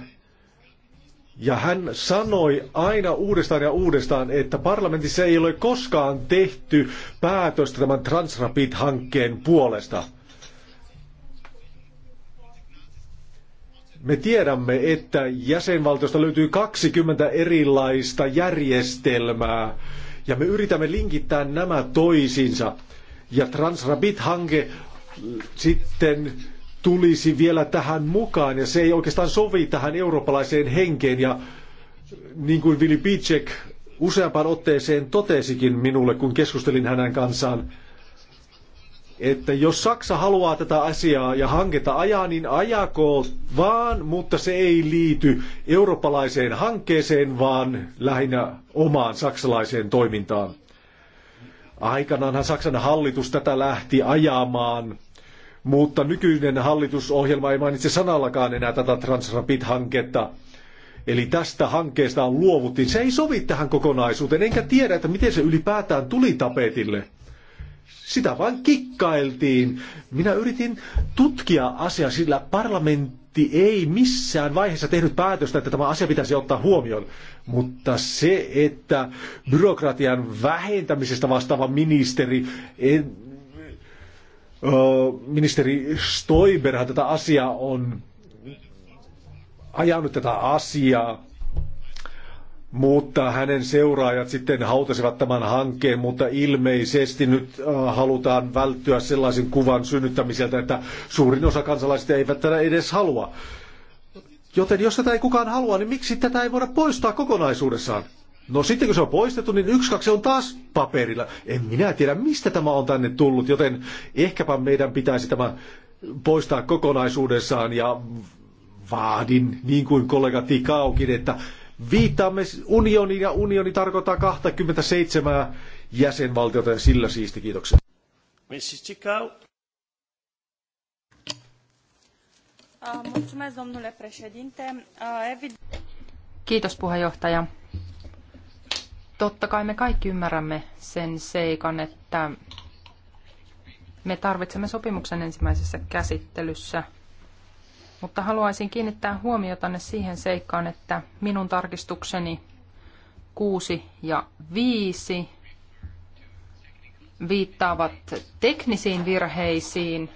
ja hän sanoi aina uudestaan ja uudestaan, että parlamentissa ei ole koskaan tehty päätöstä tämän Transrapid-hankkeen puolesta. Me tiedämme, että jäsenvaltiosta löytyy 20 erilaista järjestelmää, ja me yritämme linkittää nämä toisiinsa. Ja Transrapid-hanke sitten tulisi vielä tähän mukaan, ja se ei oikeastaan sovi tähän eurooppalaiseen henkeen, ja niin kuin Vili Picek useampaan otteeseen totesikin minulle, kun keskustelin hänen kanssaan, että jos Saksa haluaa tätä asiaa ja hanketta ajaa, niin ajako vaan, mutta se ei liity eurooppalaiseen hankkeeseen, vaan lähinnä omaan saksalaiseen toimintaan. Aikanaanhan Saksan hallitus tätä lähti ajamaan mutta nykyinen hallitusohjelma ei mainitse sanallakaan enää tätä Transrapid-hanketta. Eli tästä hankkeesta on luovuttiin. Se ei sovi tähän kokonaisuuteen, enkä tiedä, että miten se ylipäätään tuli tapetille. Sitä vain kikkailtiin. Minä yritin tutkia asiaa, sillä parlamentti ei missään vaiheessa tehnyt päätöstä, että tämä asia pitäisi ottaa huomioon. Mutta se, että byrokratian vähentämisestä vastaava ministeri en ministeri Stoiber tätä asiaa on ajanut tätä asiaa, mutta hänen seuraajat sitten hautasivat tämän hankkeen, mutta ilmeisesti nyt halutaan välttyä sellaisen kuvan synnyttämiseltä, että suurin osa kansalaisista eivät tätä edes halua. Joten jos tätä ei kukaan halua, niin miksi tätä ei voida poistaa kokonaisuudessaan? No sitten kun se on poistettu, niin yksi kaksi on taas paperilla. En minä tiedä, mistä tämä on tänne tullut, joten ehkäpä meidän pitäisi tämä poistaa kokonaisuudessaan ja vaadin, niin kuin kollega Tikaukin, että viittaamme unioniin ja unioni tarkoittaa 27 jäsenvaltiota ja sillä siisti. Kiitoksia. Mrs. Tikau. Ah, domnule ah, Kiitos puheenjohtaja. Totta kai me kaikki ymmärrämme sen seikan, että me tarvitsemme sopimuksen ensimmäisessä käsittelyssä, mutta haluaisin kiinnittää huomiota siihen seikkaan, että minun tarkistukseni 6 ja 5 viittaavat teknisiin virheisiin,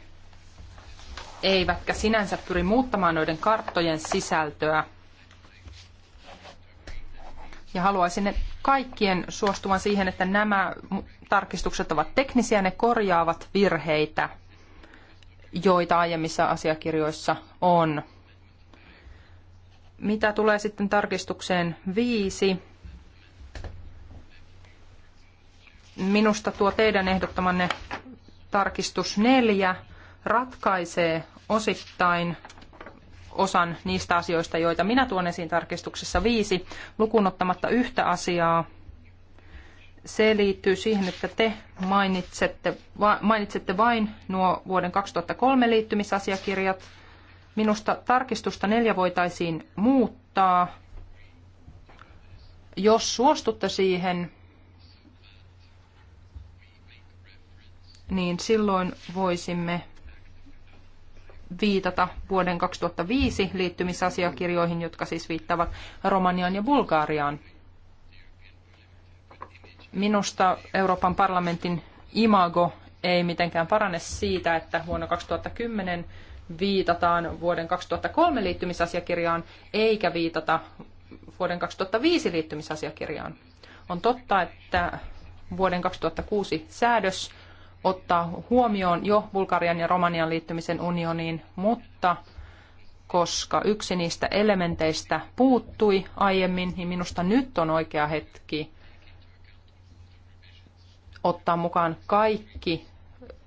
eivätkä sinänsä pyri muuttamaan noiden karttojen sisältöä. Ja haluaisin kaikkien suostuvan siihen, että nämä tarkistukset ovat teknisiä, ne korjaavat virheitä, joita aiemmissa asiakirjoissa on. Mitä tulee sitten tarkistukseen viisi? Minusta tuo teidän ehdottamanne tarkistus neljä ratkaisee osittain osan niistä asioista, joita minä tuon esiin tarkistuksessa viisi, lukunottamatta yhtä asiaa. Se liittyy siihen, että te mainitsette, mainitsette vain nuo vuoden 2003 liittymisasiakirjat. Minusta tarkistusta neljä voitaisiin muuttaa, jos suostutte siihen, niin silloin voisimme viitata vuoden 2005 liittymisasiakirjoihin, jotka siis viittaavat Romaniaan ja Bulgaariaan. Minusta Euroopan parlamentin imago ei mitenkään parane siitä, että vuonna 2010 viitataan vuoden 2003 liittymisasiakirjaan eikä viitata vuoden 2005 liittymisasiakirjaan. On totta, että vuoden 2006 säädös ottaa huomioon jo Bulgarian ja Romanian liittymisen unioniin, mutta koska yksi niistä elementeistä puuttui aiemmin, niin minusta nyt on oikea hetki ottaa mukaan kaikki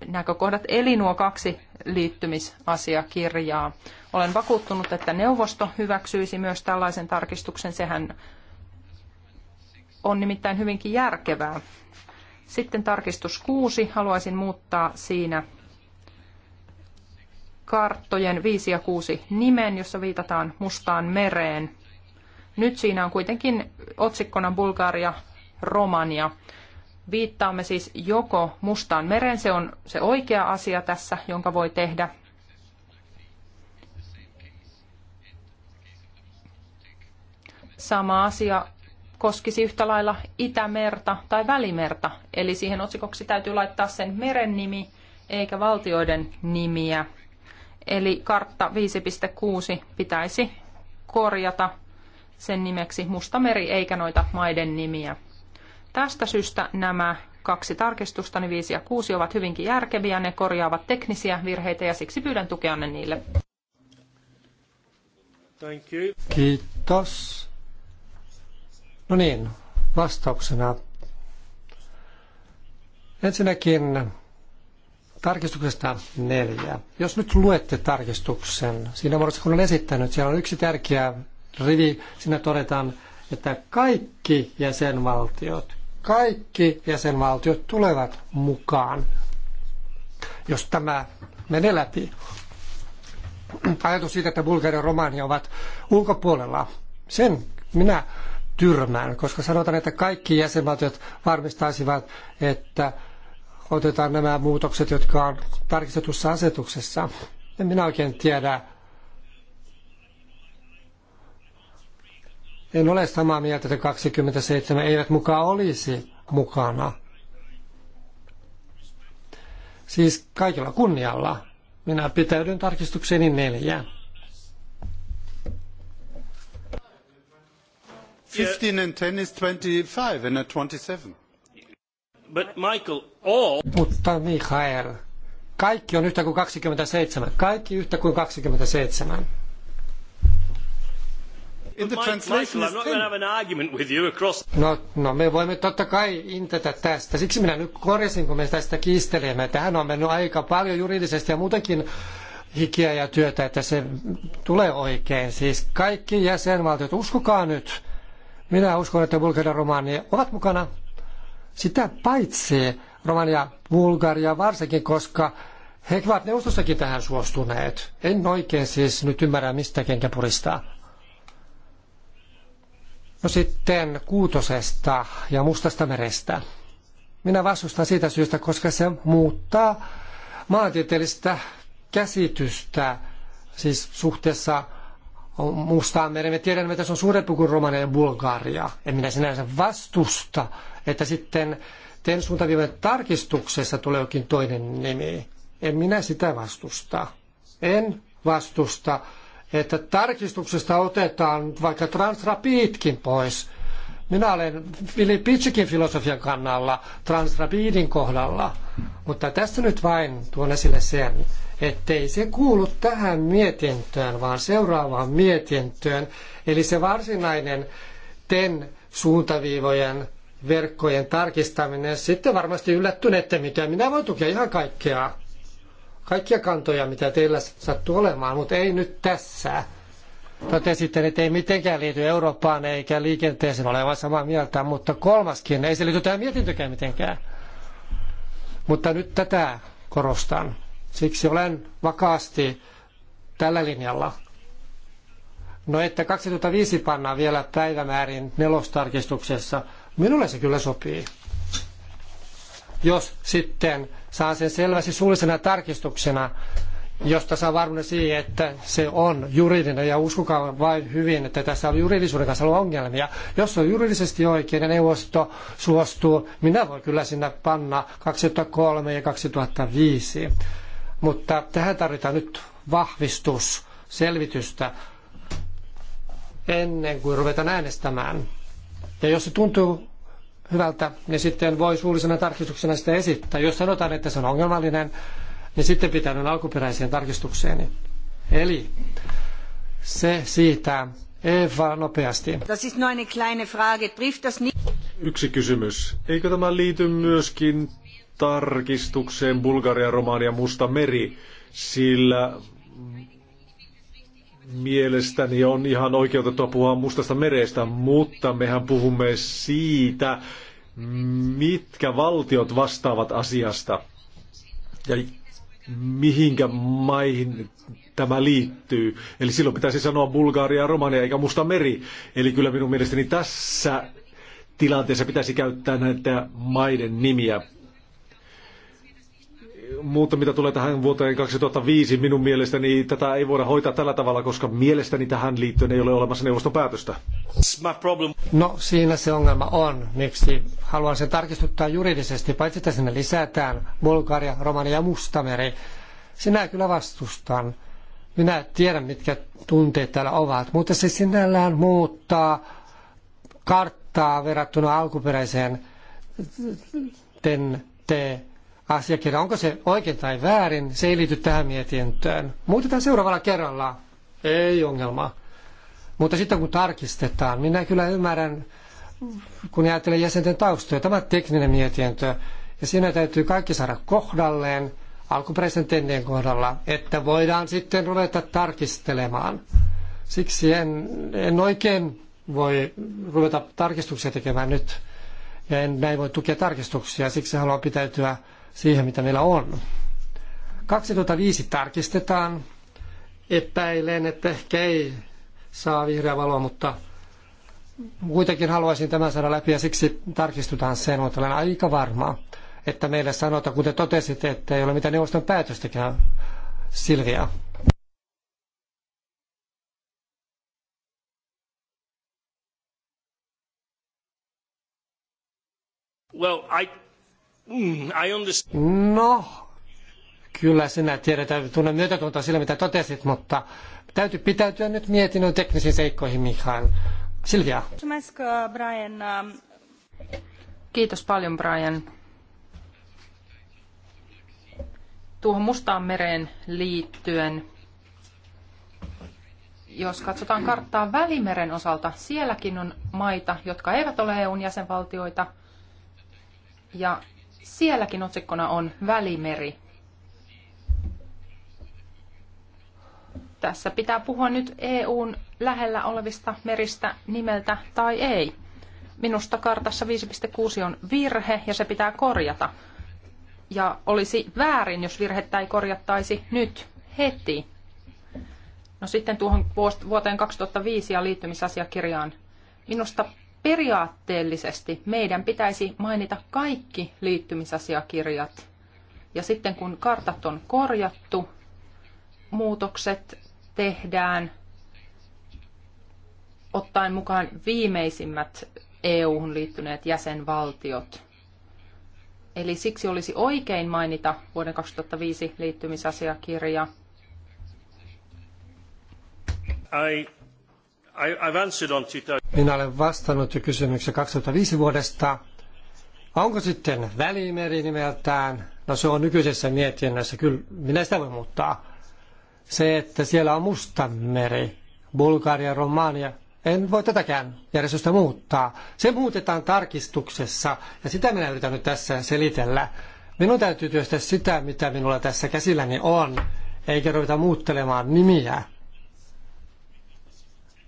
näkökohdat, eli nuo kaksi liittymisasiakirjaa. Olen vakuuttunut, että neuvosto hyväksyisi myös tällaisen tarkistuksen. Sehän on nimittäin hyvinkin järkevää. Sitten tarkistus 6. Haluaisin muuttaa siinä karttojen 5 ja 6 nimen, jossa viitataan Mustaan mereen. Nyt siinä on kuitenkin otsikkona Bulgaria, Romania. Viittaamme siis joko Mustaan mereen, se on se oikea asia tässä, jonka voi tehdä. Sama asia koskisi yhtä lailla Itämerta tai Välimerta. Eli siihen otsikoksi täytyy laittaa sen meren nimi eikä valtioiden nimiä. Eli kartta 5.6 pitäisi korjata sen nimeksi Mustameri eikä noita maiden nimiä. Tästä syystä nämä kaksi niin 5 ja 6 ovat hyvinkin järkeviä, ne korjaavat teknisiä virheitä ja siksi pyydän tukeanne niille. Kiitos. No niin, vastauksena. Ensinnäkin tarkistuksesta neljä. Jos nyt luette tarkistuksen, siinä muodossa kun olen esittänyt, siellä on yksi tärkeä rivi, siinä todetaan, että kaikki jäsenvaltiot, kaikki jäsenvaltiot tulevat mukaan, jos tämä menee läpi. Ajatus siitä, että Bulgaria ja Romania ovat ulkopuolella, sen minä tyrmään, koska sanotaan, että kaikki jäsenvaltiot varmistaisivat, että otetaan nämä muutokset, jotka on tarkistetussa asetuksessa. En minä oikein tiedä. En ole samaa mieltä, että 27 eivät mukaan olisi mukana. Siis kaikilla kunnialla. Minä pitäydyn tarkistukseni neljä. 15 yeah. and 10 is 25 and not 27. But Michael, all... Mutta Mikael, kaikki on yhtä kuin 27. Kaikki yhtä kuin 27. In the translation Michael, I'm not going to have an argument with you across... No, no, me voimme totta kai intetä tästä. Siksi minä nyt korjasin, kun me tästä kiistelemme. Tähän on mennyt aika paljon juridisesti ja muutenkin hikiä ja työtä, että se tulee oikein. Siis kaikki jäsenvaltiot, uskokaa nyt, minä uskon, että Bulgaria ja Romania ovat mukana. Sitä paitsi Romania ja Bulgaria varsinkin, koska he ovat neuvostossakin tähän suostuneet. En oikein siis nyt ymmärrä, mistä kenkä puristaa. No sitten Kuutosesta ja Mustasta merestä. Minä vastustan siitä syystä, koska se muuttaa maantieteellistä käsitystä, siis suhteessa Mustaan mereen. Me tiedämme, että se on suurempi kuin Romania ja Bulgaria. En minä sinänsä vastusta, että sitten ten suuntaviivojen tarkistuksessa tulee jokin toinen nimi. En minä sitä vastusta. En vastusta, että tarkistuksesta otetaan vaikka transrapiitkin pois. Minä olen Filippitsikin filosofian kannalla transrapiidin kohdalla, mutta tässä nyt vain tuon esille sen, ettei se kuulu tähän mietintöön, vaan seuraavaan mietintöön. Eli se varsinainen TEN suuntaviivojen verkkojen tarkistaminen. Sitten varmasti yllättynette, mitä minä voin tukea ihan kaikkea. Kaikkia kantoja, mitä teillä sattuu olemaan, mutta ei nyt tässä. Totesitte, että ei mitenkään liity Eurooppaan eikä liikenteeseen ole aivan samaa mieltä, mutta kolmaskin, ei se liity tähän mietintökään mitenkään. Mutta nyt tätä korostan. Siksi olen vakaasti tällä linjalla. No että 2005 pannaan vielä päivämäärin nelostarkistuksessa, minulle se kyllä sopii. Jos sitten saan sen selvästi suullisena tarkistuksena, josta saa varmuuden siihen, että se on juridinen ja uskokaa vain hyvin, että tässä on juridisuuden kanssa ollut ongelmia. Jos on juridisesti oikein ja neuvosto suostuu, minä voin kyllä sinne panna 2003 ja 2005. Mutta tähän tarvitaan nyt vahvistus, selvitystä ennen kuin ruvetaan äänestämään. Ja jos se tuntuu hyvältä, niin sitten voi suullisena tarkistuksena sitä esittää. Jos sanotaan, että se on ongelmallinen, niin sitten pitää alkuperäiseen tarkistukseen. Eli se siitä. Eva, nopeasti. Das ist nur eine kleine Frage. das nicht? Yksi kysymys. Eikö tämä liity myöskin tarkistukseen Bulgaria, Romania, Musta meri, sillä mielestäni on ihan oikeutettua puhua Mustasta merestä, mutta mehän puhumme siitä, mitkä valtiot vastaavat asiasta ja mihinkä maihin tämä liittyy. Eli silloin pitäisi sanoa Bulgaria, Romania eikä Musta meri. Eli kyllä minun mielestäni tässä tilanteessa pitäisi käyttää näitä maiden nimiä. Mutta mitä tulee tähän vuoteen 2005, minun mielestäni tätä ei voida hoitaa tällä tavalla, koska mielestäni tähän liittyen ei ole olemassa neuvoston päätöstä. No siinä se ongelma on. Miksi haluan sen tarkistuttaa juridisesti, paitsi että sinne lisätään Bulgaria, Romania ja Mustameri. Sinä kyllä vastustan. Minä tiedän, mitkä tunteet täällä ovat, mutta se sinällään muuttaa karttaa verrattuna alkuperäiseen ten, te asiakirja, onko se oikein tai väärin, se ei liity tähän mietintöön. Muutetaan seuraavalla kerralla. Ei ongelma. Mutta sitten kun tarkistetaan, minä kyllä ymmärrän, kun ajattelen jäsenten taustoja, tämä on tekninen mietintö, ja siinä täytyy kaikki saada kohdalleen, alkuperäisen tennien kohdalla, että voidaan sitten ruveta tarkistelemaan. Siksi en, en oikein voi ruveta tarkistuksia tekemään nyt, ja en näin voi tukea tarkistuksia, siksi haluan pitäytyä siihen, mitä meillä on. 2005 tarkistetaan. Epäilen, että ehkä ei saa vihreä valoa, mutta kuitenkin haluaisin tämän saada läpi ja siksi tarkistutaan sen, mutta olen aika varma, että meille sanotaan, kuten totesit, että ei ole mitään neuvoston päätöstäkään, Silvia. Well, I Mm, no, kyllä sinä että tunnen myötätuntoa sille, mitä totesit, mutta täytyy pitäytyä nyt mietinnön teknisiin seikkoihin, Mikael. Silvia. Uh, um, Kiitos paljon, Brian. Tuohon Mustaan mereen liittyen, jos katsotaan karttaa Välimeren osalta, sielläkin on maita, jotka eivät ole EUn jäsenvaltioita, ja Sielläkin otsikkona on Välimeri. Tässä pitää puhua nyt EUn lähellä olevista meristä nimeltä tai ei. Minusta kartassa 5.6 on virhe ja se pitää korjata. Ja olisi väärin, jos virhettä ei korjattaisi nyt heti. No sitten tuohon vuoteen 2005 ja liittymisasiakirjaan. Minusta periaatteellisesti meidän pitäisi mainita kaikki liittymisasiakirjat. Ja sitten kun kartat on korjattu, muutokset tehdään ottaen mukaan viimeisimmät EU-hun liittyneet jäsenvaltiot. Eli siksi olisi oikein mainita vuoden 2005 liittymisasiakirja. I, I, I've answered on minä olen vastannut jo kysymykseen 2005 vuodesta. Onko sitten välimeri nimeltään? No se on nykyisessä mietinnässä, kyllä minä sitä voi muuttaa. Se, että siellä on musta meri, Bulgaria, Romania, en voi tätäkään järjestystä muuttaa. Se muutetaan tarkistuksessa ja sitä minä yritän nyt tässä selitellä. Minun täytyy työstää sitä, mitä minulla tässä käsilläni on, eikä ruveta muuttelemaan nimiä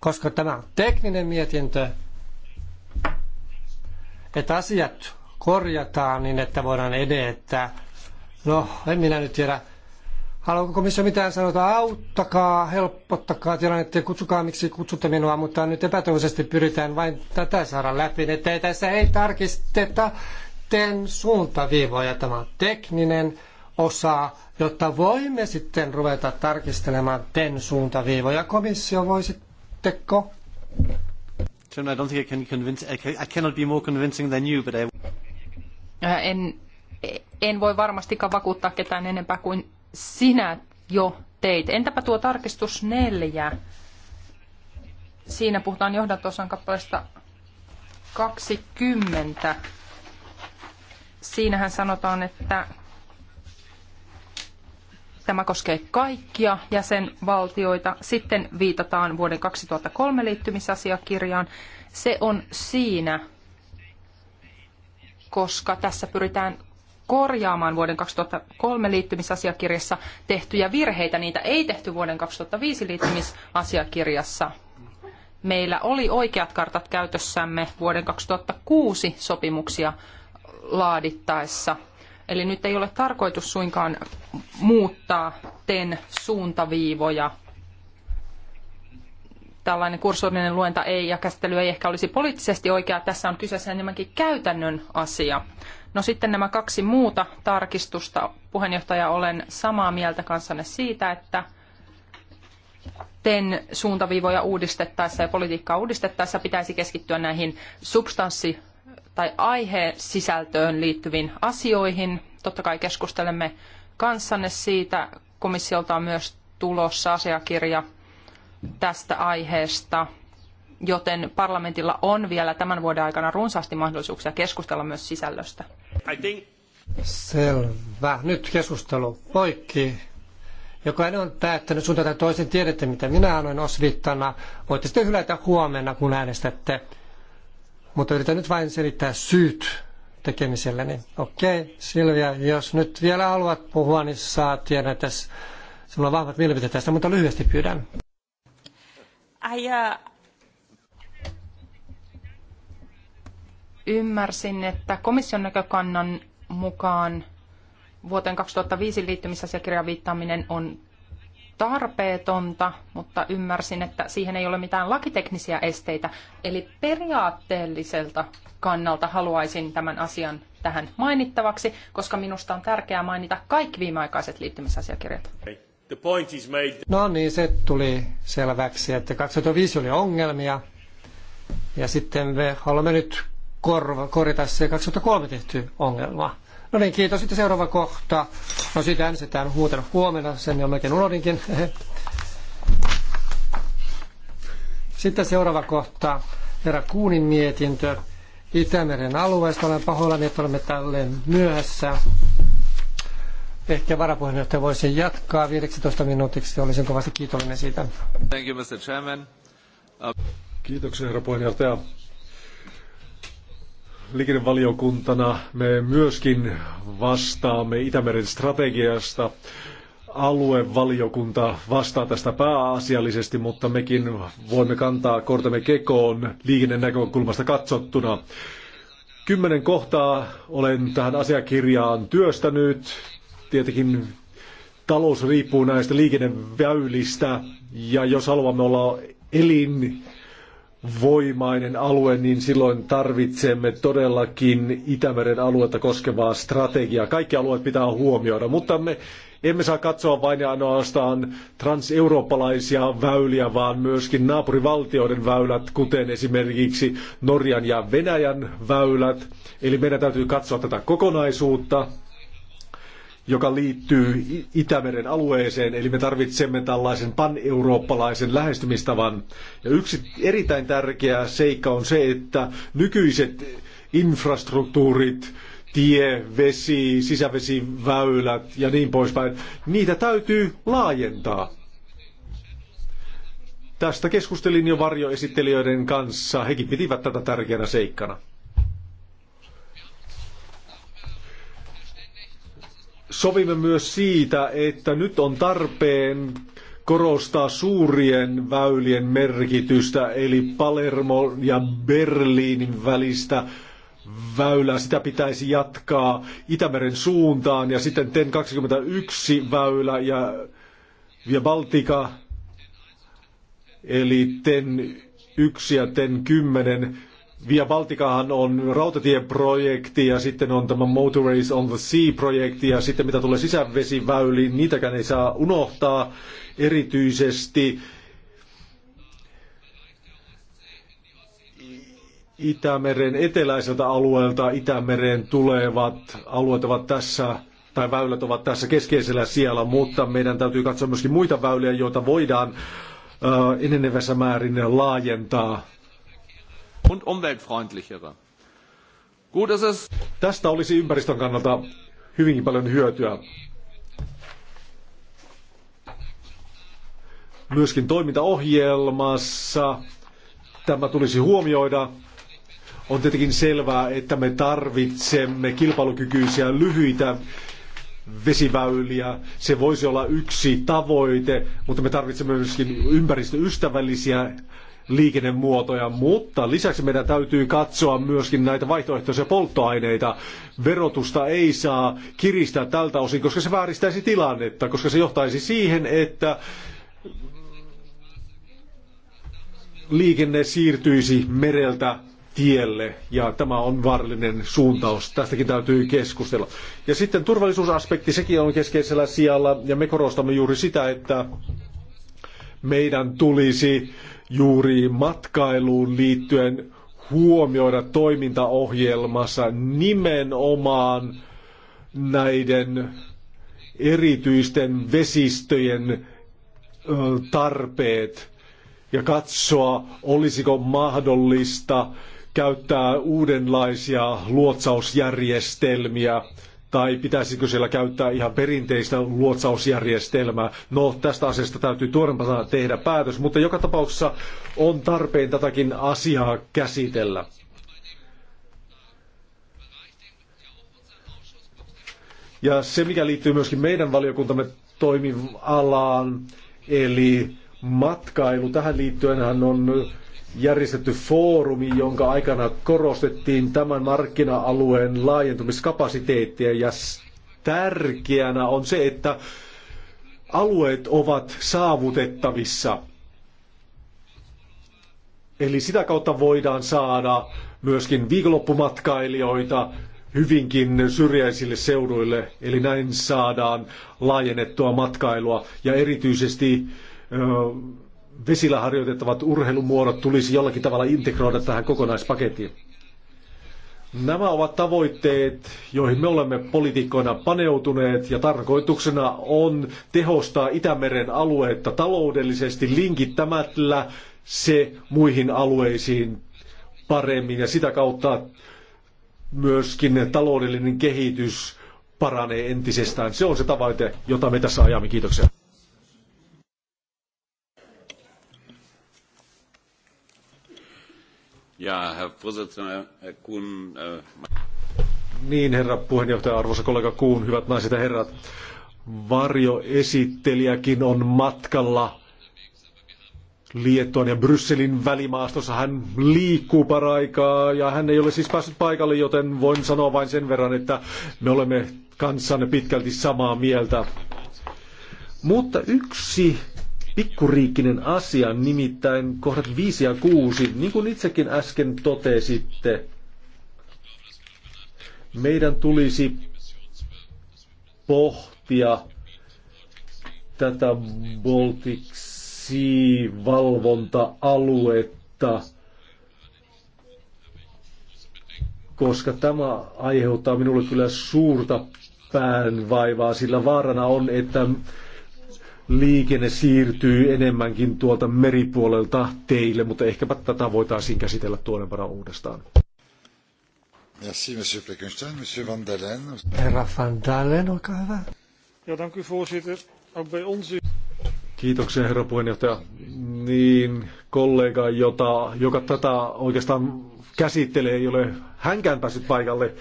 koska tämä on tekninen mietintö, että asiat korjataan niin, että voidaan edetä. No, en minä nyt tiedä. Haluanko komissio mitään sanota? Auttakaa, helpottakaa tilannetta ja kutsukaa, miksi kutsutte minua, mutta nyt epätoivoisesti pyritään vain tätä saada läpi. Että tässä ei tarkisteta ten suuntaviivoja. Tämä on tekninen osa, jotta voimme sitten ruveta tarkistelemaan ten suuntaviivoja. Komissio voi sitten Voitteko? I don't think I can convince, I cannot be more convincing than you, but I... Äh, en, en voi varmastikaan vakuuttaa ketään enempää kuin sinä jo teit. Entäpä tuo tarkistus neljä? Siinä puhutaan johdantosan kappaleesta 20. Siinähän sanotaan, että Tämä koskee kaikkia jäsenvaltioita. Sitten viitataan vuoden 2003 liittymisasiakirjaan. Se on siinä, koska tässä pyritään korjaamaan vuoden 2003 liittymisasiakirjassa tehtyjä virheitä. Niitä ei tehty vuoden 2005 liittymisasiakirjassa. Meillä oli oikeat kartat käytössämme vuoden 2006 sopimuksia laadittaessa – Eli nyt ei ole tarkoitus suinkaan muuttaa TEN suuntaviivoja. Tällainen kursorinen luenta ei ja käsittely ei ehkä olisi poliittisesti oikea. Tässä on kyseessä enemmänkin käytännön asia. No sitten nämä kaksi muuta tarkistusta. Puheenjohtaja, olen samaa mieltä kanssanne siitä, että TEN suuntaviivoja uudistettaessa ja politiikkaa uudistettaessa pitäisi keskittyä näihin substanssi tai aiheen sisältöön liittyviin asioihin. Totta kai keskustelemme kanssanne siitä. Komissiolta on myös tulossa asiakirja tästä aiheesta, joten parlamentilla on vielä tämän vuoden aikana runsaasti mahdollisuuksia keskustella myös sisällöstä. Selvä. Nyt keskustelu poikki. Jokainen on päättänyt suuntaan tätä toisen tiedätte, mitä minä annoin osviittana. Voitte sitten hylätä huomenna, kun äänestätte. Mutta yritän nyt vain selittää syyt tekemiselleni. Okei, Silvia, jos nyt vielä haluat puhua, niin saat tiedä tässä. sinulla on vahvat mielipiteet tästä, mutta lyhyesti pyydän. Ai, uh... Ymmärsin, että komission näkökannan mukaan vuoteen 2005 liittymisasiakirjan viittaaminen on tarpeetonta, mutta ymmärsin, että siihen ei ole mitään lakiteknisiä esteitä. Eli periaatteelliselta kannalta haluaisin tämän asian tähän mainittavaksi, koska minusta on tärkeää mainita kaikki viimeaikaiset liittymisasiakirjat. No niin, se tuli selväksi, että 2005 oli ongelmia ja sitten me haluamme nyt korva, korjata se 2003 tehty ongelma. No niin, kiitos. Sitten seuraava kohta. No siitä äänestetään huuten huomenna, sen jo melkein unohdinkin. Sitten seuraava kohta, herra Kuunin mietintö Itämeren alueesta. Olen pahoillani, että olemme tälleen myöhässä. Ehkä varapuheenjohtaja voisi jatkaa 15 minuutiksi. Olisin kovasti kiitollinen siitä. Thank you, Mr. Chairman. Kiitoksia, herra puheenjohtaja liikennevaliokuntana me myöskin vastaamme Itämeren strategiasta. Aluevaliokunta vastaa tästä pääasiallisesti, mutta mekin voimme kantaa kortemme kekoon liikennenäkökulmasta katsottuna. Kymmenen kohtaa olen tähän asiakirjaan työstänyt. Tietenkin talous riippuu näistä liikenneväylistä ja jos haluamme olla elin voimainen alue, niin silloin tarvitsemme todellakin Itämeren aluetta koskevaa strategiaa. Kaikki alueet pitää huomioida, mutta me emme saa katsoa vain ja ainoastaan transeurooppalaisia väyliä, vaan myöskin naapurivaltioiden väylät, kuten esimerkiksi Norjan ja Venäjän väylät. Eli meidän täytyy katsoa tätä kokonaisuutta joka liittyy Itämeren alueeseen, eli me tarvitsemme tällaisen pan-eurooppalaisen lähestymistavan. Ja yksi erittäin tärkeä seikka on se, että nykyiset infrastruktuurit, tie, vesi, sisävesiväylät ja niin poispäin, niitä täytyy laajentaa. Tästä keskustelin jo varjoesittelijöiden kanssa. Hekin pitivät tätä tärkeänä seikkana. sovimme myös siitä, että nyt on tarpeen korostaa suurien väylien merkitystä, eli Palermo ja Berliinin välistä väylää. Sitä pitäisi jatkaa Itämeren suuntaan ja sitten TEN-21 väylä ja, Via Baltika, eli TEN-1 ja TEN-10 Via Baltikahan on rautatieprojekti ja sitten on tämä Motorways on the Sea-projekti ja sitten mitä tulee sisävesiväyliin, niitäkään ei saa unohtaa erityisesti. Itämeren eteläiseltä alueelta Itämeren tulevat alueet ovat tässä tai väylät ovat tässä keskeisellä siellä, mutta meidän täytyy katsoa myöskin muita väyliä, joita voidaan enenevässä määrin laajentaa und umweltfreundlichere. Gut ist es. Tästä olisi ympäristön kannalta hyvinkin paljon hyötyä. Myöskin toimintaohjelmassa tämä tulisi huomioida. On tietenkin selvää, että me tarvitsemme kilpailukykyisiä lyhyitä vesiväyliä. Se voisi olla yksi tavoite, mutta me tarvitsemme myöskin ympäristöystävällisiä liikennemuotoja, mutta lisäksi meidän täytyy katsoa myöskin näitä vaihtoehtoisia polttoaineita. Verotusta ei saa kiristää tältä osin, koska se vääristäisi tilannetta, koska se johtaisi siihen, että liikenne siirtyisi mereltä tielle ja tämä on vaarallinen suuntaus. Tästäkin täytyy keskustella. Ja sitten turvallisuusaspekti, sekin on keskeisellä sijalla ja me korostamme juuri sitä, että meidän tulisi juuri matkailuun liittyen huomioida toimintaohjelmassa nimenomaan näiden erityisten vesistöjen tarpeet ja katsoa, olisiko mahdollista käyttää uudenlaisia luotsausjärjestelmiä tai pitäisikö siellä käyttää ihan perinteistä luotsausjärjestelmää. No, tästä asiasta täytyy tuorempana tehdä päätös, mutta joka tapauksessa on tarpeen tätäkin asiaa käsitellä. Ja se, mikä liittyy myöskin meidän valiokuntamme toimialaan, eli matkailu, tähän hän on järjestetty foorumi, jonka aikana korostettiin tämän markkina-alueen laajentumiskapasiteettia ja tärkeänä on se, että alueet ovat saavutettavissa. Eli sitä kautta voidaan saada myöskin viikonloppumatkailijoita hyvinkin syrjäisille seuduille, eli näin saadaan laajennettua matkailua ja erityisesti vesillä harjoitettavat urheilumuodot tulisi jollakin tavalla integroida tähän kokonaispakettiin. Nämä ovat tavoitteet, joihin me olemme poliitikkoina paneutuneet ja tarkoituksena on tehostaa Itämeren aluetta taloudellisesti linkittämällä se muihin alueisiin paremmin ja sitä kautta myöskin taloudellinen kehitys paranee entisestään. Se on se tavoite, jota me tässä ajamme. Kiitoksia. Ja, herr Herr Kuhn, äh... Niin, herra puheenjohtaja, arvoisa kollega Kuun, hyvät naiset ja herrat. Varjoesittelijäkin on matkalla Liettuan ja Brysselin välimaastossa. Hän liikkuu paraikaa ja hän ei ole siis päässyt paikalle, joten voin sanoa vain sen verran, että me olemme kanssanne pitkälti samaa mieltä. Mutta yksi pikkuriikkinen asia, nimittäin kohdat 5 ja 6. Niin kuin itsekin äsken totesitte, meidän tulisi pohtia tätä Baltiksi valvonta aluetta koska tämä aiheuttaa minulle kyllä suurta päänvaivaa, sillä vaarana on, että liikenne siirtyy enemmänkin tuolta meripuolelta teille, mutta ehkäpä tätä voitaisiin käsitellä tuonempana uudestaan. Merci, monsieur Plekenstein. Monsieur Van Dalen. Herra Van Dalen, olkaa hyvä. Ja, dank u voorzitter. Ook bij ons... Kiitoksia, herra puheenjohtaja. Niin, kollega, jota, joka tätä oikeastaan käsittelee, ei ole hänkään päässyt paikalle,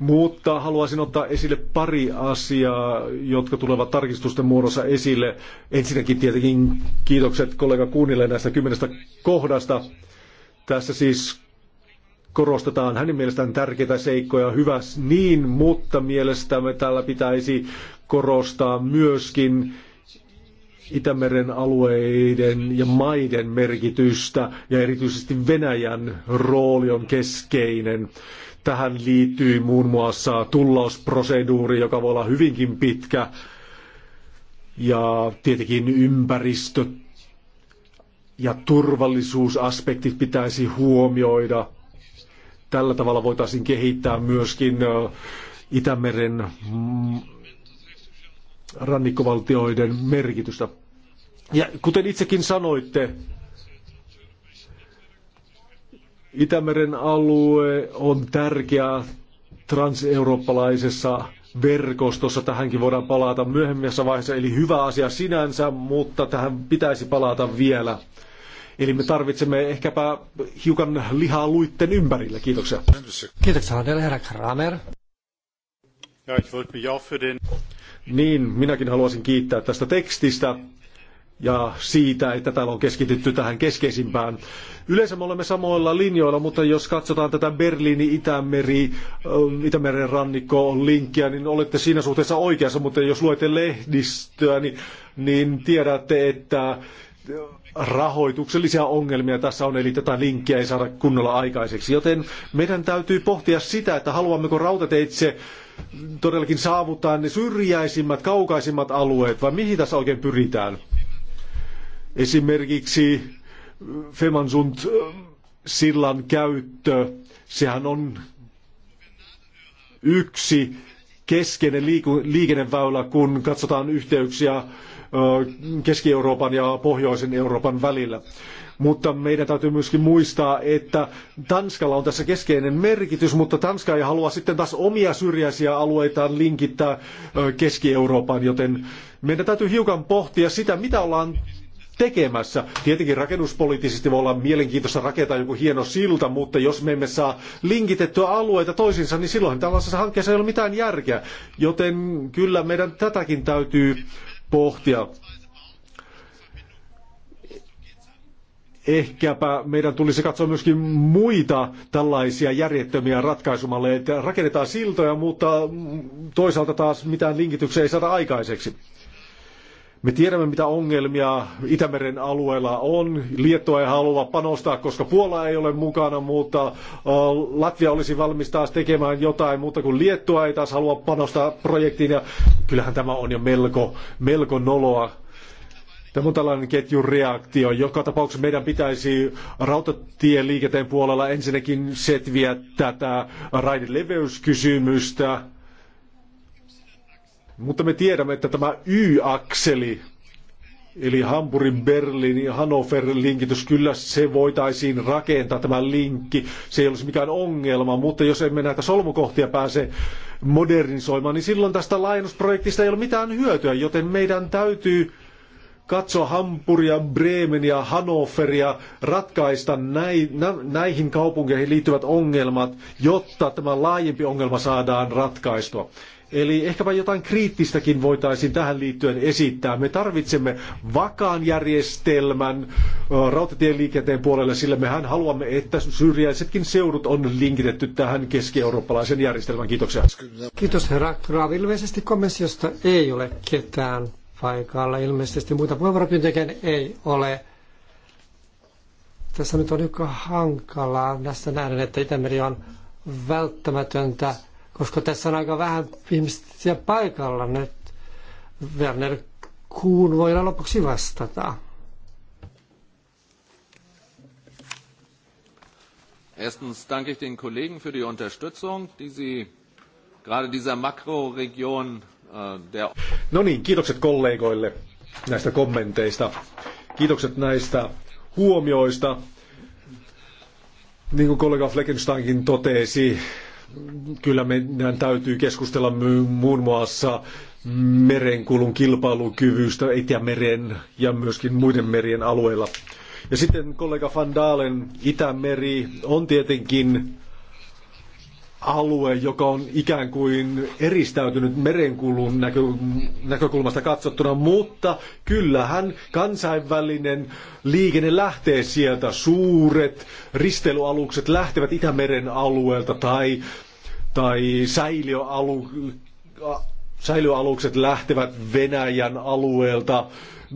mutta haluaisin ottaa esille pari asiaa, jotka tulevat tarkistusten muodossa esille. Ensinnäkin tietenkin kiitokset kollega Kuunille näistä kymmenestä kohdasta. Tässä siis korostetaan hänen mielestään tärkeitä seikkoja, hyvä niin, mutta mielestämme täällä pitäisi korostaa myöskin Itämeren alueiden ja maiden merkitystä ja erityisesti Venäjän rooli on keskeinen. Tähän liittyy muun muassa tullausproseduuri, joka voi olla hyvinkin pitkä, ja tietenkin ympäristö ja turvallisuusaspektit pitäisi huomioida. Tällä tavalla voitaisiin kehittää myöskin Itämeren mm, rannikkovaltioiden merkitystä. Ja kuten itsekin sanoitte, Itämeren alue on tärkeä transeurooppalaisessa verkostossa. Tähänkin voidaan palata myöhemmässä vaiheessa, eli hyvä asia sinänsä, mutta tähän pitäisi palata vielä. Eli me tarvitsemme ehkäpä hiukan lihaa luitten ympärillä. Kiitoksia. Kiitoksia, herra Kramer. Niin, minäkin haluaisin kiittää tästä tekstistä ja siitä, että täällä on keskitytty tähän keskeisimpään. Yleensä me olemme samoilla linjoilla, mutta jos katsotaan tätä Berliini, Itämeri, ähm, Itämeren rannikko linkkiä, niin olette siinä suhteessa oikeassa, mutta jos luette lehdistöä, niin, niin tiedätte, että rahoituksellisia ongelmia tässä on, eli tätä linkkiä ei saada kunnolla aikaiseksi. Joten meidän täytyy pohtia sitä, että haluammeko rautateitse todellakin saavuttaa ne syrjäisimmät, kaukaisimmat alueet, vai mihin tässä oikein pyritään. Esimerkiksi Femansund sillan käyttö, sehän on yksi keskeinen liikenneväylä, kun katsotaan yhteyksiä Keski-Euroopan ja Pohjoisen Euroopan välillä. Mutta meidän täytyy myöskin muistaa, että Tanskalla on tässä keskeinen merkitys, mutta Tanska ei halua sitten taas omia syrjäisiä alueitaan linkittää keski Euroopan, joten meidän täytyy hiukan pohtia sitä, mitä ollaan tekemässä. Tietenkin rakennuspoliittisesti voi olla mielenkiintoista rakentaa joku hieno silta, mutta jos me emme saa linkitettyä alueita toisiinsa, niin silloin tällaisessa hankkeessa ei ole mitään järkeä. Joten kyllä meidän tätäkin täytyy pohtia. ehkäpä meidän tulisi katsoa myöskin muita tällaisia järjettömiä ratkaisumalleja, että rakennetaan siltoja, mutta toisaalta taas mitään linkityksiä ei saada aikaiseksi. Me tiedämme, mitä ongelmia Itämeren alueella on. Liettua ei halua panostaa, koska Puola ei ole mukana, mutta Latvia olisi valmis taas tekemään jotain, mutta kun Liettua ei taas halua panostaa projektiin, ja kyllähän tämä on jo melko, melko noloa. Tämä on tällainen ketjureaktio. Joka tapauksessa meidän pitäisi rautatieliikenteen puolella ensinnäkin setviä tätä raidin leveyskysymystä, mutta me tiedämme, että tämä Y-akseli, eli hamburin Berliinin ja Hannoverin linkitys, kyllä se voitaisiin rakentaa tämä linkki. Se ei olisi mikään ongelma, mutta jos emme näitä solmukohtia pääse modernisoimaan, niin silloin tästä laajennusprojektista ei ole mitään hyötyä, joten meidän täytyy katsoa Hampuria, ja Hannoveria, ratkaista näihin kaupunkeihin liittyvät ongelmat, jotta tämä laajempi ongelma saadaan ratkaistua. Eli ehkäpä jotain kriittistäkin voitaisiin tähän liittyen esittää. Me tarvitsemme vakaan järjestelmän rautatien liikenteen puolelle, sillä mehän haluamme, että syrjäisetkin seudut on linkitetty tähän keski-eurooppalaisen järjestelmään. Kiitoksia. Kiitos herra Graav. Ilmeisesti komissiosta ei ole ketään paikalla. Ilmeisesti muita puheenvuoropyyntöjä ei ole. Tässä nyt on joka hankalaa. Tässä nähden, että Itämeri on välttämätöntä koska tässä on aika vähän ihmisiä paikalla nyt. Werner Kuun voidaan lopuksi vastata. Erstens danke ich den Kollegen für die Unterstützung, die sie gerade dieser Makroregion äh, der... No niin, kiitokset kollegoille näistä kommenteista. Kiitokset näistä huomioista. Niin kuin kollega Fleckensteinkin totesi, kyllä meidän täytyy keskustella muun muassa merenkulun kilpailukyvystä Itämeren ja myöskin muiden merien alueilla. Ja sitten kollega Van Dalen Itämeri on tietenkin alue, joka on ikään kuin eristäytynyt merenkulun näkö, näkökulmasta katsottuna, mutta kyllähän kansainvälinen liikenne lähtee sieltä. Suuret ristelualukset lähtevät Itämeren alueelta tai, tai säiliöalu, säiliöalukset lähtevät Venäjän alueelta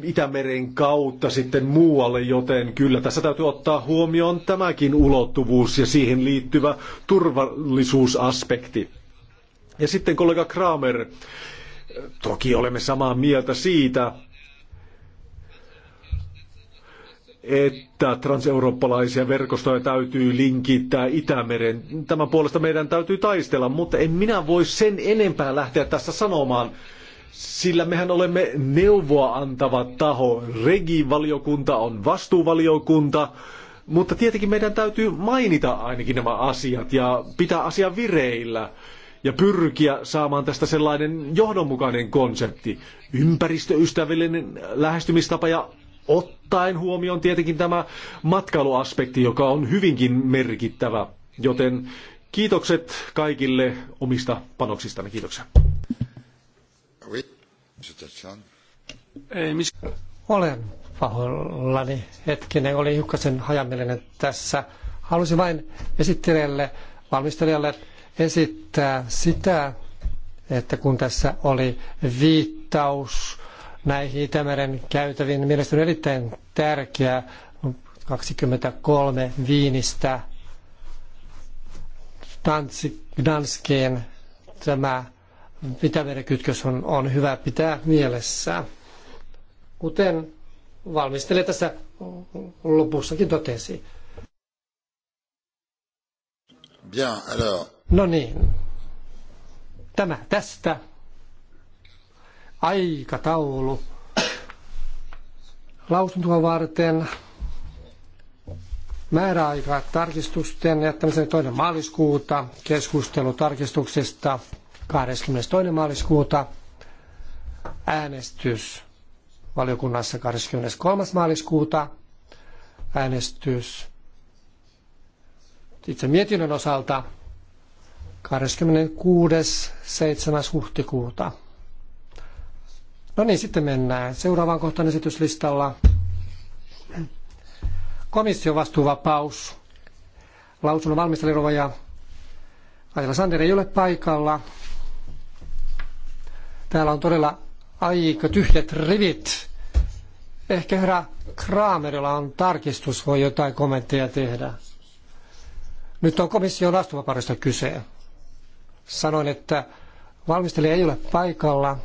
Itämeren kautta sitten muualle, joten kyllä tässä täytyy ottaa huomioon tämäkin ulottuvuus ja siihen liittyvä turvallisuusaspekti. Ja sitten kollega Kramer, toki olemme samaa mieltä siitä, että transeurooppalaisia verkostoja täytyy linkittää Itämeren. Tämän puolesta meidän täytyy taistella, mutta en minä voi sen enempää lähteä tässä sanomaan sillä mehän olemme neuvoa antava taho. Regi-valiokunta on vastuuvaliokunta, mutta tietenkin meidän täytyy mainita ainakin nämä asiat ja pitää asia vireillä ja pyrkiä saamaan tästä sellainen johdonmukainen konsepti, ympäristöystävällinen lähestymistapa ja ottaen huomioon tietenkin tämä matkailuaspekti, joka on hyvinkin merkittävä. Joten kiitokset kaikille omista panoksistanne. Kiitoksia. Ei mis... Olen pahoillani. Hetkinen, oli hiukkasen hajamielinen tässä. Halusin vain esittelijälle, valmistelijalle esittää sitä, että kun tässä oli viittaus näihin Itämeren käytäviin, niin mielestäni on erittäin tärkeä 23 Viinistä Danskeen tämä pitäverekytkös on, on hyvä pitää mielessä. Kuten valmistelija tässä lopussakin totesi. Bien, alors. No niin. Tämä tästä. Aikataulu. Lausuntoa varten määräaika tarkistusten jättämisen toinen maaliskuuta keskustelu tarkistuksesta 22. maaliskuuta, äänestys valiokunnassa 23. maaliskuuta, äänestys itse mietinnön osalta 26.7. huhtikuuta. No niin, sitten mennään seuraavaan kohtaan esityslistalla. Komission vastuuvapaus. Lausunnon valmistelijoja Ajala Sander ei ole paikalla. Täällä on todella aika tyhjät rivit. Ehkä herra Kramerilla on tarkistus, voi jotain kommentteja tehdä. Nyt on komission vastuvaparista kyse. Sanoin, että valmistelija ei ole paikalla.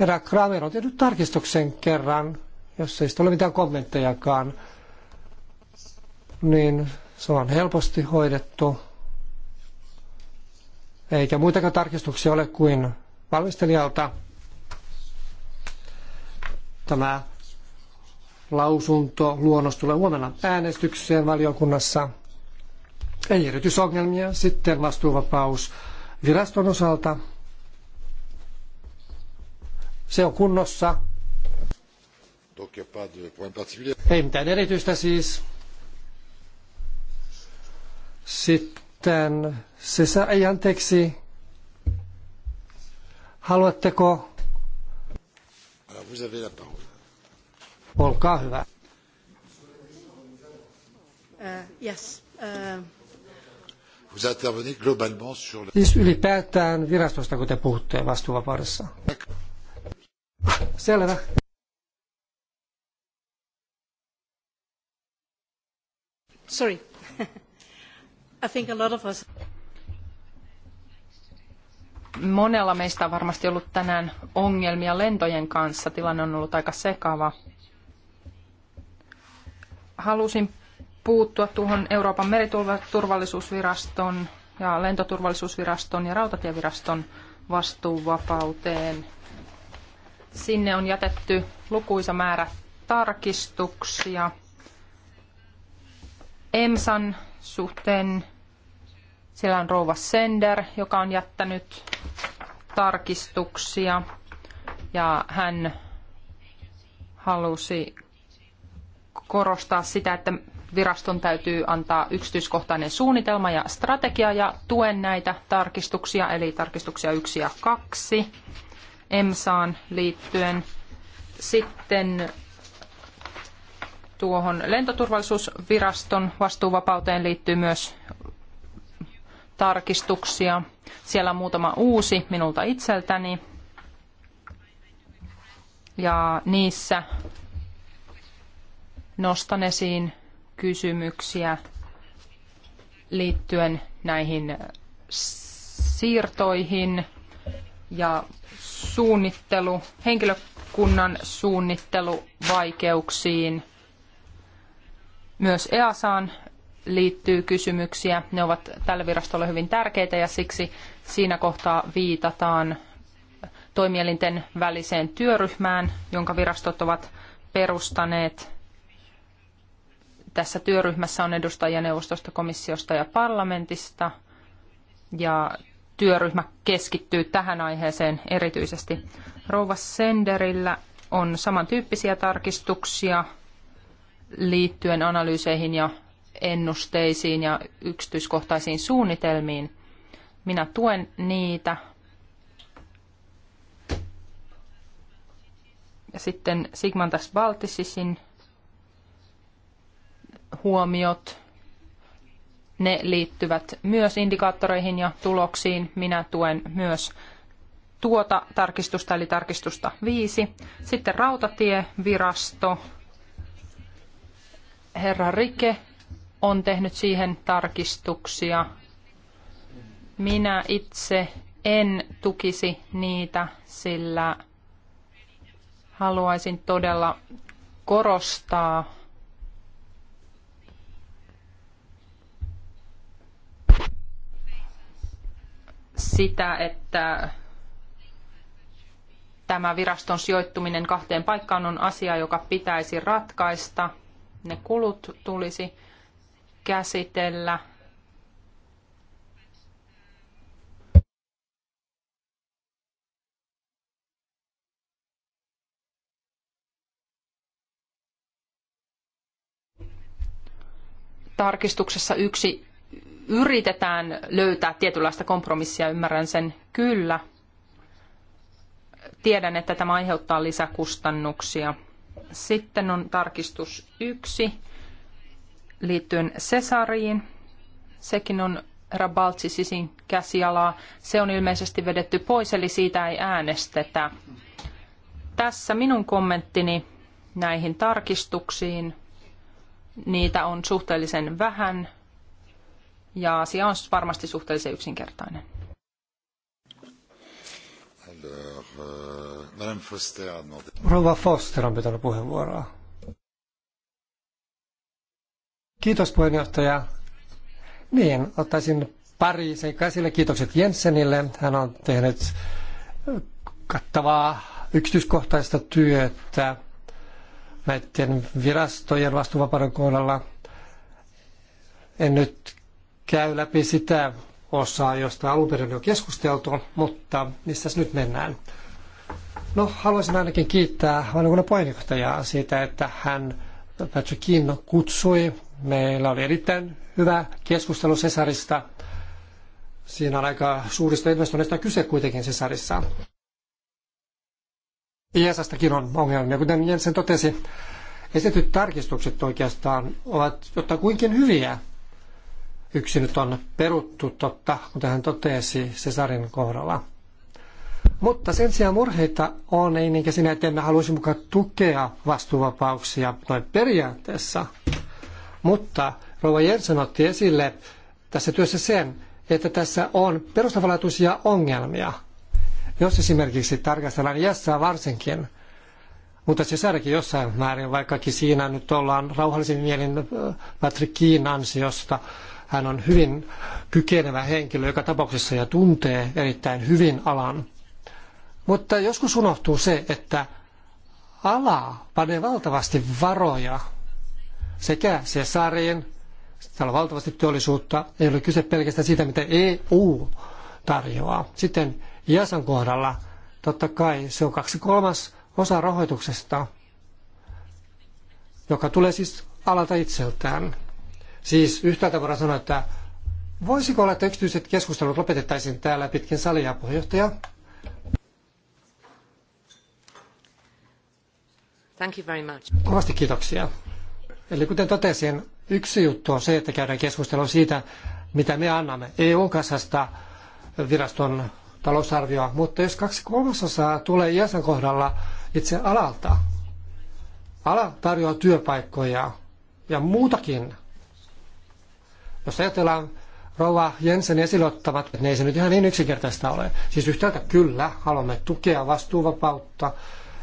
Herra Kramer on tehnyt tarkistuksen kerran, jos ei ole mitään kommenttejakaan, niin se on helposti hoidettu. Eikä muitakaan tarkistuksia ole kuin valmistelijalta. Tämä lausunto luonnos tulee huomenna äänestykseen valiokunnassa. Ei erityisongelmia. Sitten vastuuvapaus viraston osalta. Se on kunnossa. Ei mitään erityistä siis. Sitten se ei anteeksi, Haluatteko? Ah, Olkaa hyvä. Uh, yes. Uh... Vous intervenez globalement sur le... Siis ylipäätään virastosta, kun te puhutte vastuuvapaudessa. Selvä. Sorry. I think a lot of us... Monella meistä on varmasti ollut tänään ongelmia lentojen kanssa. Tilanne on ollut aika sekava. Halusin puuttua tuohon Euroopan meriturvallisuusviraston ja lentoturvallisuusviraston ja rautatieviraston vastuuvapauteen. Sinne on jätetty lukuisa määrä tarkistuksia. EMSAn suhteen siellä on rouva Sender, joka on jättänyt tarkistuksia ja hän halusi korostaa sitä, että viraston täytyy antaa yksityiskohtainen suunnitelma ja strategia ja tuen näitä tarkistuksia, eli tarkistuksia yksi ja kaksi EMSAan liittyen. Sitten tuohon lentoturvallisuusviraston vastuuvapauteen liittyy myös tarkistuksia. Siellä on muutama uusi minulta itseltäni. Ja niissä nostan esiin kysymyksiä liittyen näihin siirtoihin ja suunnittelu, henkilökunnan suunnitteluvaikeuksiin. Myös EASAan liittyy kysymyksiä. Ne ovat tälle virastolle hyvin tärkeitä ja siksi siinä kohtaa viitataan toimielinten väliseen työryhmään, jonka virastot ovat perustaneet. Tässä työryhmässä on edustajia neuvostosta, komissiosta ja parlamentista ja työryhmä keskittyy tähän aiheeseen erityisesti. Rouva Senderillä on samantyyppisiä tarkistuksia liittyen analyyseihin ja ennusteisiin ja yksityiskohtaisiin suunnitelmiin. Minä tuen niitä. Ja sitten Sigmantas Baltisisin huomiot, ne liittyvät myös indikaattoreihin ja tuloksiin. Minä tuen myös tuota tarkistusta, eli tarkistusta 5. Sitten rautatievirasto, herra Rike on tehnyt siihen tarkistuksia. Minä itse en tukisi niitä, sillä haluaisin todella korostaa sitä, että tämä viraston sijoittuminen kahteen paikkaan on asia, joka pitäisi ratkaista. Ne kulut tulisi käsitellä. Tarkistuksessa yksi yritetään löytää tietynlaista kompromissia, ymmärrän sen kyllä. Tiedän, että tämä aiheuttaa lisäkustannuksia. Sitten on tarkistus yksi liittyen Cesariin. Sekin on Rabaltsisisin käsialaa. Se on ilmeisesti vedetty pois, eli siitä ei äänestetä. Tässä minun kommenttini näihin tarkistuksiin. Niitä on suhteellisen vähän ja asia on varmasti suhteellisen yksinkertainen. Euh, Rouva Foster on pitänyt puheenvuoroa. Kiitos puheenjohtaja. Niin, ottaisin pari seikkaa esille. Kiitokset Jensenille. Hän on tehnyt kattavaa yksityiskohtaista työtä näiden virastojen vastuuvapauden kohdalla. En nyt käy läpi sitä osaa, josta alun perin on keskusteltu, mutta missä nyt mennään? No, haluaisin ainakin kiittää valiokunnan puheenjohtajaa siitä, että hän Patrickin kutsui Meillä oli erittäin hyvä keskustelu Cesarista. Siinä on aika suurista investoinneista kyse kuitenkin Cesarissa. ISAstakin on ongelmia. Kuten Jensen totesi, esitetyt tarkistukset oikeastaan ovat jotakuinkin hyviä. Yksi nyt on peruttu totta, kuten hän totesi Cesarin kohdalla. Mutta sen sijaan murheita on, ei niinkään sinä, että emme haluaisi mukaan tukea vastuuvapauksia noin periaatteessa – mutta Rova Jensen otti esille tässä työssä sen, että tässä on perustavanlaatuisia ongelmia. Jos esimerkiksi tarkastellaan jässää varsinkin, mutta sisälläkin jossain määrin, vaikkakin siinä nyt ollaan rauhallisin mielin Patrick Kiin ansiosta, hän on hyvin kykenevä henkilö joka tapauksessa ja tuntee erittäin hyvin alan. Mutta joskus unohtuu se, että ala panee valtavasti varoja sekä Cesareen, täällä on valtavasti teollisuutta, ei ole kyse pelkästään siitä, mitä EU tarjoaa. Sitten IASan kohdalla, totta kai se on kaksi kolmas osa rahoituksesta, joka tulee siis alalta itseltään. Siis yhtäältä voidaan sanoa, että voisiko olla, että yksityiset keskustelut lopetettaisiin täällä pitkin salia, puheenjohtaja? Thank you very much. Kovasti kiitoksia. Eli kuten totesin, yksi juttu on se, että käydään keskustelua siitä, mitä me annamme eu kassasta viraston talousarvioa, mutta jos kaksi kolmasosaa tulee jäsen kohdalla itse alalta, ala tarjoaa työpaikkoja ja muutakin. Jos ajatellaan Rova Jensen esille ottavat, että niin ne ei se nyt ihan niin yksinkertaista ole. Siis yhtäältä kyllä haluamme tukea vastuuvapautta,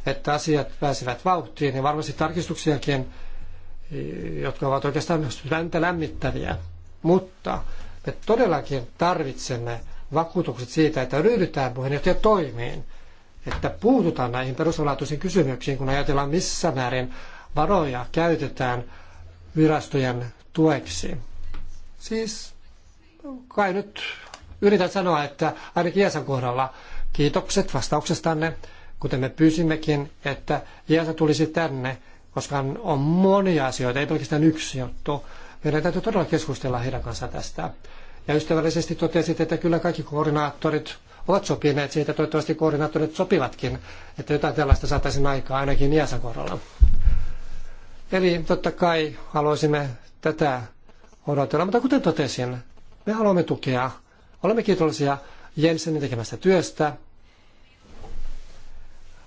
että asiat pääsevät vauhtiin ja varmasti tarkistuksiakin jotka ovat oikeastaan sydäntä lämmittäviä. Mutta me todellakin tarvitsemme vakuutukset siitä, että ryhdytään puheenjohtaja toimiin, että puututaan näihin perustavanlaatuisiin kysymyksiin, kun ajatellaan missä määrin varoja käytetään virastojen tueksi. Siis kai nyt yritän sanoa, että ainakin Jeesan kohdalla kiitokset vastauksestanne, kuten me pyysimmekin, että Jeesa tulisi tänne koska on monia asioita, ei pelkästään yksi juttu. Meidän täytyy todella keskustella heidän kanssa tästä. Ja ystävällisesti totesit, että kyllä kaikki koordinaattorit ovat sopineet siitä, toivottavasti koordinaattorit sopivatkin, että jotain tällaista saataisiin aikaa ainakin iänsä kohdalla. Eli totta kai haluaisimme tätä odotella, mutta kuten totesin, me haluamme tukea. Olemme kiitollisia Jensenin tekemästä työstä,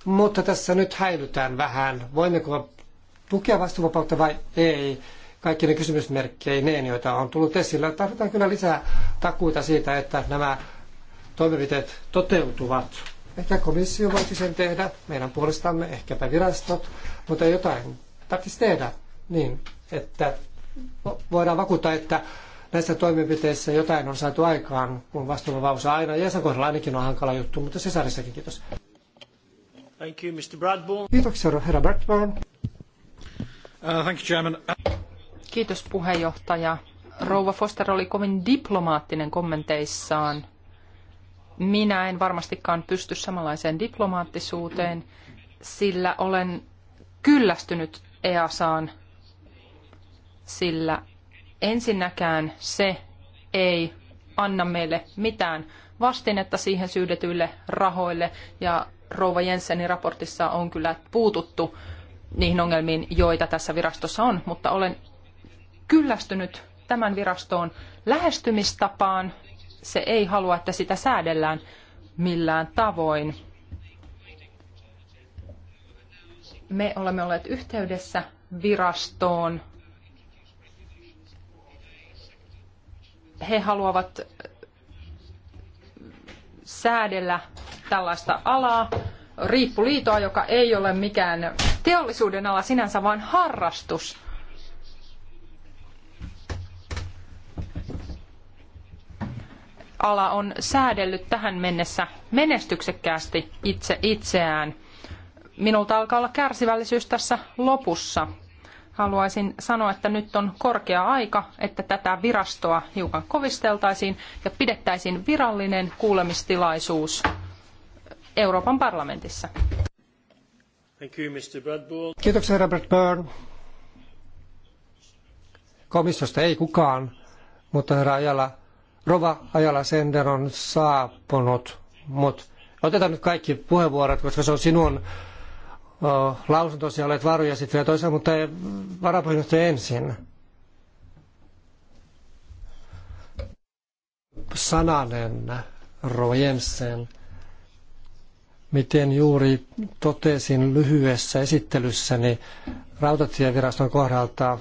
mutta tässä nyt häilytään vähän. Voimmeko tukea vastuuvapautta vai ei, kaikki ne kysymysmerkkeineen, joita on tullut esille. Tarvitaan kyllä lisää takuita siitä, että nämä toimenpiteet toteutuvat. Ehkä komissio voisi sen tehdä, meidän puolestamme, ehkäpä virastot, mutta jotain tarvitsisi tehdä niin, että voidaan vakuuttaa, että näissä toimenpiteissä jotain on saatu aikaan, kun vastuuvapaus on aina kohdalla ainakin on hankala juttu, mutta sisarissakin kiitos. Thank you, Mr. Bradburn. Kiitoksia, herra Bradburn. Uh, Kiitos puheenjohtaja. Rouva Foster oli kovin diplomaattinen kommenteissaan. Minä en varmastikaan pysty samanlaiseen diplomaattisuuteen, sillä olen kyllästynyt EASaan, sillä ensinnäkään se ei anna meille mitään vastinetta siihen syydetyille rahoille ja rouva Jensenin raportissa on kyllä puututtu niihin ongelmiin, joita tässä virastossa on, mutta olen kyllästynyt tämän virastoon lähestymistapaan. Se ei halua, että sitä säädellään millään tavoin. Me olemme olleet yhteydessä virastoon. He haluavat säädellä tällaista alaa, riippuliitoa, joka ei ole mikään teollisuuden ala sinänsä, vaan harrastus. Ala on säädellyt tähän mennessä menestyksekkäästi itse itseään. Minulta alkaa olla kärsivällisyys tässä lopussa. Haluaisin sanoa, että nyt on korkea aika, että tätä virastoa hiukan kovisteltaisiin ja pidettäisiin virallinen kuulemistilaisuus Euroopan parlamentissa. Kiitoksia, herra Bradburn. Komissiosta ei kukaan, mutta herra Ajala, Rova Ajala Sender on saapunut, mutta otetaan nyt kaikki puheenvuorot, koska se on sinun uh, lausuntosi, olet varuja sitten vielä toisaalta, mutta varapuheenjohtaja ensin. Sananen, Jensen. Miten juuri totesin lyhyessä esittelyssäni rautatieviraston kohdalta,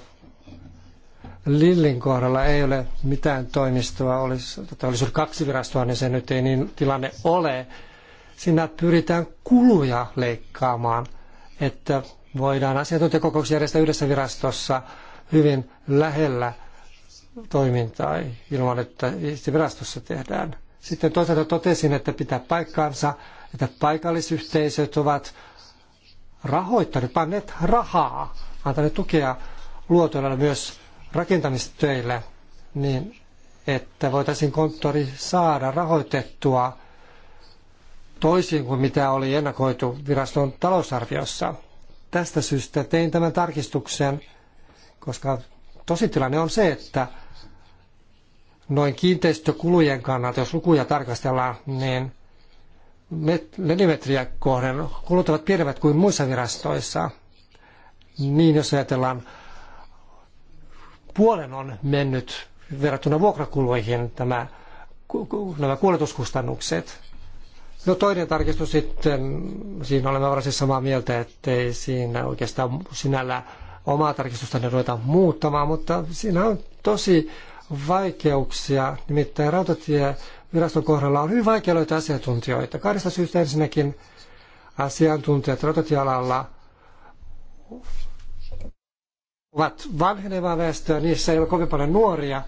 Lillin kohdalla ei ole mitään toimistoa, olisi, olisi ollut kaksi virastoa, niin se nyt ei niin tilanne ole. Siinä pyritään kuluja leikkaamaan, että voidaan asiantuntijakokouksia järjestää yhdessä virastossa hyvin lähellä toimintaa ilman, että itse virastossa tehdään. Sitten toisaalta totesin, että pitää paikkaansa, että paikallisyhteisöt ovat rahoittaneet, panneet rahaa, antaneet tukea luotoilla myös rakentamistöille, niin että voitaisiin konttori saada rahoitettua toisin kuin mitä oli ennakoitu viraston talousarviossa. Tästä syystä tein tämän tarkistuksen, koska tositilanne on se, että noin kiinteistökulujen kannalta, jos lukuja tarkastellaan, niin nelimetriä kohden kulut ovat pienemmät kuin muissa virastoissa. Niin jos ajatellaan, puolen on mennyt verrattuna vuokrakuluihin tämä, nämä kuljetuskustannukset. No toinen tarkistus sitten, siinä olemme varsin samaa mieltä, ettei siinä oikeastaan sinällä omaa tarkistusta ne ruveta muuttamaan, mutta siinä on tosi vaikeuksia. Nimittäin rautatie viraston kohdalla on hyvin vaikea löytää asiantuntijoita. Kahdesta syystä ensinnäkin asiantuntijat rautatiealalla ovat vanhenevaa väestöä, niissä ei ole kovin paljon nuoria.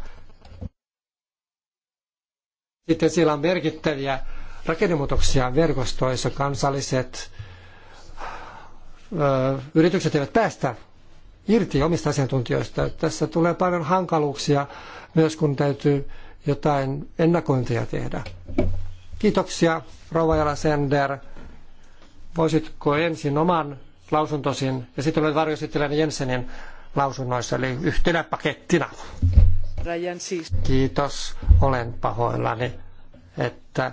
Sitten siellä on merkittäviä rakennemuutoksia verkostoissa. Kansalliset ö, yritykset eivät päästä irti omista asiantuntijoista. Tässä tulee paljon hankaluuksia myös, kun täytyy jotain ennakointia tehdä. Kiitoksia, Rova Jala Sender. Voisitko ensin oman lausuntosin ja sitten olet varjoesittelijän Jensenin lausunnoissa, eli yhtenä pakettina. Rajan siis. Kiitos, olen pahoillani, että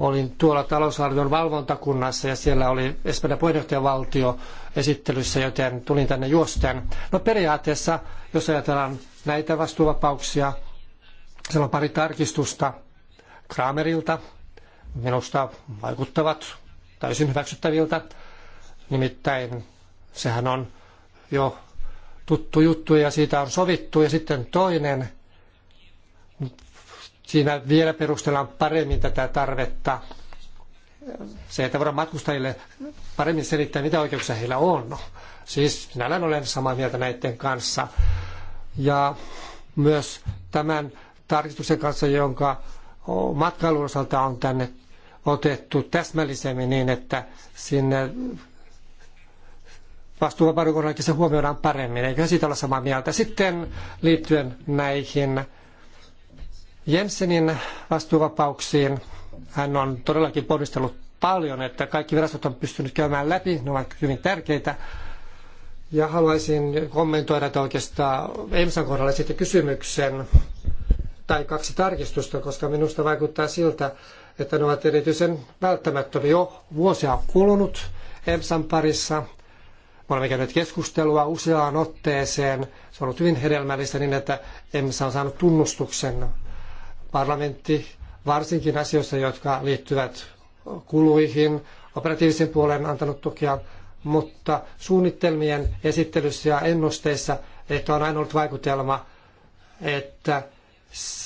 olin tuolla talousarvion valvontakunnassa ja siellä oli Espanjan puheenjohtajavaltio esittelyssä, joten tulin tänne juosten. No periaatteessa, jos ajatellaan näitä vastuuvapauksia, siellä on pari tarkistusta Kramerilta. Minusta vaikuttavat täysin hyväksyttäviltä. Nimittäin sehän on jo tuttu juttu ja siitä on sovittu. Ja sitten toinen, siinä vielä perustellaan paremmin tätä tarvetta. Se, että voidaan matkustajille paremmin selittää, mitä oikeuksia heillä on. Siis minä olen samaa mieltä näiden kanssa. Ja myös tämän tarkistuksen kanssa, jonka matkailun osalta on tänne otettu täsmällisemmin niin, että sinne vastuuvapauden se huomioidaan paremmin. Eiköhän siitä olla samaa mieltä. Sitten liittyen näihin Jensenin vastuuvapauksiin, hän on todellakin ponnistellut paljon, että kaikki virastot on pystynyt käymään läpi, ne ovat hyvin tärkeitä. Ja haluaisin kommentoida että oikeastaan Emsan kohdalla sitten kysymyksen, tai kaksi tarkistusta, koska minusta vaikuttaa siltä, että ne ovat erityisen välttämättömiä. Jo vuosia on kulunut EMSAn parissa. Me olemme käyneet keskustelua useaan otteeseen. Se on ollut hyvin hedelmällistä niin, että EMSA on saanut tunnustuksen parlamentti, varsinkin asioissa, jotka liittyvät kuluihin, operatiivisen puolen antanut tukea, mutta suunnitelmien esittelyssä ja ennusteissa ehkä on aina ollut vaikutelma, että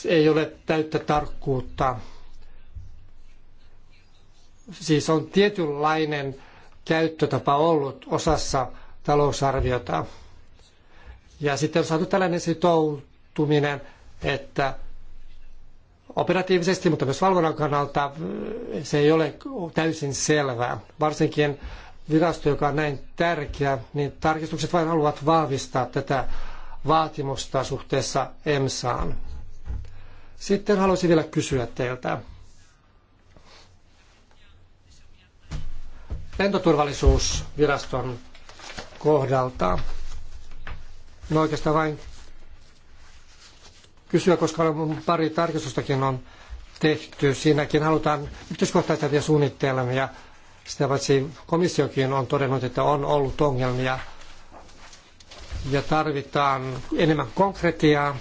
ei ole täyttä tarkkuutta. Siis on tietynlainen käyttötapa ollut osassa talousarviota. Ja sitten on saatu tällainen sitoutuminen, että operatiivisesti, mutta myös valvonnan kannalta se ei ole täysin selvää. Varsinkin virasto, joka on näin tärkeä, niin tarkistukset vain haluavat vahvistaa tätä vaatimusta suhteessa EMSAan. Sitten haluaisin vielä kysyä teiltä. Lentoturvallisuusviraston kohdalta. No oikeastaan vain kysyä, koska pari tarkistustakin on tehty. Siinäkin halutaan yhteiskohtaisia suunnitelmia. Sitä paitsi komissiokin on todennut, että on ollut ongelmia ja tarvitaan enemmän konkretiaa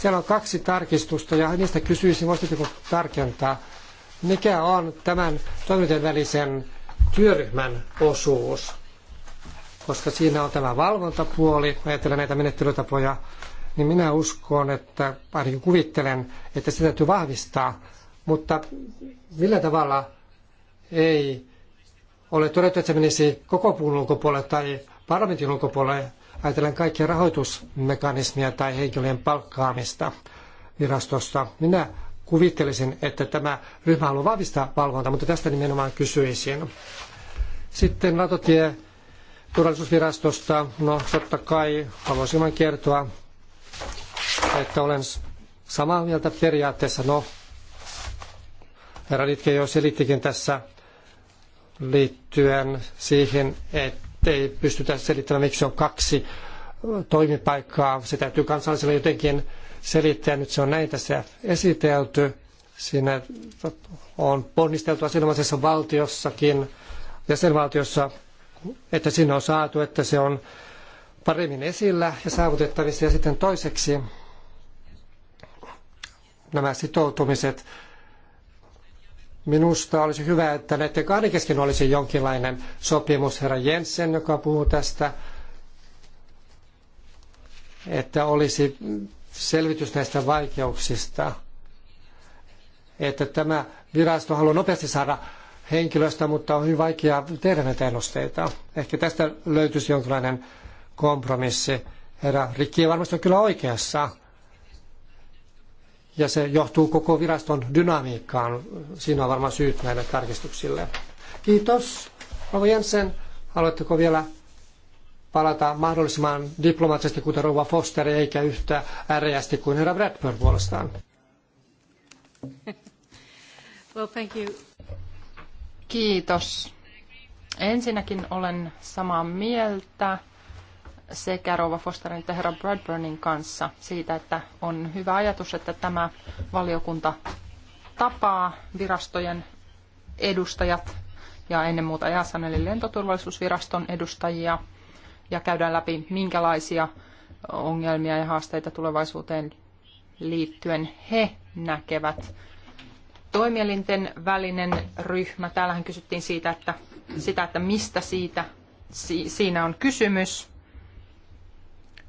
siellä on kaksi tarkistusta ja niistä kysyisin, voisitteko tarkentaa, mikä on tämän toimintojen välisen työryhmän osuus, koska siinä on tämä valvontapuoli, ajatellaan näitä menettelytapoja, niin minä uskon, että ainakin kuvittelen, että sitä täytyy vahvistaa, mutta millä tavalla ei ole todettu, että se menisi koko puun ulkopuolelle tai parlamentin ulkopuolelle, ajatellen kaikkia rahoitusmekanismia tai henkilöjen palkkaamista virastosta. Minä kuvittelisin, että tämä ryhmä haluaa vahvistaa valvontaa, mutta tästä nimenomaan kysyisin. Sitten Ratotie turvallisuusvirastosta. No totta kai haluaisin vain kertoa, että olen samaa mieltä periaatteessa. No, herra Litke jo selittikin tässä liittyen siihen, että ettei pystytä selittämään, miksi on kaksi toimipaikkaa. Se täytyy kansalaisille jotenkin selittää. Nyt se on näin tässä esitelty. Siinä on ponnisteltu asianomaisessa valtiossakin, jäsenvaltiossa, että sinne on saatu, että se on paremmin esillä ja saavutettavissa. Ja sitten toiseksi nämä sitoutumiset Minusta olisi hyvä, että näiden kahden kesken olisi jonkinlainen sopimus. Herra Jensen, joka puhuu tästä, että olisi selvitys näistä vaikeuksista, että tämä virasto haluaa nopeasti saada henkilöstä, mutta on hyvin vaikea tehdä näitä ennusteita. Ehkä tästä löytyisi jonkinlainen kompromissi. Herra Rikki varmasti on kyllä oikeassa ja se johtuu koko viraston dynamiikkaan. Siinä on varmaan syyt näille tarkistuksille. Kiitos. Rova Jensen, haluatteko vielä palata mahdollisimman diplomaattisesti kuten Rova Foster, eikä yhtä äreästi kuin herra Bradford puolestaan? Well, thank you. Kiitos. Ensinnäkin olen samaa mieltä sekä Rova Fosterin että herra Bradburnin kanssa siitä, että on hyvä ajatus, että tämä valiokunta tapaa virastojen edustajat ja ennen muuta EASAN eli lentoturvallisuusviraston edustajia ja käydään läpi, minkälaisia ongelmia ja haasteita tulevaisuuteen liittyen he näkevät. Toimielinten välinen ryhmä, täällähän kysyttiin siitä, että, sitä, että mistä siitä, si, siinä on kysymys.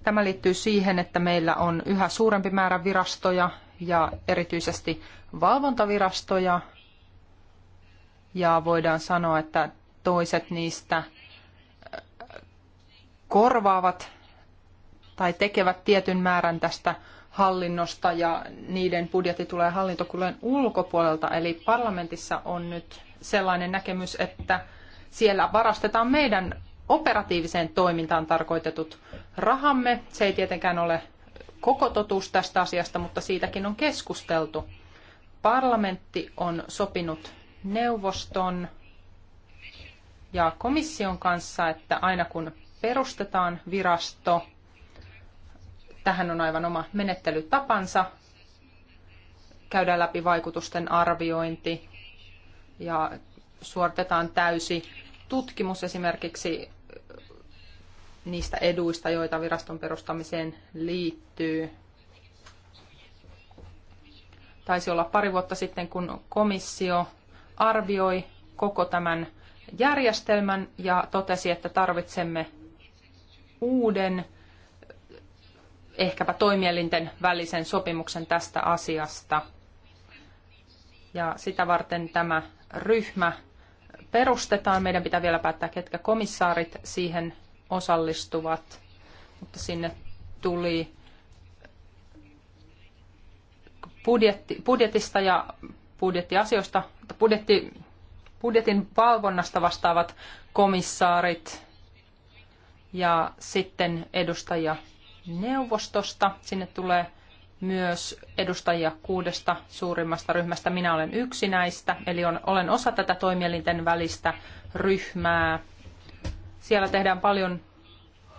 Tämä liittyy siihen, että meillä on yhä suurempi määrä virastoja ja erityisesti valvontavirastoja. Ja voidaan sanoa, että toiset niistä äh, korvaavat tai tekevät tietyn määrän tästä hallinnosta ja niiden budjetti tulee hallintokulujen ulkopuolelta. Eli parlamentissa on nyt sellainen näkemys, että siellä varastetaan meidän operatiiviseen toimintaan tarkoitetut rahamme. Se ei tietenkään ole koko totuus tästä asiasta, mutta siitäkin on keskusteltu. Parlamentti on sopinut neuvoston ja komission kanssa, että aina kun perustetaan virasto, tähän on aivan oma menettelytapansa, käydään läpi vaikutusten arviointi ja suoritetaan täysi tutkimus esimerkiksi niistä eduista, joita viraston perustamiseen liittyy. Taisi olla pari vuotta sitten, kun komissio arvioi koko tämän järjestelmän ja totesi, että tarvitsemme uuden, ehkäpä toimielinten välisen sopimuksen tästä asiasta. Ja sitä varten tämä ryhmä perustetaan. Meidän pitää vielä päättää, ketkä komissaarit siihen osallistuvat, mutta sinne tuli budjetti, budjetista ja budjettiasioista, mutta budjetti, budjetin valvonnasta vastaavat komissaarit ja sitten edustajia neuvostosta. Sinne tulee myös edustajia kuudesta suurimmasta ryhmästä. Minä olen yksi näistä, eli on, olen osa tätä toimielinten välistä ryhmää. Siellä tehdään paljon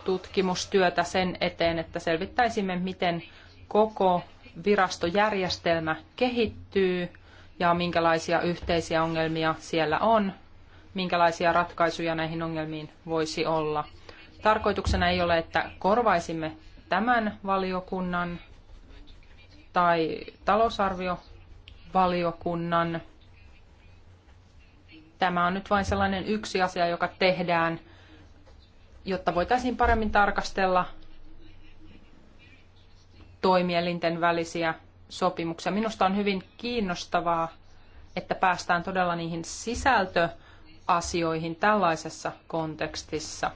tutkimustyötä sen eteen, että selvittäisimme, miten koko virastojärjestelmä kehittyy ja minkälaisia yhteisiä ongelmia siellä on, minkälaisia ratkaisuja näihin ongelmiin voisi olla. Tarkoituksena ei ole, että korvaisimme tämän valiokunnan tai talousarviovaliokunnan. Tämä on nyt vain sellainen yksi asia, joka tehdään jotta voitaisiin paremmin tarkastella toimielinten välisiä sopimuksia. Minusta on hyvin kiinnostavaa, että päästään todella niihin sisältöasioihin tällaisessa kontekstissa.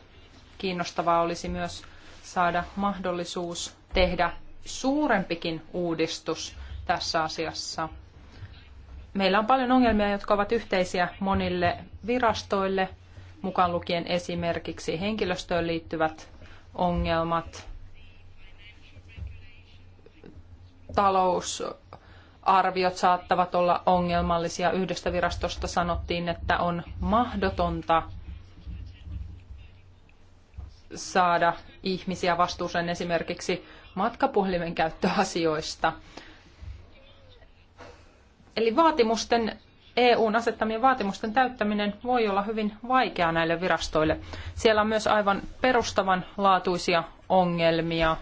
Kiinnostavaa olisi myös saada mahdollisuus tehdä suurempikin uudistus tässä asiassa. Meillä on paljon ongelmia, jotka ovat yhteisiä monille virastoille, mukaan lukien esimerkiksi henkilöstöön liittyvät ongelmat, talousarviot saattavat olla ongelmallisia. Yhdestä virastosta sanottiin, että on mahdotonta saada ihmisiä vastuuseen esimerkiksi matkapuhelimen käyttöasioista. Eli vaatimusten EUn asettamien vaatimusten täyttäminen voi olla hyvin vaikeaa näille virastoille. Siellä on myös aivan perustavanlaatuisia ongelmia.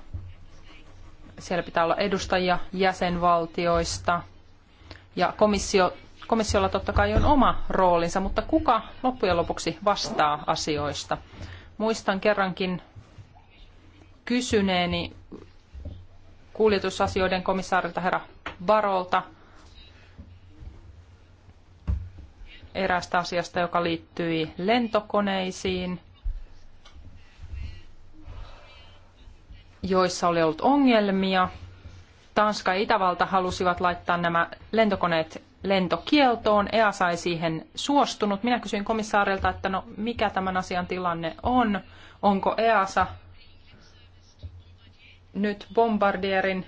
Siellä pitää olla edustajia jäsenvaltioista ja komissio, komissiolla totta kai on oma roolinsa, mutta kuka loppujen lopuksi vastaa asioista? Muistan kerrankin kysyneeni kuljetusasioiden komissaarilta herra Barolta – eräästä asiasta, joka liittyi lentokoneisiin, joissa oli ollut ongelmia. Tanska ja Itävalta halusivat laittaa nämä lentokoneet lentokieltoon. EASA ei siihen suostunut. Minä kysyin komissaarilta, että no mikä tämän asian tilanne on. Onko EASA nyt Bombardierin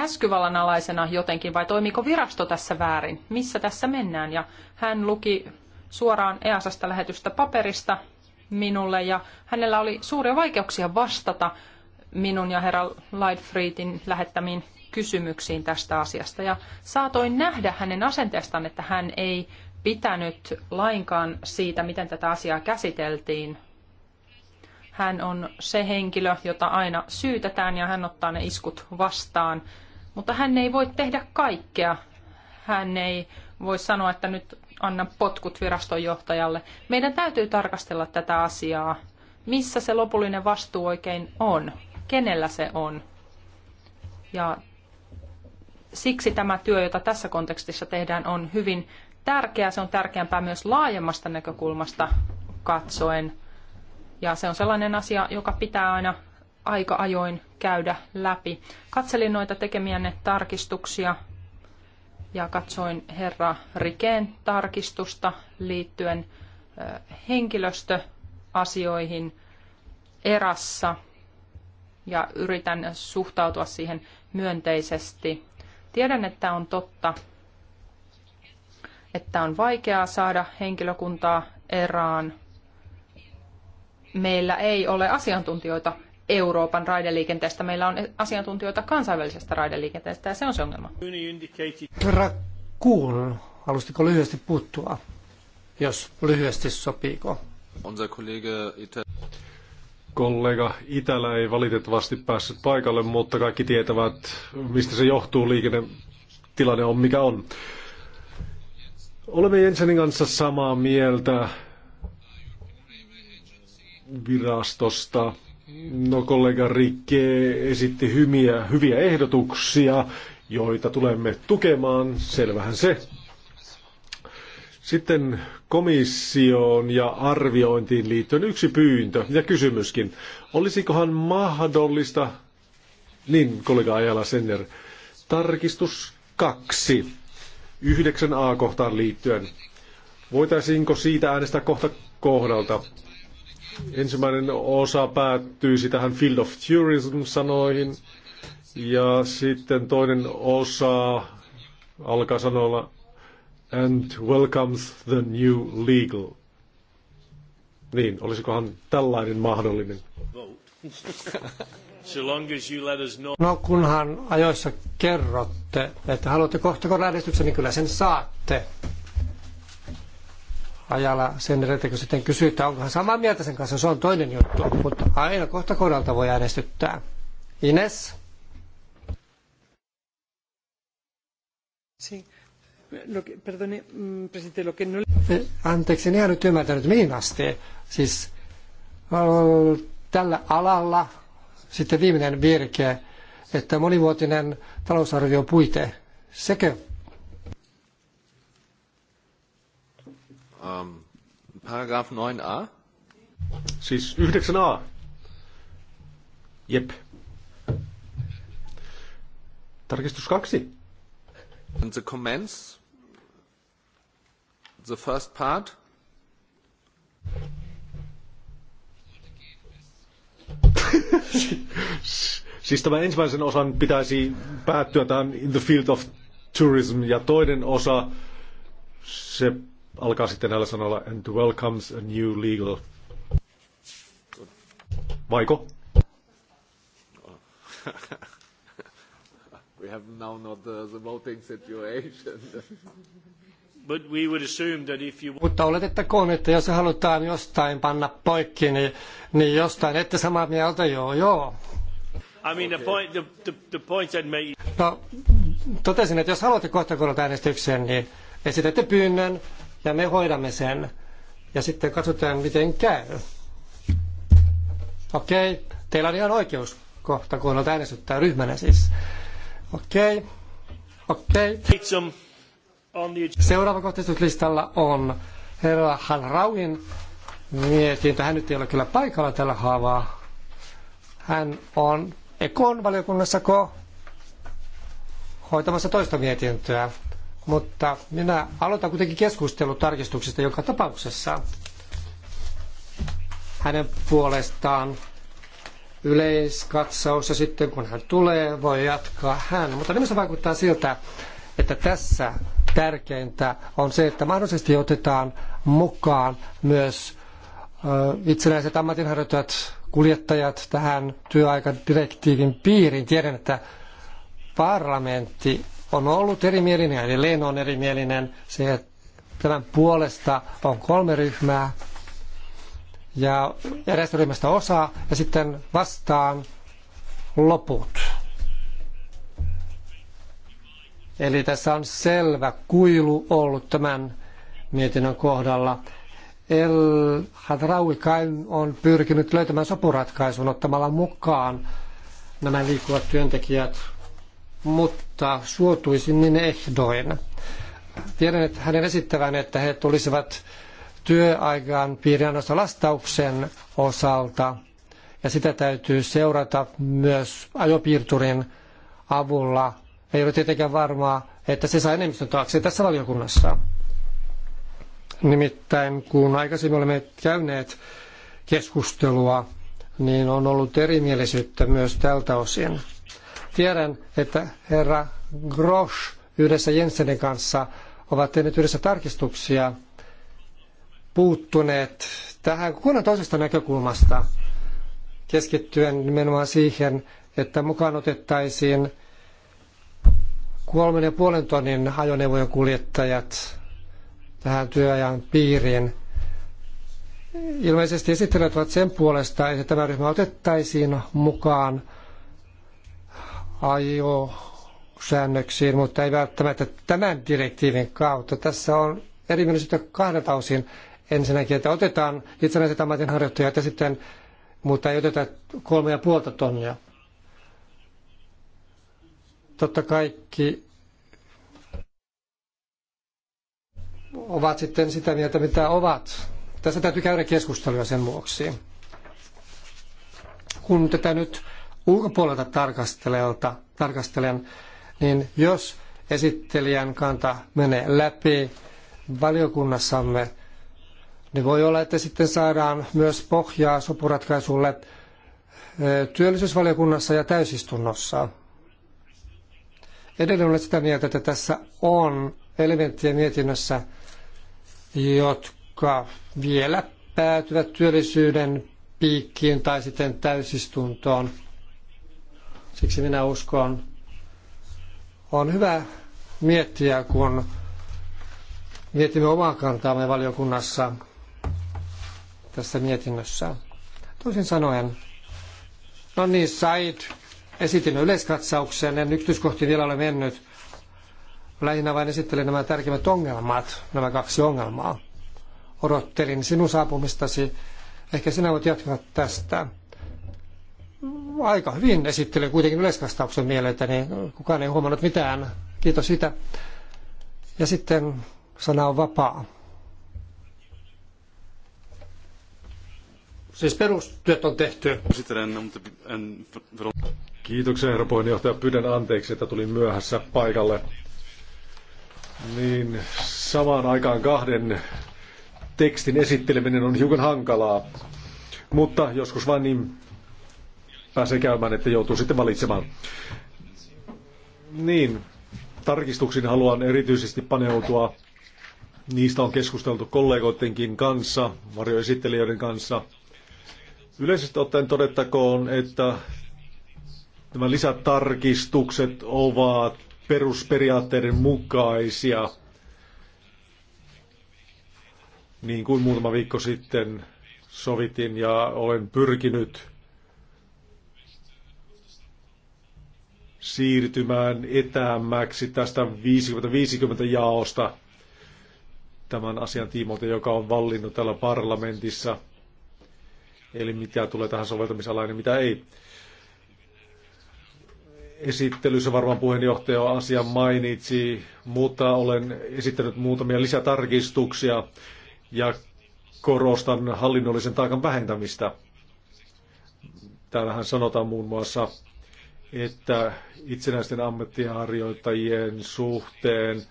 käskyvallan alaisena jotenkin vai toimiiko virasto tässä väärin? Missä tässä mennään? Ja hän luki suoraan EASasta lähetystä paperista minulle ja hänellä oli suuria vaikeuksia vastata minun ja herra Lightfreetin lähettämiin kysymyksiin tästä asiasta. Ja saatoin nähdä hänen asenteestaan, että hän ei pitänyt lainkaan siitä, miten tätä asiaa käsiteltiin. Hän on se henkilö, jota aina syytetään ja hän ottaa ne iskut vastaan mutta hän ei voi tehdä kaikkea. Hän ei voi sanoa, että nyt annan potkut virastonjohtajalle. Meidän täytyy tarkastella tätä asiaa. Missä se lopullinen vastuu oikein on? Kenellä se on? Ja siksi tämä työ, jota tässä kontekstissa tehdään, on hyvin tärkeää. Se on tärkeämpää myös laajemmasta näkökulmasta katsoen. Ja se on sellainen asia, joka pitää aina aika ajoin käydä läpi. Katselin noita tekemiänne tarkistuksia ja katsoin herra Rikeen tarkistusta liittyen henkilöstöasioihin erassa ja yritän suhtautua siihen myönteisesti. Tiedän, että on totta, että on vaikeaa saada henkilökuntaa eraan. Meillä ei ole asiantuntijoita Euroopan raideliikenteestä. Meillä on asiantuntijoita kansainvälisestä raideliikenteestä ja se on se ongelma. Herra Kuhl, halusitko lyhyesti puuttua, jos lyhyesti sopiiko? Itä... Kollega Itälä ei valitettavasti päässyt paikalle, mutta kaikki tietävät, mistä se johtuu. Liikennetilanne on mikä on. Olemme Jensenin kanssa samaa mieltä virastosta. No kollega Rikke esitti hymiä, hyviä ehdotuksia, joita tulemme tukemaan, selvähän se. Sitten komissioon ja arviointiin liittyen yksi pyyntö ja kysymyskin. Olisikohan mahdollista, niin kollega Ajala Senner, tarkistus kaksi, 9a kohtaan liittyen. Voitaisiinko siitä äänestää kohta kohdalta? Ensimmäinen osa päättyy tähän Field of Tourism-sanoihin ja sitten toinen osa alkaa sanoilla and welcomes the new legal. Niin, olisikohan tällainen mahdollinen? No kunhan ajoissa kerrotte, että haluatte kohta äänestyksen, niin kyllä sen saatte ajalla sen edeltä, kun sitten kysyy, että onkohan samaa mieltä sen kanssa, se on toinen juttu, mutta aina kohta kohdalta voi äänestyttää. Ines? Sí. Lo que, perdone, mm, presidente, lo que no... Eh, anteeksi, en ihan nyt ymmärtänyt, mihin asti. Siis tällä alalla sitten viimeinen virke, että monivuotinen talousarvio puite, sekö ähm, paragraf 9a? Siis 9a. Jep. Tarkistus kaksi. And the comments, the first part. siis tämä ensimmäisen osan pitäisi päättyä tämän in the field of tourism ja toinen osa se alkaa sitten näillä sanoilla and welcomes a new legal. Maiko? we have now not the, uh, the voting situation. But we would assume that if you... Mutta oletettakoon, että jos halutaan jostain panna poikki, niin, niin jostain ette samaa mieltä, joo joo. I mean, okay. the point, the, the, the point that may... No, totesin, että jos haluatte kohta korot äänestykseen, niin esitätte pyynnön, ja me hoidamme sen ja sitten katsotaan miten käy. Okei, okay. teillä on ihan oikeus kohta olet äänestyttää ryhmänä siis. Okei, okay. okei. Okay. Seuraava kohteistuslistalla on herra Rauin, mietintö. Hän nyt ei ole kyllä paikalla tällä haavaa. Hän on Ekon valiokunnassa ko hoitamassa toista mietintöä. Mutta minä aloitan kuitenkin keskustelun tarkistuksesta joka tapauksessa. Hänen puolestaan yleiskatsaus ja sitten kun hän tulee, voi jatkaa hän. Mutta minusta vaikuttaa siltä, että tässä tärkeintä on se, että mahdollisesti otetaan mukaan myös itsenäiset ammatinharjoittajat, kuljettajat tähän työaikadirektiivin piiriin. Tiedän, että parlamentti on ollut erimielinen ja edelleen on erimielinen. Se, että tämän puolesta on kolme ryhmää ja erästä ryhmästä osa ja sitten vastaan loput. Eli tässä on selvä kuilu ollut tämän mietinnön kohdalla. El Hadraui Kain on pyrkinyt löytämään sopuratkaisun ottamalla mukaan nämä liikkuvat työntekijät mutta suotuisin niin ehdoin. Tiedän, että hänen esittävän, että he tulisivat työaikaan piiriannosta lastauksen osalta, ja sitä täytyy seurata myös ajopiirturin avulla. Ei ole tietenkään varmaa, että se saa enemmistön taakse tässä valiokunnassa. Nimittäin kun aikaisemmin olemme käyneet keskustelua, niin on ollut erimielisyyttä myös tältä osin. Tiedän, että herra Grosch yhdessä Jensenin kanssa ovat tehneet yhdessä tarkistuksia puuttuneet tähän kunnan toisesta näkökulmasta keskittyen nimenomaan siihen, että mukaan otettaisiin kolmen ja puolen tonnin ajoneuvojen kuljettajat tähän työajan piiriin. Ilmeisesti esittelijät ovat sen puolesta, että tämä ryhmä otettaisiin mukaan ajo säännöksiin, mutta ei välttämättä tämän direktiivin kautta. Tässä on eri erimielisyyttä kahdelta osin ensinnäkin, että otetaan itsenäiset ammatinharjoittajat ja sitten, mutta ei oteta kolme ja puolta tonnia. Totta kaikki ovat sitten sitä mieltä, mitä ovat. Tässä täytyy käydä keskustelua sen vuoksi. Kun tätä nyt ulkopuolelta tarkastelijalta, tarkastelijan, niin jos esittelijän kanta menee läpi valiokunnassamme, niin voi olla, että sitten saadaan myös pohjaa sopuratkaisulle eh, työllisyysvaliokunnassa ja täysistunnossa. Edelleen olen sitä mieltä, että tässä on elementtejä mietinnössä, jotka vielä päätyvät työllisyyden piikkiin tai sitten täysistuntoon. Siksi minä uskon, on hyvä miettiä, kun mietimme omaa kantaamme valiokunnassa tässä mietinnössä. Toisin sanoen, no niin, sait esitin yleiskatsauksen, en yksityiskohtiin vielä ole mennyt. Lähinnä vain esittelen nämä tärkeimmät ongelmat, nämä kaksi ongelmaa. Odottelin sinun saapumistasi, ehkä sinä voit jatkaa tästä aika hyvin esittelen kuitenkin yleiskastauksen mielestäni. Niin kukaan ei huomannut mitään. Kiitos sitä. Ja sitten sana on vapaa. Siis perustyöt on tehty. Kiitoksia herra puheenjohtaja. Pyydän anteeksi, että tulin myöhässä paikalle. Niin samaan aikaan kahden tekstin esitteleminen on hiukan hankalaa. Mutta joskus vain niin pääsee käymään, että joutuu sitten valitsemaan. Niin, tarkistuksiin haluan erityisesti paneutua. Niistä on keskusteltu kollegoidenkin kanssa, varjoesittelijöiden kanssa. Yleisesti ottaen todettakoon, että nämä lisätarkistukset ovat perusperiaatteiden mukaisia. Niin kuin muutama viikko sitten sovitin ja olen pyrkinyt siirtymään etäämmäksi tästä 50-50 jaosta tämän asian tiimoilta, joka on vallinnut täällä parlamentissa. Eli mitä tulee tähän soveltamisalaan ja mitä ei. Esittelyssä varmaan puheenjohtaja asian mainitsi, mutta olen esittänyt muutamia lisätarkistuksia ja korostan hallinnollisen taakan vähentämistä. Täällähän sanotaan muun muassa että itsenäisten ammattiharjoittajien suhteen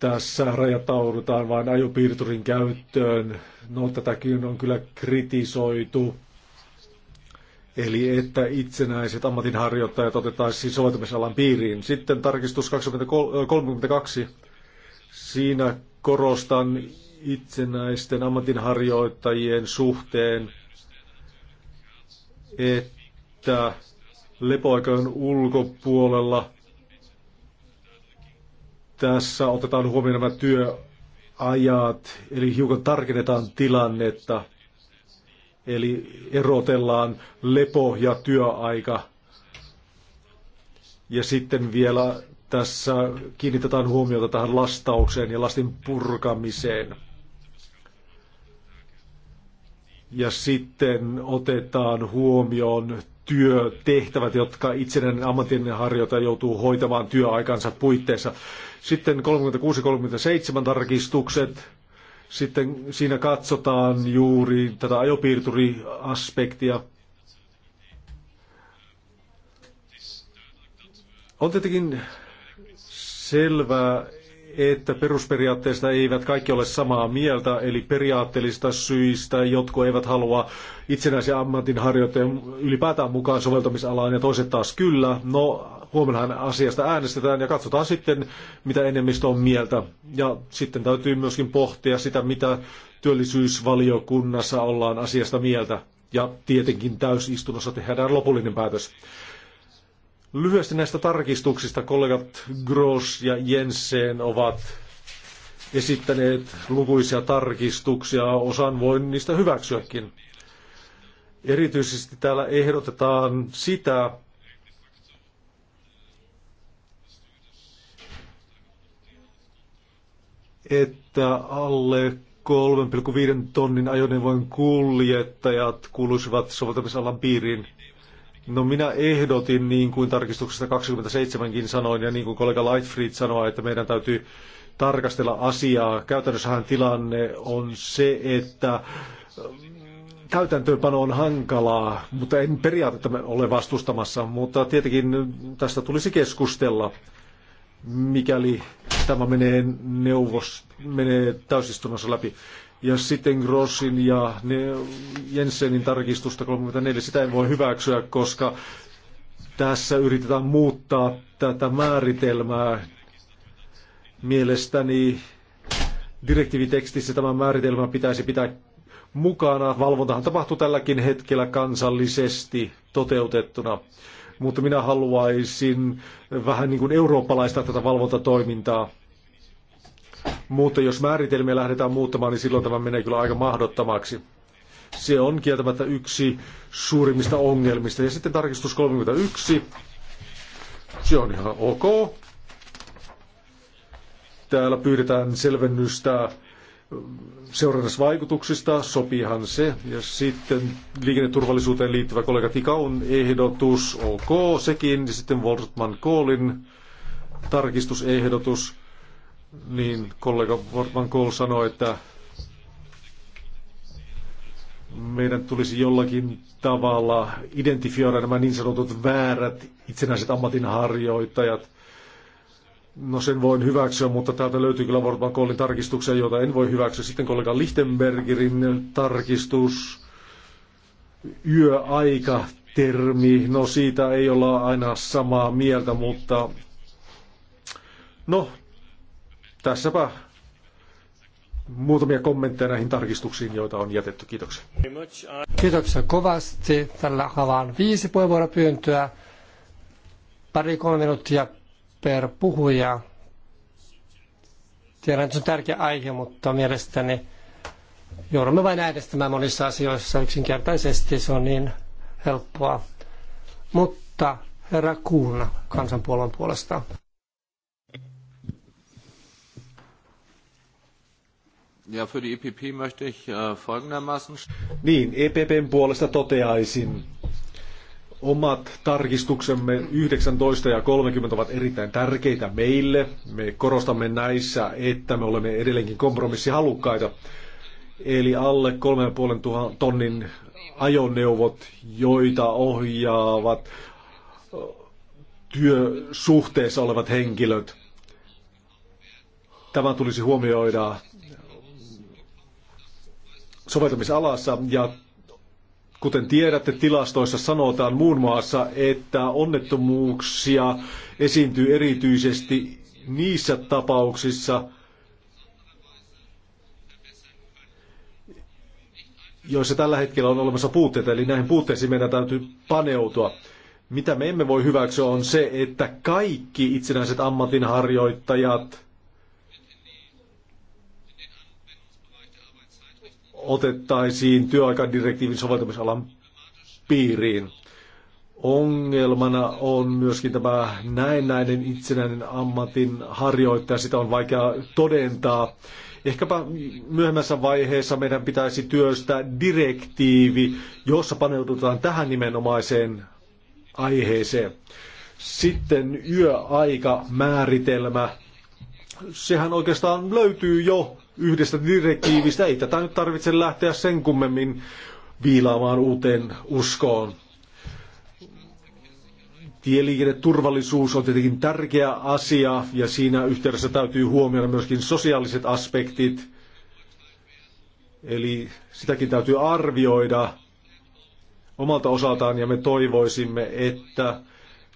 tässä rajataudutaan vain ajopiirturin käyttöön. No tätäkin on kyllä kritisoitu. Eli että itsenäiset ammatinharjoittajat otettaisiin soveltamisalan piiriin. Sitten tarkistus 32. Siinä korostan itsenäisten ammatinharjoittajien suhteen, että lepoaikojen ulkopuolella. Tässä otetaan huomioon nämä työajat, eli hiukan tarkennetaan tilannetta. Eli erotellaan lepo ja työaika. Ja sitten vielä tässä kiinnitetään huomiota tähän lastaukseen ja lastin purkamiseen. Ja sitten otetaan huomioon työtehtävät, jotka itsenäinen ammatillinen harjoittaja joutuu hoitamaan työaikansa puitteissa. Sitten 36-37 tarkistukset. Sitten siinä katsotaan juuri tätä ajopiirturiaspektia. On tietenkin selvää, että perusperiaatteista eivät kaikki ole samaa mieltä, eli periaatteellista syistä jotkut eivät halua itsenäisiä ammatinharjoittajia ylipäätään mukaan soveltamisalaan ja toiset taas kyllä. No, huomennahan asiasta äänestetään ja katsotaan sitten, mitä enemmistö on mieltä. Ja sitten täytyy myöskin pohtia sitä, mitä työllisyysvaliokunnassa ollaan asiasta mieltä. Ja tietenkin täysistunnossa tehdään lopullinen päätös. Lyhyesti näistä tarkistuksista kollegat Gross ja Jensen ovat esittäneet lukuisia tarkistuksia, osan voin niistä hyväksyäkin. Erityisesti täällä ehdotetaan sitä, että alle 3,5 tonnin ajoneuvojen kuljettajat kuuluisivat soveltamisalan piiriin. No minä ehdotin, niin kuin tarkistuksesta 27kin sanoin, ja niin kuin kollega Lightfried sanoi, että meidän täytyy tarkastella asiaa. Käytännössähän tilanne on se, että mm, täytäntöönpano on hankalaa, mutta en periaatetta ole vastustamassa, mutta tietenkin tästä tulisi keskustella, mikäli tämä menee, neuvos, menee täysistunnossa läpi ja sitten Grossin ja Jensenin tarkistusta 34, sitä en voi hyväksyä, koska tässä yritetään muuttaa tätä määritelmää. Mielestäni direktiivitekstissä tämä määritelmä pitäisi pitää mukana. Valvontahan tapahtuu tälläkin hetkellä kansallisesti toteutettuna, mutta minä haluaisin vähän niin kuin eurooppalaista tätä valvontatoimintaa. Mutta jos määritelmiä lähdetään muuttamaan, niin silloin tämä menee kyllä aika mahdottomaksi. Se on kieltämättä yksi suurimmista ongelmista. Ja sitten tarkistus 31. Se on ihan ok. Täällä pyydetään selvennystä mm, seurannasvaikutuksista, sopiihan se. Ja sitten liikenneturvallisuuteen liittyvä kollega Tikaun ehdotus, ok, sekin. Ja sitten Wolfman Koolin tarkistusehdotus. Niin kollega Wortman Kohl sanoi, että meidän tulisi jollakin tavalla identifioida nämä niin sanotut väärät itsenäiset ammatinharjoittajat. No sen voin hyväksyä, mutta täältä löytyy kyllä Wortman Kohlin tarkistuksia, joita en voi hyväksyä. Sitten kollega Lichtenbergerin tarkistus, yöaika termi, no siitä ei olla aina samaa mieltä, mutta no tässäpä muutamia kommentteja näihin tarkistuksiin, joita on jätetty. Kiitoksia. Kiitoksia kovasti. Tällä havaan viisi puheenvuoropyyntöä. Pari-kolme minuuttia per puhuja. Tiedän, että se on tärkeä aihe, mutta mielestäni joudumme vain äänestämään monissa asioissa yksinkertaisesti. Se on niin helppoa. Mutta herra Kuuna kansanpuolueen puolesta. Ja für die EPP möchte ich äh, folgendermaßen... Niin, EPPn puolesta toteaisin. Omat tarkistuksemme 19 ja 30 ovat erittäin tärkeitä meille. Me korostamme näissä, että me olemme edelleenkin kompromissihalukkaita. Eli alle 3,5 tonnin ajoneuvot, joita ohjaavat työsuhteessa olevat henkilöt. Tämä tulisi huomioida soveltamisalassa ja kuten tiedätte, tilastoissa sanotaan muun muassa, että onnettomuuksia esiintyy erityisesti niissä tapauksissa, joissa tällä hetkellä on olemassa puutteita, eli näihin puutteisiin meidän täytyy paneutua. Mitä me emme voi hyväksyä on se, että kaikki itsenäiset ammatinharjoittajat – otettaisiin työaikadirektiivin soveltamisalan piiriin. Ongelmana on myöskin tämä näennäinen itsenäinen ammatin harjoittaja. Sitä on vaikea todentaa. Ehkäpä myöhemmässä vaiheessa meidän pitäisi työstää direktiivi, jossa paneudutaan tähän nimenomaiseen aiheeseen. Sitten yöaikamääritelmä. Sehän oikeastaan löytyy jo yhdestä direktiivistä. Ei tätä nyt tarvitse lähteä sen kummemmin viilaamaan uuteen uskoon. Tieliikenneturvallisuus on tietenkin tärkeä asia ja siinä yhteydessä täytyy huomioida myöskin sosiaaliset aspektit. Eli sitäkin täytyy arvioida omalta osaltaan ja me toivoisimme, että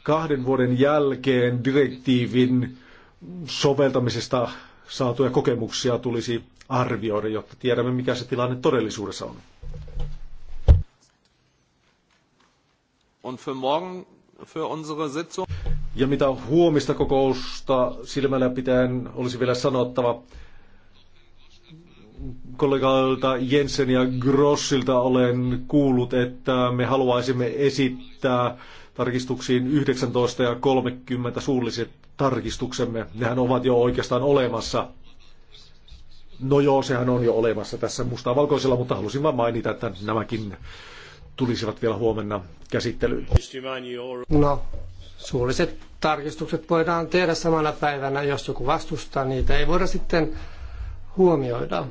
kahden vuoden jälkeen direktiivin soveltamisesta saatuja kokemuksia tulisi arvioida, jotta tiedämme, mikä se tilanne todellisuudessa on. Ja mitä huomista kokousta silmällä pitäen olisi vielä sanottava, kollegalta Jensen ja Grossilta olen kuullut, että me haluaisimme esittää tarkistuksiin 19 ja 30 suulliset tarkistuksemme. Nehän ovat jo oikeastaan olemassa. No joo, sehän on jo olemassa tässä mustaa valkoisella, mutta halusin vain mainita, että nämäkin tulisivat vielä huomenna käsittelyyn. No, suulliset tarkistukset voidaan tehdä samana päivänä, jos joku vastustaa niitä. Ei voida sitten huomioida,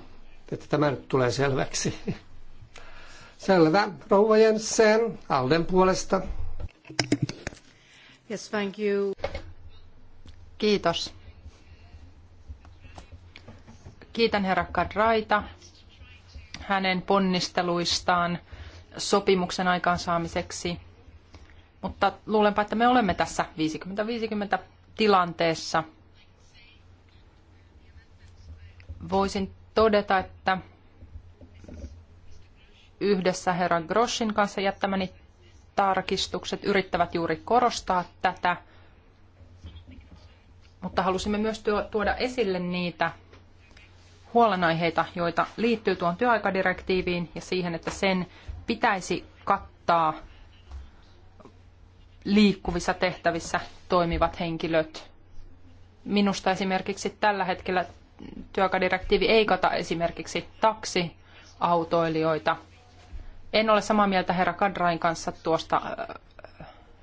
että tämä nyt tulee selväksi. Selvä. Rouva Jensen, Alden puolesta. Yes, thank you. Kiitos. Kiitän herra Kadraita hänen ponnisteluistaan sopimuksen aikaansaamiseksi. Mutta luulenpa, että me olemme tässä 50-50 tilanteessa. Voisin todeta, että yhdessä herra Groshin kanssa jättämäni tarkistukset yrittävät juuri korostaa tätä mutta halusimme myös tuoda esille niitä huolenaiheita, joita liittyy tuon työaikadirektiiviin ja siihen, että sen pitäisi kattaa liikkuvissa tehtävissä toimivat henkilöt. Minusta esimerkiksi tällä hetkellä työaikadirektiivi ei kata esimerkiksi taksiautoilijoita. En ole samaa mieltä herra Kadrain kanssa tuosta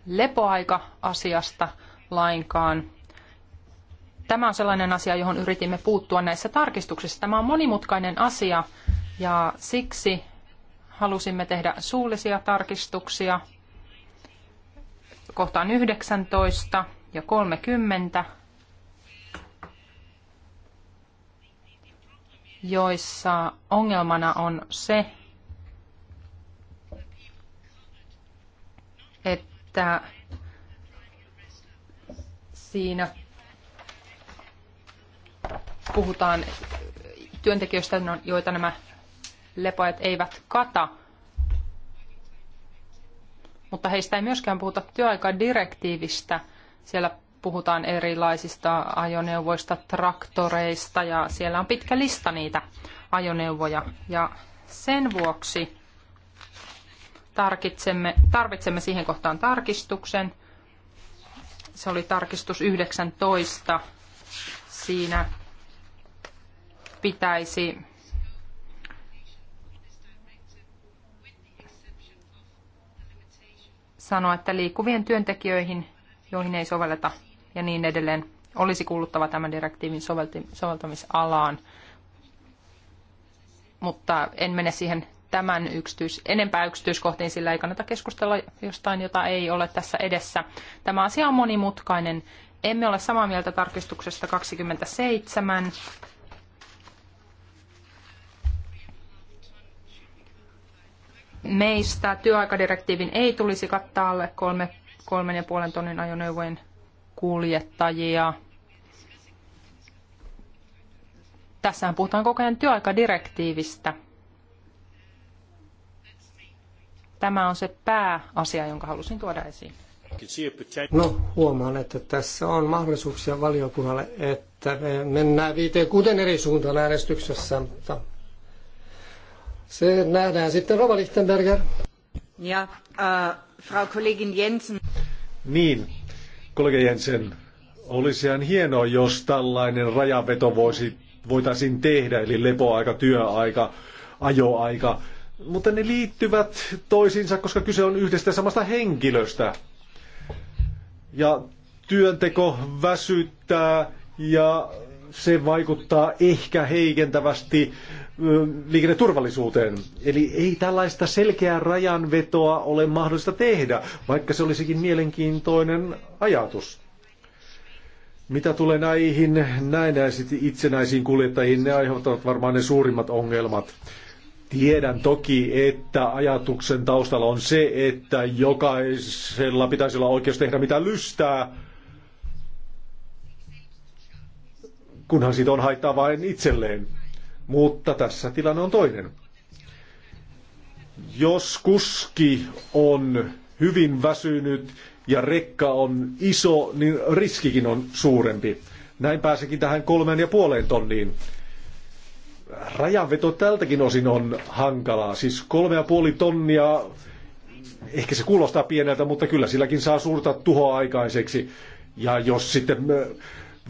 lepoaika-asiasta lainkaan. Tämä on sellainen asia, johon yritimme puuttua näissä tarkistuksissa. Tämä on monimutkainen asia ja siksi halusimme tehdä suullisia tarkistuksia kohtaan 19 ja 30, joissa ongelmana on se, että siinä puhutaan työntekijöistä, no, joita nämä lepoajat eivät kata, mutta heistä ei myöskään puhuta työaikadirektiivistä. Siellä puhutaan erilaisista ajoneuvoista, traktoreista ja siellä on pitkä lista niitä ajoneuvoja. Ja sen vuoksi tarvitsemme siihen kohtaan tarkistuksen. Se oli tarkistus 19. Siinä pitäisi sanoa, että liikkuvien työntekijöihin, joihin ei sovelleta ja niin edelleen, olisi kuuluttava tämän direktiivin soveltamisalaan. Mutta en mene siihen tämän yksityis, enempää yksityiskohtiin, sillä ei kannata keskustella jostain, jota ei ole tässä edessä. Tämä asia on monimutkainen. Emme ole samaa mieltä tarkistuksesta 27. meistä työaikadirektiivin ei tulisi kattaa alle kolme, kolmen ja puolen tonnin ajoneuvojen kuljettajia. Tässähän puhutaan koko ajan työaikadirektiivistä. Tämä on se pääasia, jonka halusin tuoda esiin. No huomaan, että tässä on mahdollisuuksia valiokunnalle, että me mennään viiteen kuuden eri suuntaan äänestyksessä, mutta se nähdään sitten. Rova Lichtenberger. Ja, äh, Frau Kollegin Jensen. Niin, kollega Jensen, olisihan hienoa, jos tällainen rajaveto voisi, voitaisiin tehdä, eli lepoaika, työaika, ajoaika, mutta ne liittyvät toisiinsa, koska kyse on yhdestä ja samasta henkilöstä. Ja työnteko väsyttää ja se vaikuttaa ehkä heikentävästi liikenneturvallisuuteen. Eli ei tällaista selkeää rajanvetoa ole mahdollista tehdä, vaikka se olisikin mielenkiintoinen ajatus. Mitä tulee näihin näinäisiin itsenäisiin kuljettajiin, ne aiheuttavat varmaan ne suurimmat ongelmat. Tiedän toki, että ajatuksen taustalla on se, että jokaisella pitäisi olla oikeus tehdä mitä lystää, kunhan siitä on haittaa vain itselleen. Mutta tässä tilanne on toinen. Jos kuski on hyvin väsynyt ja rekka on iso, niin riskikin on suurempi. Näin pääsekin tähän kolmeen ja puoleen tonniin. Rajanveto tältäkin osin on hankalaa. Siis kolme ja puoli tonnia, ehkä se kuulostaa pieneltä, mutta kyllä silläkin saa suurta tuhoa aikaiseksi. Ja jos sitten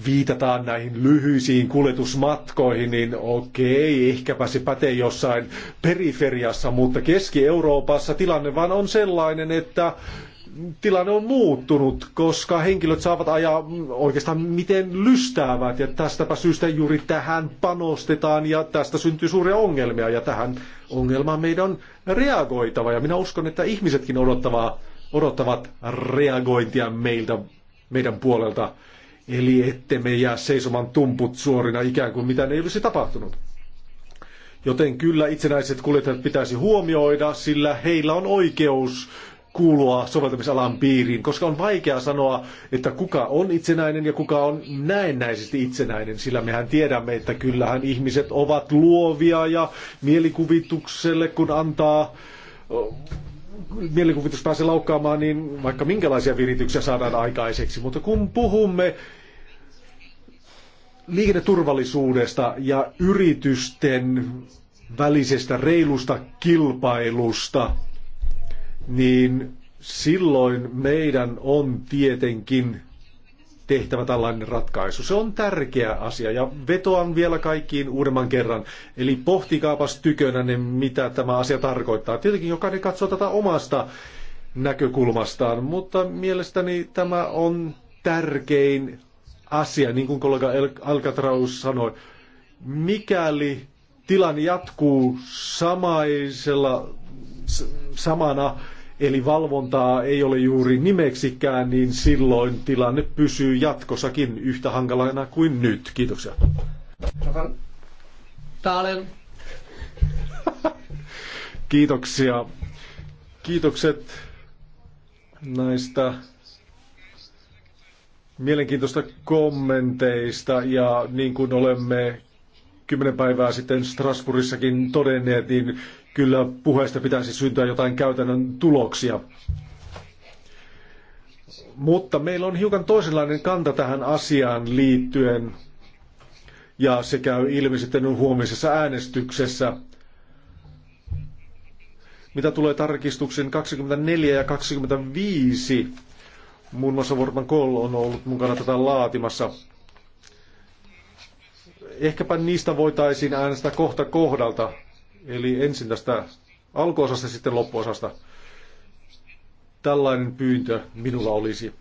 viitataan näihin lyhyisiin kuljetusmatkoihin, niin okei, ehkäpä se pätee jossain periferiassa, mutta Keski-Euroopassa tilanne vaan on sellainen, että tilanne on muuttunut, koska henkilöt saavat ajaa oikeastaan miten lystäävät ja tästäpä syystä juuri tähän panostetaan ja tästä syntyy suuria ongelmia ja tähän ongelmaan meidän on reagoitava ja minä uskon, että ihmisetkin odottavat reagointia meiltä, meidän puolelta. Eli me jää seisomaan tumput suorina ikään kuin mitään ei olisi tapahtunut. Joten kyllä itsenäiset kuljettajat pitäisi huomioida, sillä heillä on oikeus kuulua soveltamisalan piiriin, koska on vaikea sanoa, että kuka on itsenäinen ja kuka on näennäisesti itsenäinen, sillä mehän tiedämme, että kyllähän ihmiset ovat luovia ja mielikuvitukselle, kun antaa mielikuvitus pääsi laukkaamaan, niin vaikka minkälaisia virityksiä saadaan aikaiseksi. Mutta kun puhumme liikenneturvallisuudesta ja yritysten välisestä reilusta kilpailusta, niin silloin meidän on tietenkin tehtävä tällainen ratkaisu. Se on tärkeä asia ja vetoan vielä kaikkiin uudemman kerran. Eli pohtikaapas niin mitä tämä asia tarkoittaa. Tietenkin jokainen katsoo tätä omasta näkökulmastaan, mutta mielestäni tämä on tärkein asia, niin kuin kollega Alcatraus sanoi. Mikäli tilanne jatkuu samaisella, samana, eli valvontaa ei ole juuri nimeksikään, niin silloin tilanne pysyy jatkossakin yhtä hankalana kuin nyt. Kiitoksia. Taalen. Kiitoksia. Kiitokset näistä mielenkiintoista kommenteista ja niin kuin olemme kymmenen päivää sitten Strasbourgissakin todenneet, niin kyllä puheesta pitäisi syntyä jotain käytännön tuloksia. Mutta meillä on hiukan toisenlainen kanta tähän asiaan liittyen, ja se käy ilmi sitten huomisessa äänestyksessä. Mitä tulee tarkistuksen 24 ja 25, muun muassa Wortman Koll on ollut mukana tätä laatimassa. Ehkäpä niistä voitaisiin äänestää kohta kohdalta, Eli ensin tästä alkuosasta, sitten loppuosasta. Tällainen pyyntö minulla olisi.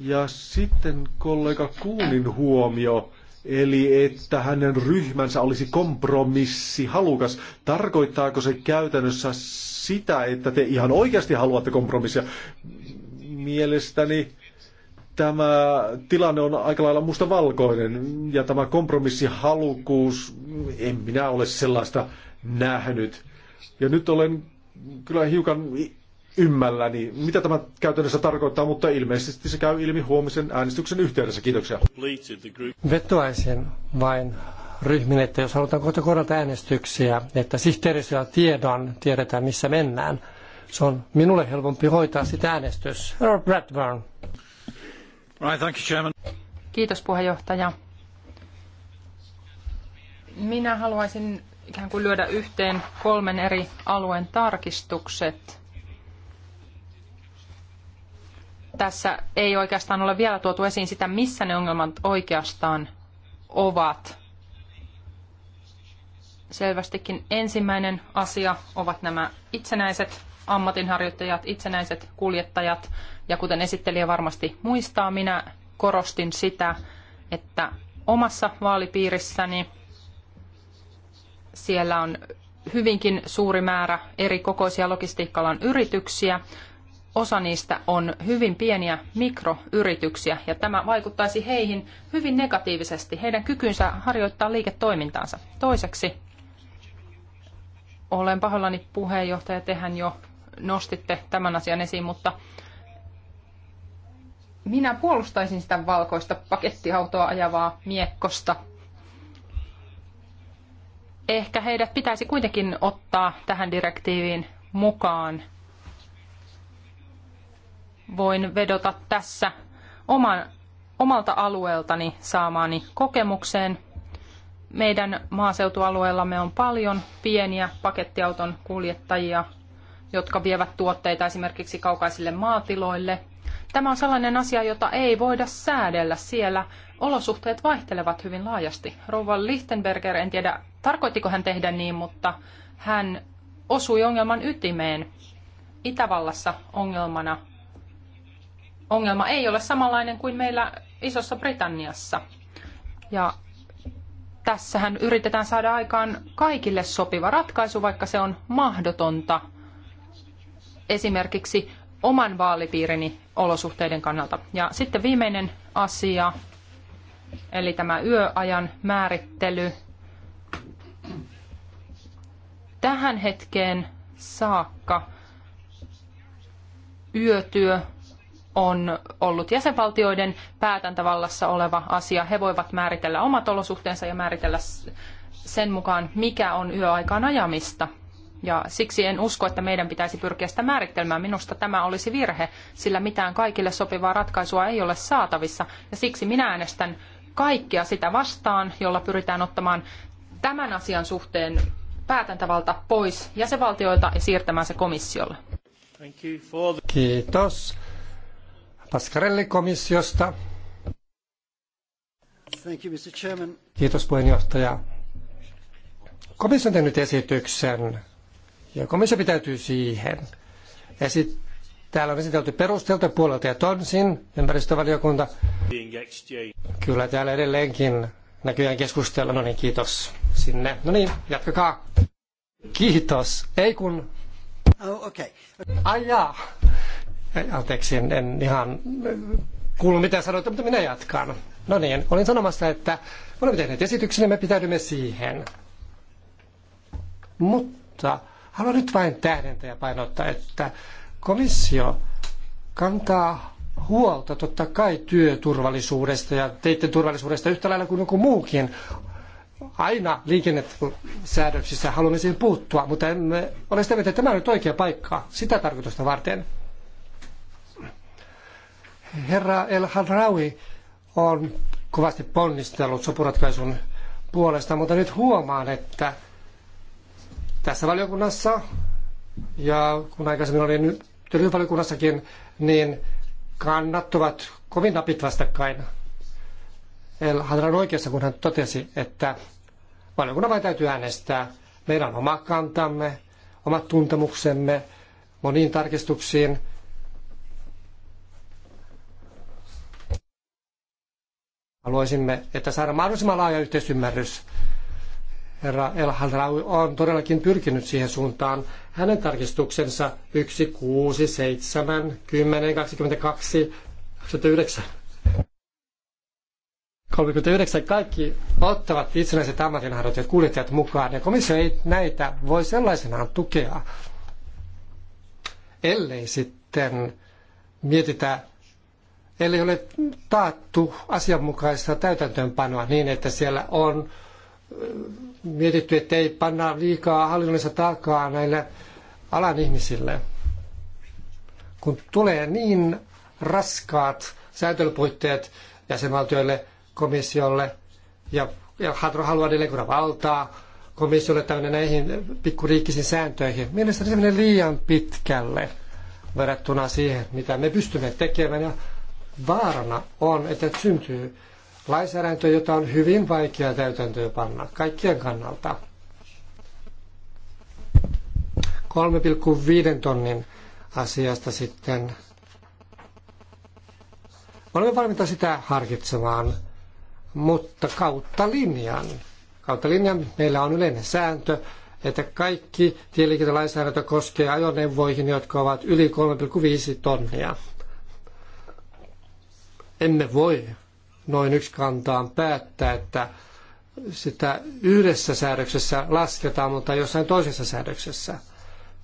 Ja sitten kollega Kuunin huomio, eli että hänen ryhmänsä olisi kompromissi halukas. Tarkoittaako se käytännössä sitä, että te ihan oikeasti haluatte kompromissia? Mielestäni tämä tilanne on aika lailla valkoinen ja tämä kompromissihalukkuus, en minä ole sellaista nähnyt. Ja nyt olen kyllä hiukan ymmälläni, mitä tämä käytännössä tarkoittaa, mutta ilmeisesti se käy ilmi huomisen äänestyksen yhteydessä. Kiitoksia. Vetoaisin vain ryhmin, että jos halutaan kohta korjata äänestyksiä, että sihteerisellä tiedon tiedetään, missä mennään. Se on minulle helpompi hoitaa sitä äänestys. Robert Bradburn. Kiitos puheenjohtaja. Minä haluaisin ikään kuin lyödä yhteen kolmen eri alueen tarkistukset. Tässä ei oikeastaan ole vielä tuotu esiin sitä, missä ne ongelmat oikeastaan ovat. Selvästikin ensimmäinen asia ovat nämä itsenäiset ammatinharjoittajat, itsenäiset kuljettajat, ja kuten esittelijä varmasti muistaa, minä korostin sitä, että omassa vaalipiirissäni siellä on hyvinkin suuri määrä eri kokoisia logistiikkalan yrityksiä. Osa niistä on hyvin pieniä mikroyrityksiä ja tämä vaikuttaisi heihin hyvin negatiivisesti, heidän kykynsä harjoittaa liiketoimintaansa. Toiseksi olen pahoillani puheenjohtaja, tehän jo nostitte tämän asian esiin, mutta minä puolustaisin sitä valkoista pakettiautoa ajavaa miekkosta. Ehkä heidät pitäisi kuitenkin ottaa tähän direktiiviin mukaan. Voin vedota tässä oman, omalta alueeltani saamaani kokemukseen. Meidän maaseutualueellamme on paljon pieniä pakettiauton kuljettajia, jotka vievät tuotteita esimerkiksi kaukaisille maatiloille – Tämä on sellainen asia, jota ei voida säädellä siellä. Olosuhteet vaihtelevat hyvin laajasti. Rouva Lichtenberger, en tiedä tarkoittiko hän tehdä niin, mutta hän osui ongelman ytimeen. Itävallassa ongelmana ongelma ei ole samanlainen kuin meillä Isossa Britanniassa. Ja tässähän yritetään saada aikaan kaikille sopiva ratkaisu, vaikka se on mahdotonta. Esimerkiksi oman vaalipiirini olosuhteiden kannalta. Ja sitten viimeinen asia, eli tämä yöajan määrittely. Tähän hetkeen saakka yötyö on ollut jäsenvaltioiden päätäntävallassa oleva asia. He voivat määritellä omat olosuhteensa ja määritellä sen mukaan, mikä on yöaikaan ajamista – ja siksi en usko, että meidän pitäisi pyrkiä sitä määrittelemään. Minusta tämä olisi virhe, sillä mitään kaikille sopivaa ratkaisua ei ole saatavissa, ja siksi minä äänestän kaikkea sitä vastaan, jolla pyritään ottamaan tämän asian suhteen päätäntävalta pois jäsenvaltioilta ja siirtämään se komissiolle. Kiitos. Pascarelli komissiosta. Thank you, Mr. Chairman. Kiitos puheenjohtaja. Komissio on tehnyt esityksen ja komissio pitäytyy siihen. Ja sit, täällä on esitelty perusteltu puolelta ja tonsin ympäristövaliokunta. Kyllä täällä edelleenkin näkyään keskustella. No niin, kiitos sinne. No niin, jatkakaa. Kiitos. Ei kun... Oh, okay. Ai jaa. Anteeksi, en, en ihan kuulu mitä sanoit, mutta minä jatkan. No niin, olin sanomassa, että olemme tehneet esityksen ja me pitäydymme siihen. Mutta Haluan nyt vain tähdentää ja painottaa, että komissio kantaa huolta totta kai työturvallisuudesta ja teiden turvallisuudesta yhtä lailla kuin joku muukin. Aina liikennesäädöksissä haluamme siihen puuttua, mutta emme ole sitä mieltä, että tämä on nyt oikea paikka sitä tarkoitusta varten. Herra El Hadrawi on kovasti ponnistellut sopuratkaisun puolesta, mutta nyt huomaan, että tässä valiokunnassa ja kun aikaisemmin olin työllisyysvaliokunnassakin, niin kannat ovat kovin napit vastakkain. Hän on oikeassa, kun hän totesi, että valiokunnan vain täytyy äänestää. Meillä on oma kantamme, omat tuntemuksemme moniin tarkistuksiin. Haluaisimme, että saadaan mahdollisimman laaja yhteisymmärrys Herra El Hadraoui on todellakin pyrkinyt siihen suuntaan. Hänen tarkistuksensa 1, 6, 7, 10, 22, 29, 39 kaikki ottavat itsenäiset ammatinharjoittajat kuljettajat mukaan ja komissio ei näitä voi sellaisenaan tukea, ellei sitten mietitä, ellei ole taattu asianmukaista täytäntöönpanoa niin, että siellä on mietitty, että ei panna liikaa hallinnollista taakkaa näille alan ihmisille. Kun tulee niin raskaat sääntelypuitteet jäsenvaltioille, komissiolle ja, ja haluaa delegoida valtaa komissiolle näihin pikkuriikkisiin sääntöihin. Mielestäni se menee liian pitkälle verrattuna siihen, mitä me pystymme tekemään. Ja vaarana on, että syntyy lainsäädäntö, jota on hyvin vaikea täytäntöön panna kaikkien kannalta. 3,5 tonnin asiasta sitten. Olemme valmiita sitä harkitsemaan, mutta kautta linjan. Kautta linjan meillä on yleinen sääntö, että kaikki tieliikennelainsäädäntö koskee ajoneuvoihin, jotka ovat yli 3,5 tonnia. Emme voi noin yksi kantaan päättää, että sitä yhdessä säädöksessä lasketaan, mutta jossain toisessa säädöksessä.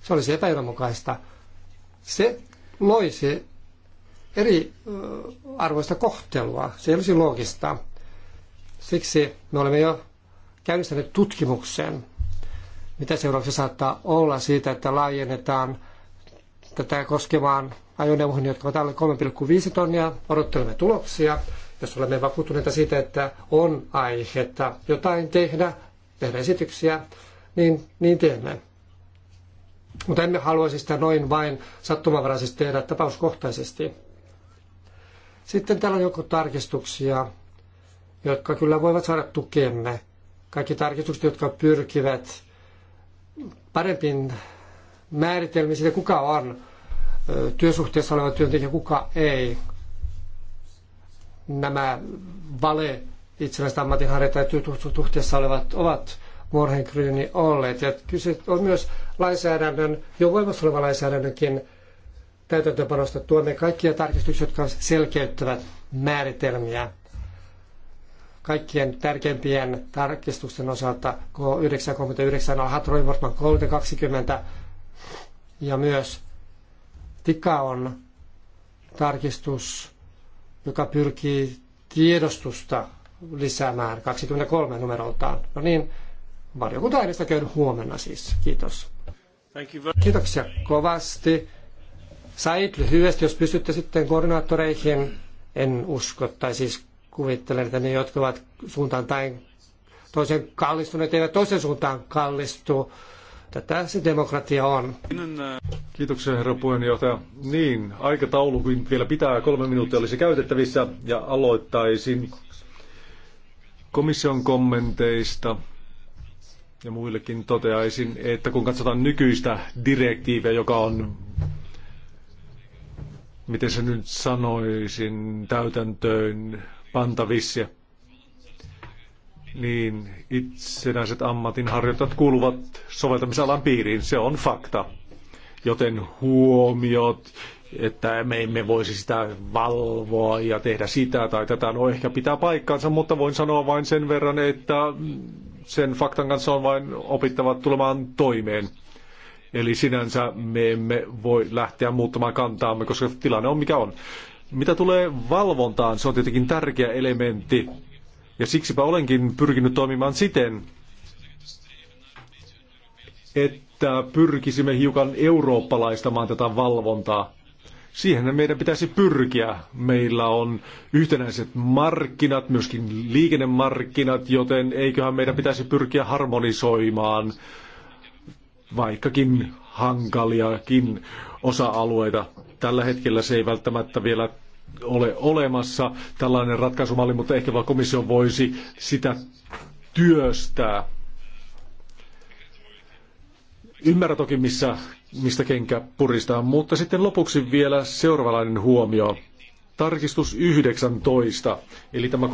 Se olisi epäjohdonmukaista. Se loisi eri arvoista kohtelua. Se ei olisi loogista. Siksi me olemme jo käynnistäneet tutkimuksen, mitä seurauksia saattaa olla siitä, että laajennetaan tätä koskemaan ajoneuvoihin, jotka ovat alle 3,5 tonnia. Odottelemme tuloksia. Jos olemme vakuuttuneita siitä, että on aihetta jotain tehdä, tehdä esityksiä, niin, niin teemme. Mutta emme haluaisi sitä noin vain sattumanvaraisesti tehdä tapauskohtaisesti. Sitten täällä on joku tarkistuksia, jotka kyllä voivat saada tukemme. Kaikki tarkistukset, jotka pyrkivät parempiin määritelmiin siitä, kuka on työsuhteessa oleva työntekijä, kuka ei nämä vale itsenäiset ammatinharjoittajat suhteessa olevat ovat Morhengryyni olleet. Ja kyse on myös lainsäädännön, jo voimassa olevan lainsäädännönkin täytäntöpanosta tuomme kaikkia tarkistuksia, jotka selkeyttävät määritelmiä kaikkien tärkeimpien tarkistusten osalta K939 alha Troivortman 320 ja myös Tika on tarkistus joka pyrkii tiedostusta lisäämään 23 numeroltaan. No niin, valiokunta äänestäköön huomenna siis. Kiitos. Kiitoksia kovasti. Sait lyhyesti, jos pystytte sitten koordinaattoreihin. En usko, tai siis kuvittelen, että ne, jotka ovat suuntaan tai toisen kallistuneet, eivät toisen suuntaan kallistu. Tätä se demokratia on. Kiitoksia herra puheenjohtaja. Niin, aikataulu kun vielä pitää, kolme minuuttia olisi käytettävissä ja aloittaisin komission kommenteista ja muillekin toteaisin, että kun katsotaan nykyistä direktiiviä, joka on, miten se nyt sanoisin, täytäntöön pantavissa, niin itsenäiset ammatinharjoittajat kuuluvat soveltamisalan piiriin. Se on fakta. Joten huomiot, että me emme voisi sitä valvoa ja tehdä sitä tai tätä, no ehkä pitää paikkaansa, mutta voin sanoa vain sen verran, että sen faktan kanssa on vain opittava tulemaan toimeen. Eli sinänsä me emme voi lähteä muuttamaan kantaamme, koska tilanne on mikä on. Mitä tulee valvontaan, se on tietenkin tärkeä elementti ja siksipä olenkin pyrkinyt toimimaan siten, että pyrkisimme hiukan eurooppalaistamaan tätä valvontaa. Siihen meidän pitäisi pyrkiä. Meillä on yhtenäiset markkinat, myöskin liikennemarkkinat, joten eiköhän meidän pitäisi pyrkiä harmonisoimaan vaikkakin hankaliakin osa-alueita. Tällä hetkellä se ei välttämättä vielä ole olemassa tällainen ratkaisumalli, mutta ehkä vaan komissio voisi sitä työstää. Ymmärrä toki, missä, mistä kenkä puristaa, mutta sitten lopuksi vielä seuraavalainen huomio. Tarkistus 19, eli tämä